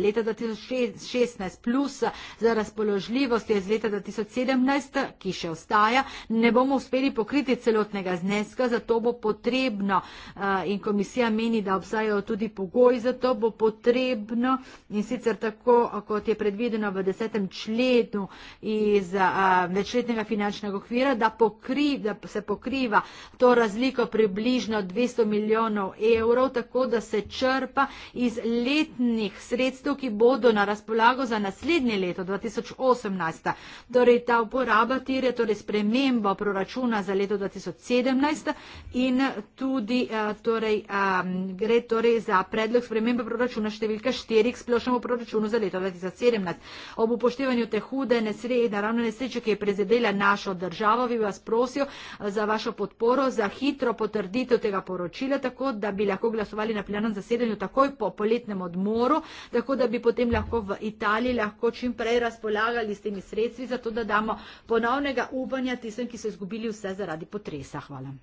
leta 2016 plus z razpoložljivostjo iz leta 2017, ki še ostaja, ne bomo uspeli pokriti celotnega zneska, zato bo potrebno eh, in komisija meni, da obstajajo tudi pogoji, zato bo potrebno in sicer tako, kot je predvideno v desetem členu iz eh, večletnega finančnega okvira, da, pokri, da se pokriva to razliko približno 200 milijonov milijonov evrov, tako da se črpa iz letnih sredstev, ki bodo na razpolago za naslednje leto 2018. Torej ta uporaba tire, torej sprememba proračuna za leto 2017 in tudi eh, torej, ehm, gre torej za predlog sprememba proračuna številka 4 k splošnemu proračunu za leto 2017. Ob upoštevanju te hude nesreje, naravno nesreče, ki je prezedela našo državo, bi vas prosil eh, za vašo podporo, za hitro potrditev tega poročila, tako, da bi lahko glasovali na plenarnem zasedanju takoj po poletnem odmoru, tako da bi potem lahko v Italiji lahko čim prej razpolagali s temi sredstvi, zato da damo ponovnega upanja tistem, ki so izgubili vse zaradi potresa. Hvala.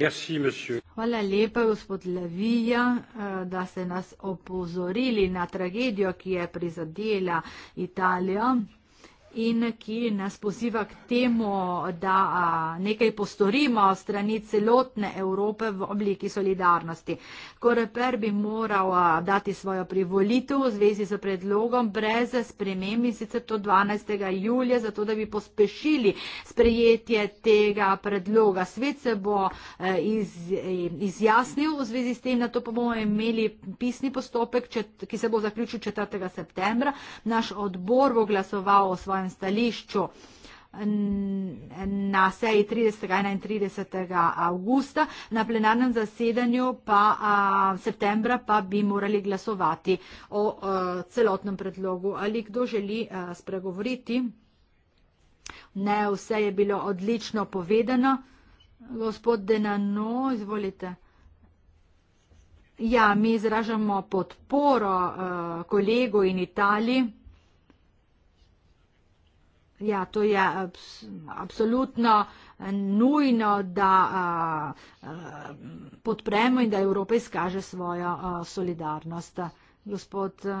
Merci, Hvala lepa, gospod Levija, eh, da ste nas opozorili na tragedijo, ki je prizadela Italijo in ki nas poziva k temu, da nekaj postorimo strani celotne Evrope v obliki solidarnosti. Koreper bi moral dati svojo privolitev v zvezi z predlogom brez sprememi, sicer to 12. julija, zato da bi pospešili sprejetje tega predloga. Svet se bo e, iz, e, izjasnil v zvezi s tem, na to pa bomo imeli pisni postopek, ki se bo zaključil 4. septembra. Naš odbor bo glasoval o svojem svojem stališču na seji 30. in 31. augusta, na plenarnem zasedanju pa a, septembra pa bi morali glasovati o a, e, celotnem predlogu. Ali kdo želi a, e, spregovoriti? Ne, vse je bilo odlično povedano. Gospod Denano, izvolite. Ja, mi izražamo podporo a, e, kolegu in Italiji. Ja, to je abs eh, absolutno eh, nujno, da a, eh, a, podpremo in da Evropa izkaže svojo a, solidarnost. Gospod. A,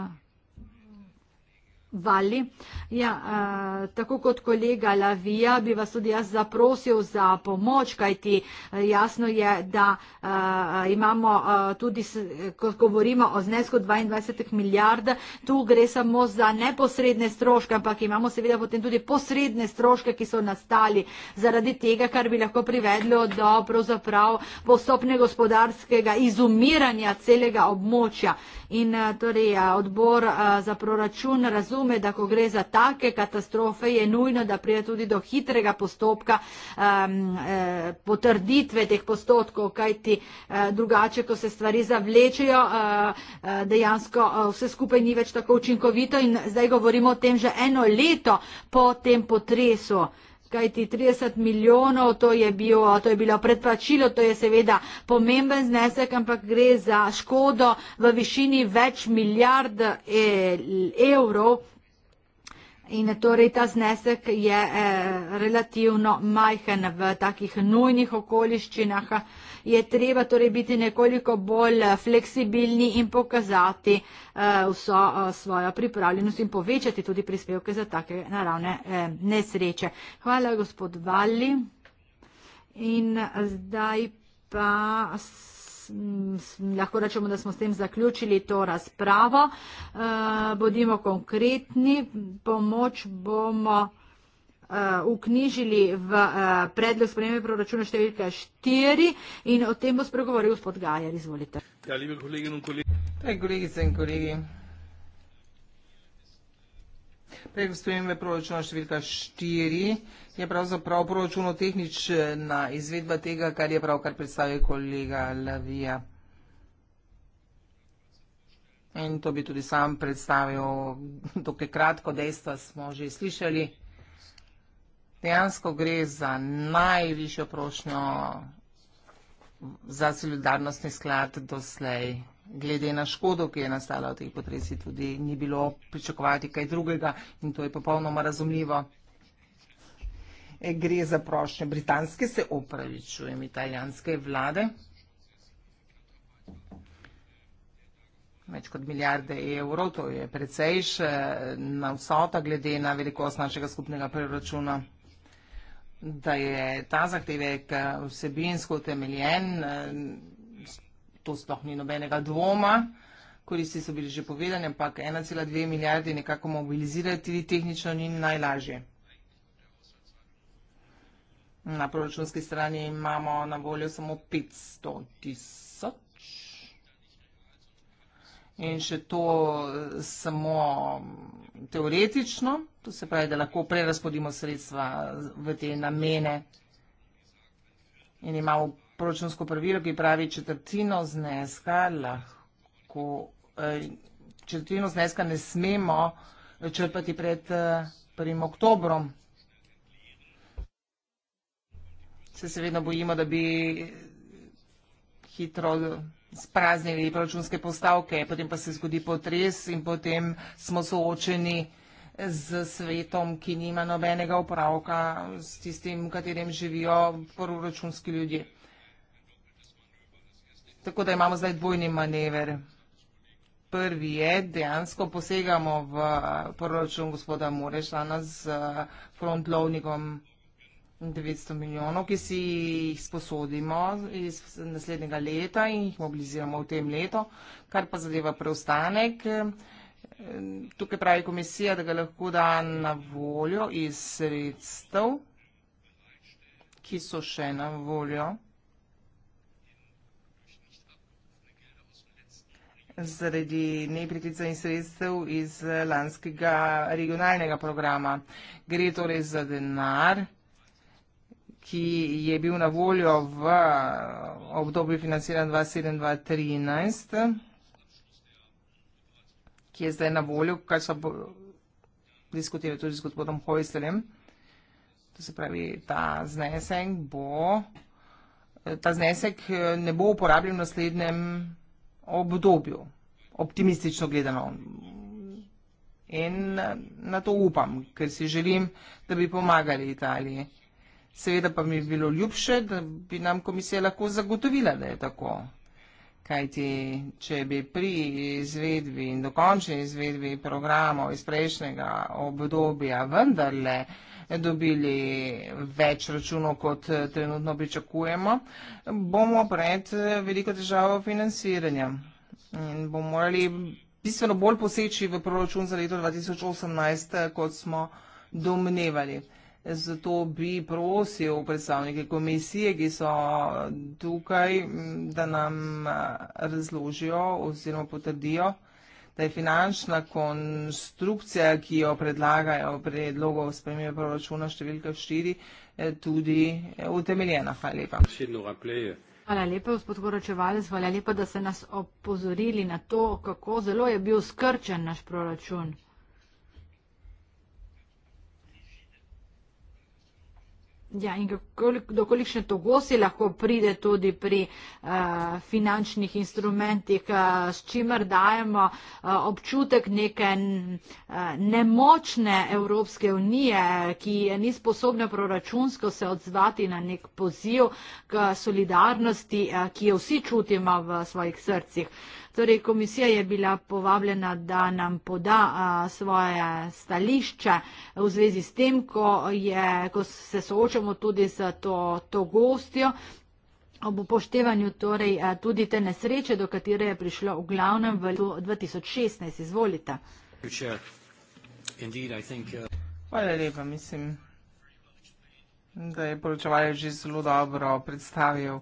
Vali. Ja, uh, tako kot kolega Lavija bi vas tudi jaz zaprosil za pomoč, kajti eh, jasno je, da uh, imamo uh, tudi, ko govorimo o znesku 22 milijard, tu gre samo za neposredne stroške, ampak imamo seveda potem tudi posredne stroške, ki so nastali zaradi tega, kar bi lahko privedlo do pravzaprav postopne gospodarskega izumiranja celega območja. In, uh, torej, uh, odbor uh, za proračun razume, razume, da ko gre za take katastrofe, je nujno, da prije tudi do hitrega postopka um, potrditve teh postotkov, kajti eh, drugače, ko se stvari zavlečejo, eh, dejansko vse skupaj ni več tako učinkovito in zdaj govorimo o tem že eno leto po tem potresu. Kaj ti 30 milijonov, to je, bil, to je bilo predplačilo, to je seveda pomemben znesek, ampak gre za škodo v višini več milijard e, evrov. In torej ta znesek je eh, relativno majhen v takih nujnih okoliščinah. Eh, je treba torej biti nekoliko bolj eh, fleksibilni in pokazati eh, vso eh, svojo pripravljenost in povečati tudi prispevke za take naravne nesreče. Hvala, gospod Vali. In zdaj pa lahko rečemo, da smo s tem zaključili to razpravo. Bodimo konkretni, pomoč bomo vknjižili uh, v uh, predlog spremembe proračuna številka 4 in o tem bo spregovoril gospod Gajer. Izvolite. Ja, lepe kolegi in kolegi. Kolegice in kolegi. Predlog spremembe proračuna številka 4 je pravzaprav proračuno tehnična izvedba tega, kar je pravkar predstavil kolega Lavija. In to bi tudi sam predstavil, dokaj kratko dejstva smo že slišali dejansko gre za najvišjo prošnjo za solidarnostni sklad doslej. Glede na škodo, ki je nastala v teh potresih, tudi ni bilo pričakovati kaj drugega in to je popolnoma razumljivo. E, gre za prošnje britanske, se opravičujem, italijanske vlade. Več kot milijarde evrov, to je precejš eh, na vsota glede na velikost našega skupnega preračuna da je ta zahtevek eh, vsebinsko utemeljen, eh, to sploh ni nobenega dvoma, koristi so bili že povedane, ampak 1,2 milijarde nekako mobilizirati tehnično ni najlažje. Na proračunski strani imamo na voljo samo 500 tisoč in še to eh, samo teoretično, to se pravi, da lahko prerazpodimo sredstva v te namene in imamo proračunsko pravilo, ki pravi četrtino zneska lahko, eh, četrtino zneska ne smemo črpati pred eh, prvim oktobrom. Se se vedno bojimo, da bi hitro vsega, spraznili proračunske postavke, potem pa se zgodi potres in potem smo soočeni z svetom, ki nima nobenega upravka s tistim, v katerem živijo proračunski ljudje. Tako da imamo zdaj dvojni manever. Prvi je, dejansko posegamo v eh, proračun gospoda Mureša nas z eh, frontlovnikom. 900 milijonov, ki si jih sposodimo iz naslednjega leta in jih mobiliziramo v tem letu, kar pa zadeva preostanek. Tukaj pravi komisija, da ga lahko da na voljo iz sredstev, ki so še na voljo. zaradi nepritica in sredstev iz lanskega regionalnega programa. Gre torej za denar, ki je bil na voljo v obdobju financiranja 2007-2013, ki je zdaj na voljo, kar so diskutirali tudi z gospodom Hojstelem. To se pravi, ta znesek bo, ta znesek ne bo uporabljen v naslednjem obdobju, optimistično gledano. In na to upam, ker si želim, da bi pomagali Italiji. Seveda pa mi je bilo ljubše, da bi nam komisija lahko zagotovila, da je tako. Kajti, če bi pri izvedbi in dokončni izvedbi programov iz prejšnjega obdobja vendarle dobili več računov, kot trenutno pričakujemo, bomo pred veliko težavo financiranja in bomo morali bistveno bolj poseči v proračun za leto 2018, kot smo domnevali. Zato bi prosil predstavnike komisije, ki so tukaj, da nam razložijo oziroma potrdijo, da je finančna konstrukcija, ki jo predlagajo predlogov spremembe proračuna številka 4, e, tudi e, utemeljena. Hvala lepa. Hvala lepa, gospod Horočevalec, hvala lepa, da ste nas opozorili na to, kako zelo je bil skrčen naš proračun. Ja, in kolik, do kolikšne togosti lahko pride tudi pri uh, finančnih instrumentih, uh, s čimer dajemo uh, občutek neke n, uh, nemočne Evropske unije, ki ni sposobna proračunsko se odzvati na nek poziv k solidarnosti, uh, ki jo vsi čutimo v svojih srcih. Uh, Torej, komisija je bila povabljena, da nam poda a, svoje stališče v zvezi s tem, ko, je, ko se soočamo tudi s to, to gostjo ob upoštevanju torej, tudi te nesreče, do katere je prišlo v glavnem v letu 2016. Izvolite. Uh, Hvala lepa. Mislim, da je poročevalec že zelo dobro predstavil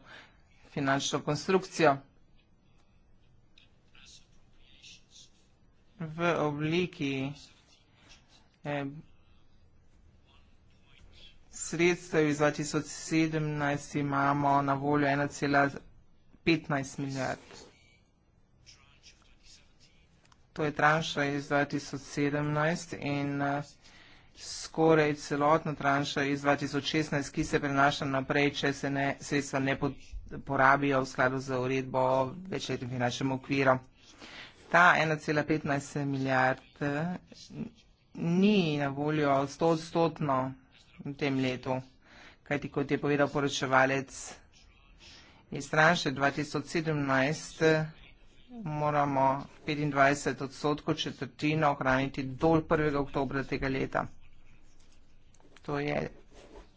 finančno konstrukcijo. v obliki eh, sredstev iz 2017 imamo na voljo 1,15 milijard. To je tranša iz 2017 in eh, skoraj celotna tranša iz 2016, ki se prenaša naprej, če se sredstva ne porabijo v skladu za uredbo večletnim finančnim okvirom ta 1,15 milijard eh, ni na voljo 100-odstotno v tem letu, kajti kot je povedal poročevalec iz stranše 2017, eh, moramo 25 odstotkov četrtino ohraniti do 1. oktobra tega leta. To je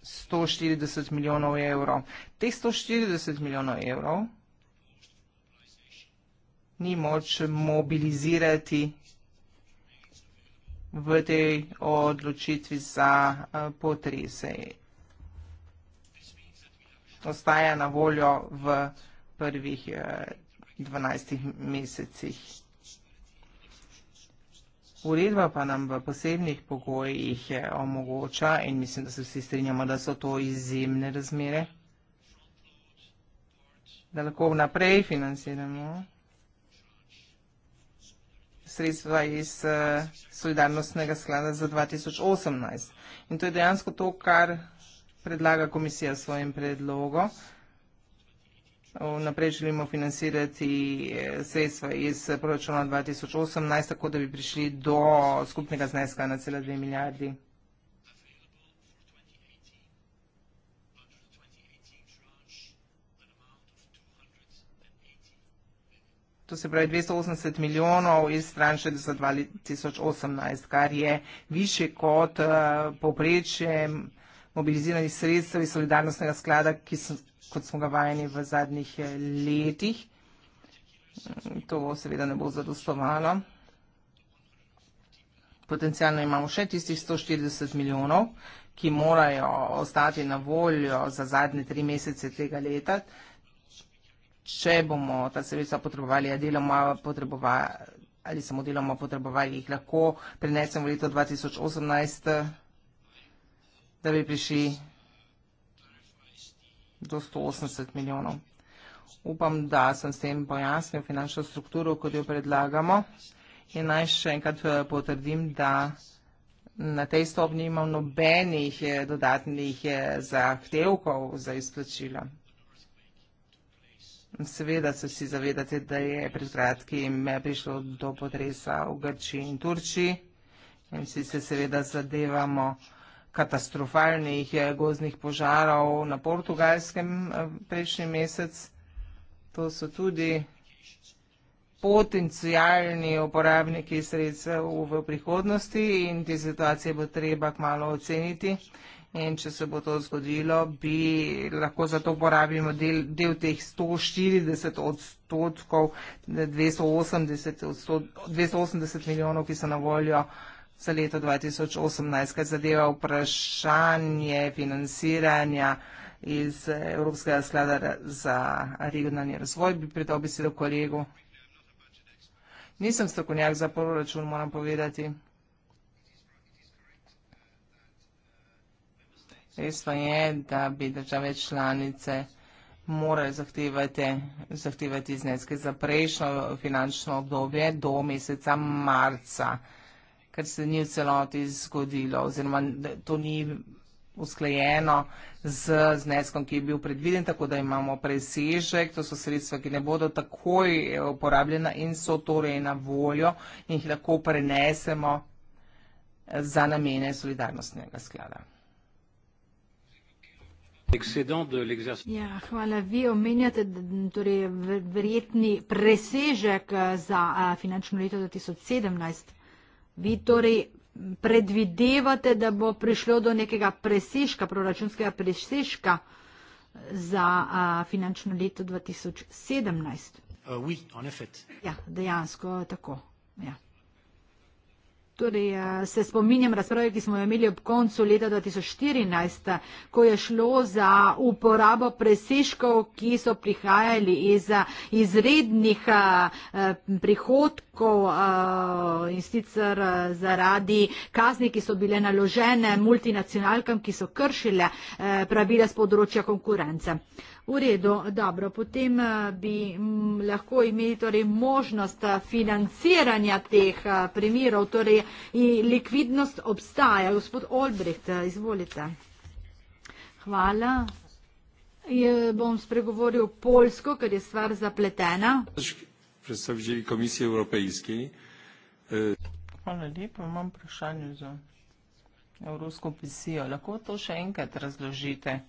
140 milijonov evrov. Teh 140 milijonov evrov ni moč mobilizirati v tej odločitvi za eh, potrese. Ostaja na voljo v prvih 12 eh, mesecih. Uredba pa nam v posebnih pogojih eh, omogoča in mislim, da se vsi strinjamo, da so to izjemne razmere, da lahko vnaprej financiramo sredstva iz eh, solidarnostnega sklada za 2018. In to je dejansko to, kar predlaga komisija svojim predlogom. Naprej želimo financirati eh, sredstva iz eh, proračuna 2018, tako da bi prišli do skupnega zneska na cela dve milijardi. to se pravi 280 milijonov iz stranše za 2018, kar je više kot eh, poprečje mobiliziranih sredstev iz solidarnostnega sklada, ki so, kot smo ga vajeni v zadnjih eh, letih. To seveda ne bo zadostovalo. Potencialno imamo še tistih 140 milijonov, ki morajo ostati na voljo za zadnje tri mesece tega leta če bomo ta sredstva potrebovali, ja deloma potrebovali, ali samo deloma potrebovali, jih lahko prenesem v leto 2018, da bi prišli do 180 milijonov. Upam, da sem s tem pojasnil finančno strukturo, kot jo predlagamo. In naj še enkrat eh, potrdim, da na tej stopni imam nobenih eh, dodatnih eh, zahtevkov za izplačila. Seveda se vsi zavedate, da je pred kratkim eh, prišlo do potresa v Grčiji in Turčiji. In vsi se seveda zadevamo katastrofalnih eh, gozdnih požarov na portugalskem eh, prejšnji mesec. To so tudi potencijalni uporabniki sredstev v prihodnosti in te situacije bo treba kmalo oceniti. In če se bo to zgodilo, bi lahko za to porabimo del, del teh 140 odstotkov, 280, odstot, 280 milijonov, ki so na voljo za leto 2018, kar zadeva vprašanje financiranja iz Evropskega sklada za regionalni razvoj, bi pridal besedo kolegu. Nisem strokovnjak za proračun, moram povedati. Res pa je, da bi države članice morali zahtevati, zahtevati zneske za prejšnjo finančno obdobje do meseca marca, ker se ni v celoti zgodilo oziroma to ni usklajeno z zneskom, ki je bil predviden, tako da imamo presežek, to so sredstva, ki ne bodo takoj uporabljena in so torej na voljo in jih lahko prenesemo za namene solidarnostnega sklada. Ja, hvala. Vi omenjate torej, verjetni presežek eh, za eh, finančno leto 2017. Vi torej predvidevate, da bo prišlo do nekega presežka, proračunskega presežka za eh, finančno leto 2017. Ja, dejansko tako. Ja. Torej, se spominjam razprave, ki smo jo imeli ob koncu leta 2014, ko je šlo za uporabo presežkov, ki so prihajali iz eh, izrednih eh, prihodkov in sicer zaradi kazni, ki so bile naložene multinacionalkam, ki so kršile pravila z področja konkurence. V redu, dobro, potem eh, bi mm, lahko imeli torej možnost eh, financiranja teh eh, primerov, torej likvidnost obstaja. Gospod Olbrecht, izvolite. Hvala. Je, bom spregovoril polsko, ker je stvar zapletena. Predstavitelj Komisije Evropejske. Hvala lepa, imam vprašanje za Evropsko komisijo. Lahko to še enkrat razložite?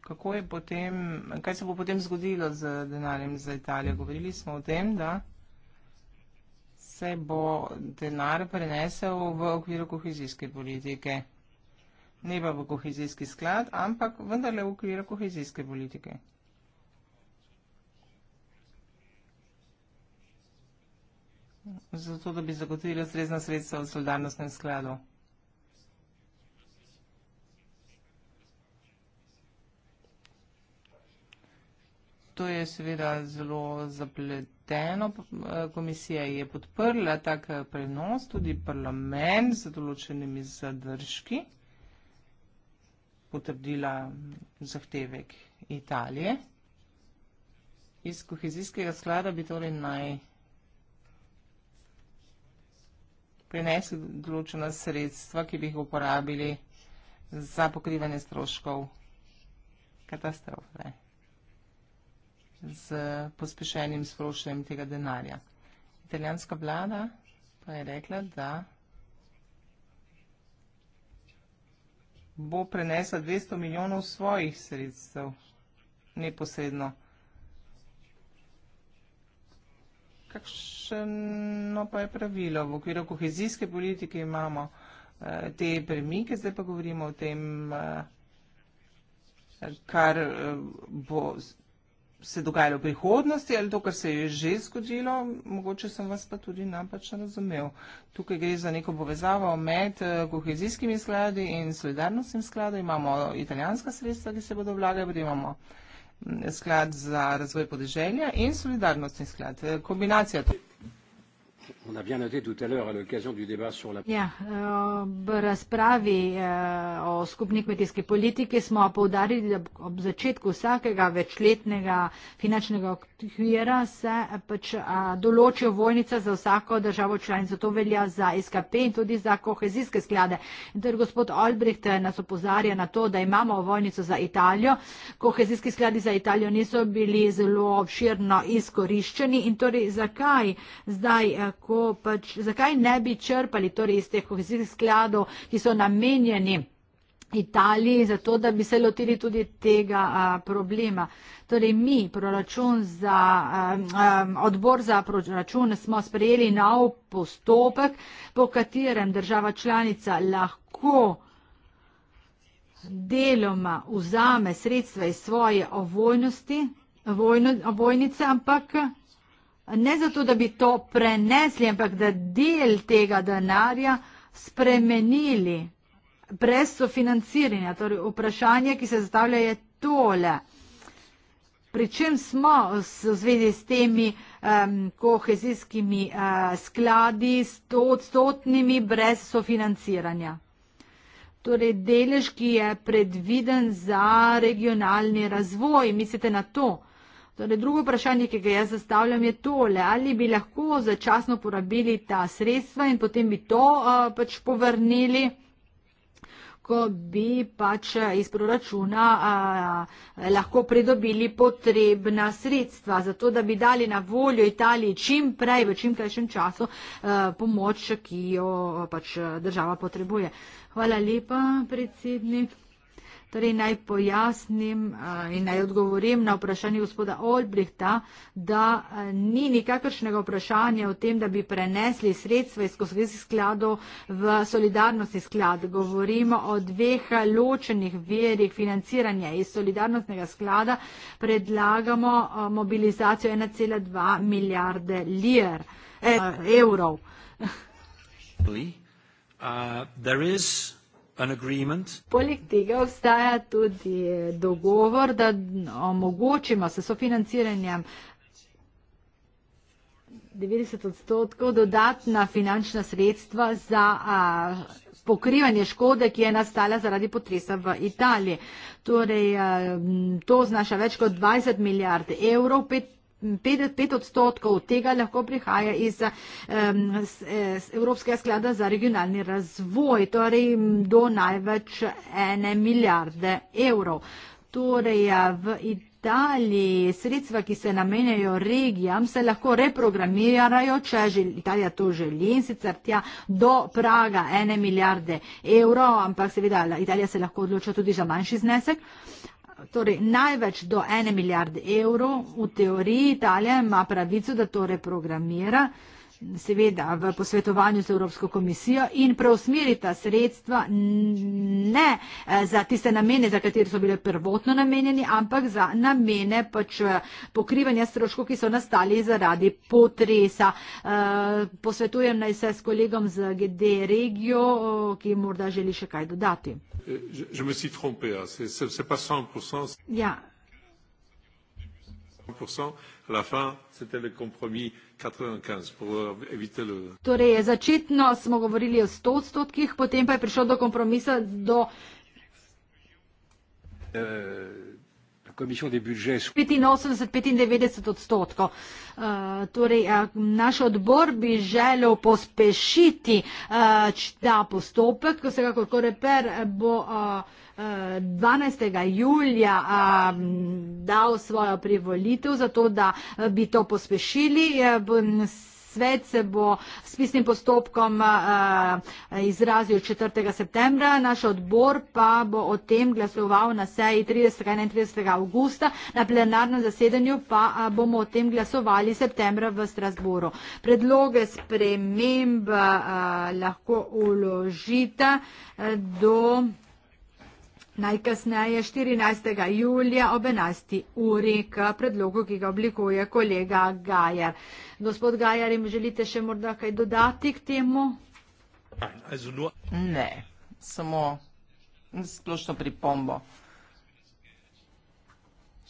kako je potem, kaj se bo potem zgodilo z denarjem za Italijo. Govorili smo o tem, da se bo denar prenesel v okviru kohezijske politike. Ne pa v kohezijski sklad, ampak vendarle v okviru kohezijske politike. Zato, da bi zagotovili ustrezna sredstva v solidarnostnem skladu. to je seveda zelo zapleteno. Komisija je podprla tak eh, prenos, tudi parlament z določenimi zadržki potrdila zahtevek Italije. Iz kohezijskega sklada bi torej naj prenesli določena sredstva, ki bi jih uporabili za pokrivanje stroškov katastrofe z pospešenim sproščanjem tega denarja. Italijanska vlada pa je rekla, da bo prenesla 200 milijonov svojih sredstev neposredno. Kakšno pa je pravilo? V okviru kohezijske politike imamo eh, te premike, zdaj pa govorimo o tem, eh, kar eh, bo se dogajalo v prihodnosti ali to, kar se je že zgodilo, mogoče sem vas pa tudi napačno razumel. Tukaj gre za neko povezavo med eh, kohezijskimi skladi in solidarnostnim skladom. Imamo italijanska sredstva, ki se bodo vlagali, potem imamo mm, sklad za razvoj podeželja in solidarnostni sklad. Eh, kombinacija tukaj. On a bien noté tout à l'heure à l'occasion du débat sur la. Ja, eh, ob razpravi eh, o skupni kmetijski politiki smo poudarili, da ob začetku vsakega večletnega finančnega okvira se eh, pač določi ovojnica za vsako državo članico. To velja za SKP in tudi za kohezijske sklade. In tudi torej, gospod Albrecht nas opozarja na to, da imamo ovojnico za Italijo. Kohezijski skladi za Italijo niso bili zelo obširno izkoriščeni in torej zakaj zdaj lahko pač, zakaj ne bi črpali torej iz teh kohezijskih skladov, ki so namenjeni Italiji, zato da bi se lotili tudi tega a, problema. Torej mi, proračun za, a, a, odbor za proračun, smo sprejeli nov postopek, po katerem država članica lahko deloma vzame sredstva iz svoje ovojnosti, ovojnice, ampak ne zato, da bi to prenesli, ampak da del tega denarja spremenili brez sofinanciranja. Torej, vprašanje, ki se zastavlja, je tole. Pri čem smo v zvezi s temi um, kohezijskimi uh, skladi, s to odstotnimi brez sofinanciranja? Torej, delež, ki je predviden za regionalni razvoj, mislite na to? Torej, drugo vprašanje, ki ga jaz zastavljam, je tole. Ali bi lahko začasno porabili ta sredstva in potem bi to uh, pač povrnili, ko bi pač iz proračuna uh, lahko pridobili potrebna sredstva za to, da bi dali na voljo Italiji čim prej, v čim krajšem času, uh, pomoč, ki jo pač država potrebuje. Hvala lepa, predsednik. Torej, naj pojasnim eh, in naj odgovorim na vprašanje gospoda Olbrihta, da eh, ni nikakršnega vprašanja o tem, da bi prenesli sredstva iz kosovskih skladov v solidarnostni sklad. Govorimo o dveh ločenih verjih financiranja iz solidarnostnega sklada. Predlagamo eh, mobilizacijo 1,2 milijarde lir, eh, evrov. Uh, Poleg tega obstaja tudi dogovor, da omogočimo se sofinanciranjem 90 odstotkov dodatna finančna sredstva za pokrivanje škode, ki je nastala zaradi potresa v Italiji. Torej, to znaša več kot 20 milijard evrov, 5 milijard evrov. 55 odstotkov tega lahko prihaja iz um, s, e, s Evropskega sklada za regionalni razvoj, torej do največ ene milijarde evrov. Torej, ja, v Italiji sredstva, ki se namenjajo regijam, se lahko reprogramirajo, če želi, Italija to želi in sicer tja do praga ene milijarde evrov, ampak seveda Italija se lahko odloča tudi za manjši znesek torej največ do ene milijarde evrov, v teoriji Italija ima pravico, da to reprogramira seveda v posvetovanju z Evropsko komisijo in preusmerita sredstva ne eh, za tiste namene, za katere so bile prvotno namenjeni, ampak za namene pač eh, pokrivanja stroškov, ki so nastali zaradi potresa. Eh, posvetujem naj se s kolegom z GD Regio, ki morda želi še kaj dodati. Ja. 100%, à la fin, c'était le compromis. Torej, začetno smo govorili o 100 odstotkih, potem pa je prišel do kompromisa do. Uh, eh, 85-95 odstotkov. Uh, torej, eh, naš odbor bi želel pospešiti uh, ta postopek, vsekakor koreper bo. Uh, 12. julija dal svojo privolitev za to, da bi to pospešili. Svet se bo s pisnim postopkom izrazil 4. septembra, naš odbor pa bo o tem glasoval na seji 30. in 31. augusta, na plenarnem zasedanju pa bomo o tem glasovali septembra v Strasboru. Predloge sprememb lahko uložite do. Najkasneje 14. julija ob 11. uri k predlogu, ki ga oblikuje kolega Gajar. Gospod Gajar, im želite še morda kaj dodati k temu? Ne, samo splošno pripombo.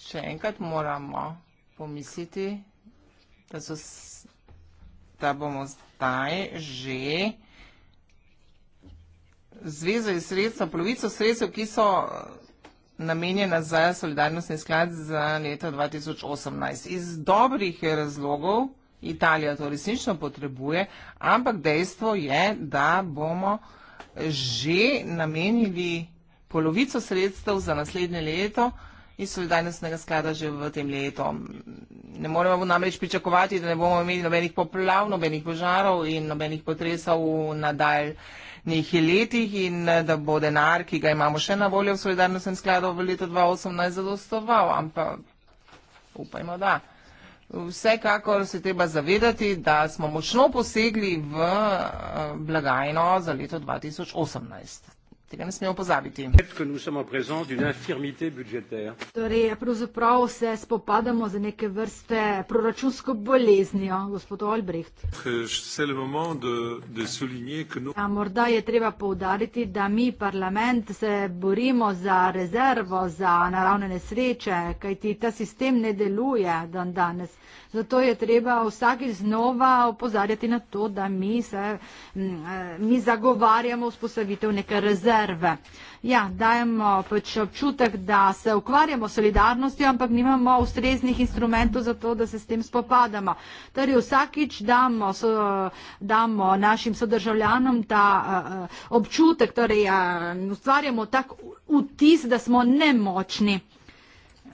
Še enkrat moramo pomisliti, da, so, da bomo zdaj že zveze iz sredstva, polovico sredstev, ki so eh, namenjena za solidarnostni sklad za leto 2018. Iz dobrih razlogov Italija to resnično potrebuje, ampak dejstvo je, da bomo že namenili polovico sredstev za naslednje leto, in solidarnostnega sklada že v tem letu. Ne moremo namreč pričakovati, da ne bomo imeli nobenih poplav, nobenih požarov in nobenih potresov v nadaljnih letih in da bo denar, ki ga imamo še na voljo v solidarnostnem skladu v letu 2018, zadostoval, ampak upajmo da. Vsekakor se treba zavedati, da smo močno posegli v eh, blagajno za leto 2018 tega ne smemo pozabiti. Torej, pravzaprav se spopadamo z neke vrste proračunsko boleznijo, gospod Olbricht. Ja, morda je treba povdariti, da mi, parlament, se borimo za rezervo za naravne nesreče, kajti ta sistem ne deluje dan danes. Zato je treba vsaki znova opozarjati na to, da mi, se, eh, mi zagovarjamo vzpostavitev neke rezerve rezerve. Ja, dajemo pač občutek, da se ukvarjamo s solidarnostjo, ampak nimamo ustreznih instrumentov za to, da se s tem spopadamo. Torej vsakič damo, so, damo našim sodržavljanom ta uh, občutek, torej uh, ustvarjamo tak vtis, da smo nemočni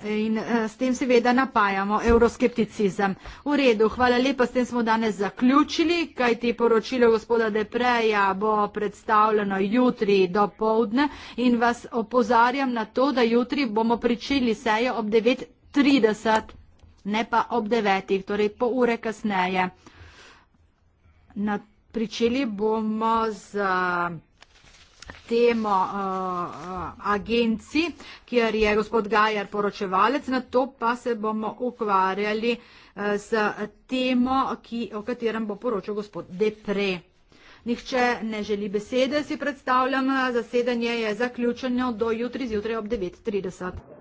in eh, s tem seveda napajamo euroskepticizem. V redu, hvala lepa, s tem smo danes zaključili, kaj ti poročilo gospoda Depreja bo predstavljeno jutri do povdne in vas opozarjam na to, da jutri bomo pričeli sejo ob 9.30, ne pa ob 9, torej po ure kasneje. Na pričeli bomo z temo uh, eh, eh, agenci, kjer je gospod Gajar poročevalec, na to pa se bomo ukvarjali uh, s temo, ki, o katerem bo poročal gospod Depre. Nihče ne želi besede, si predstavljam, zasedanje je zaključeno do jutri zjutraj ob 9.30.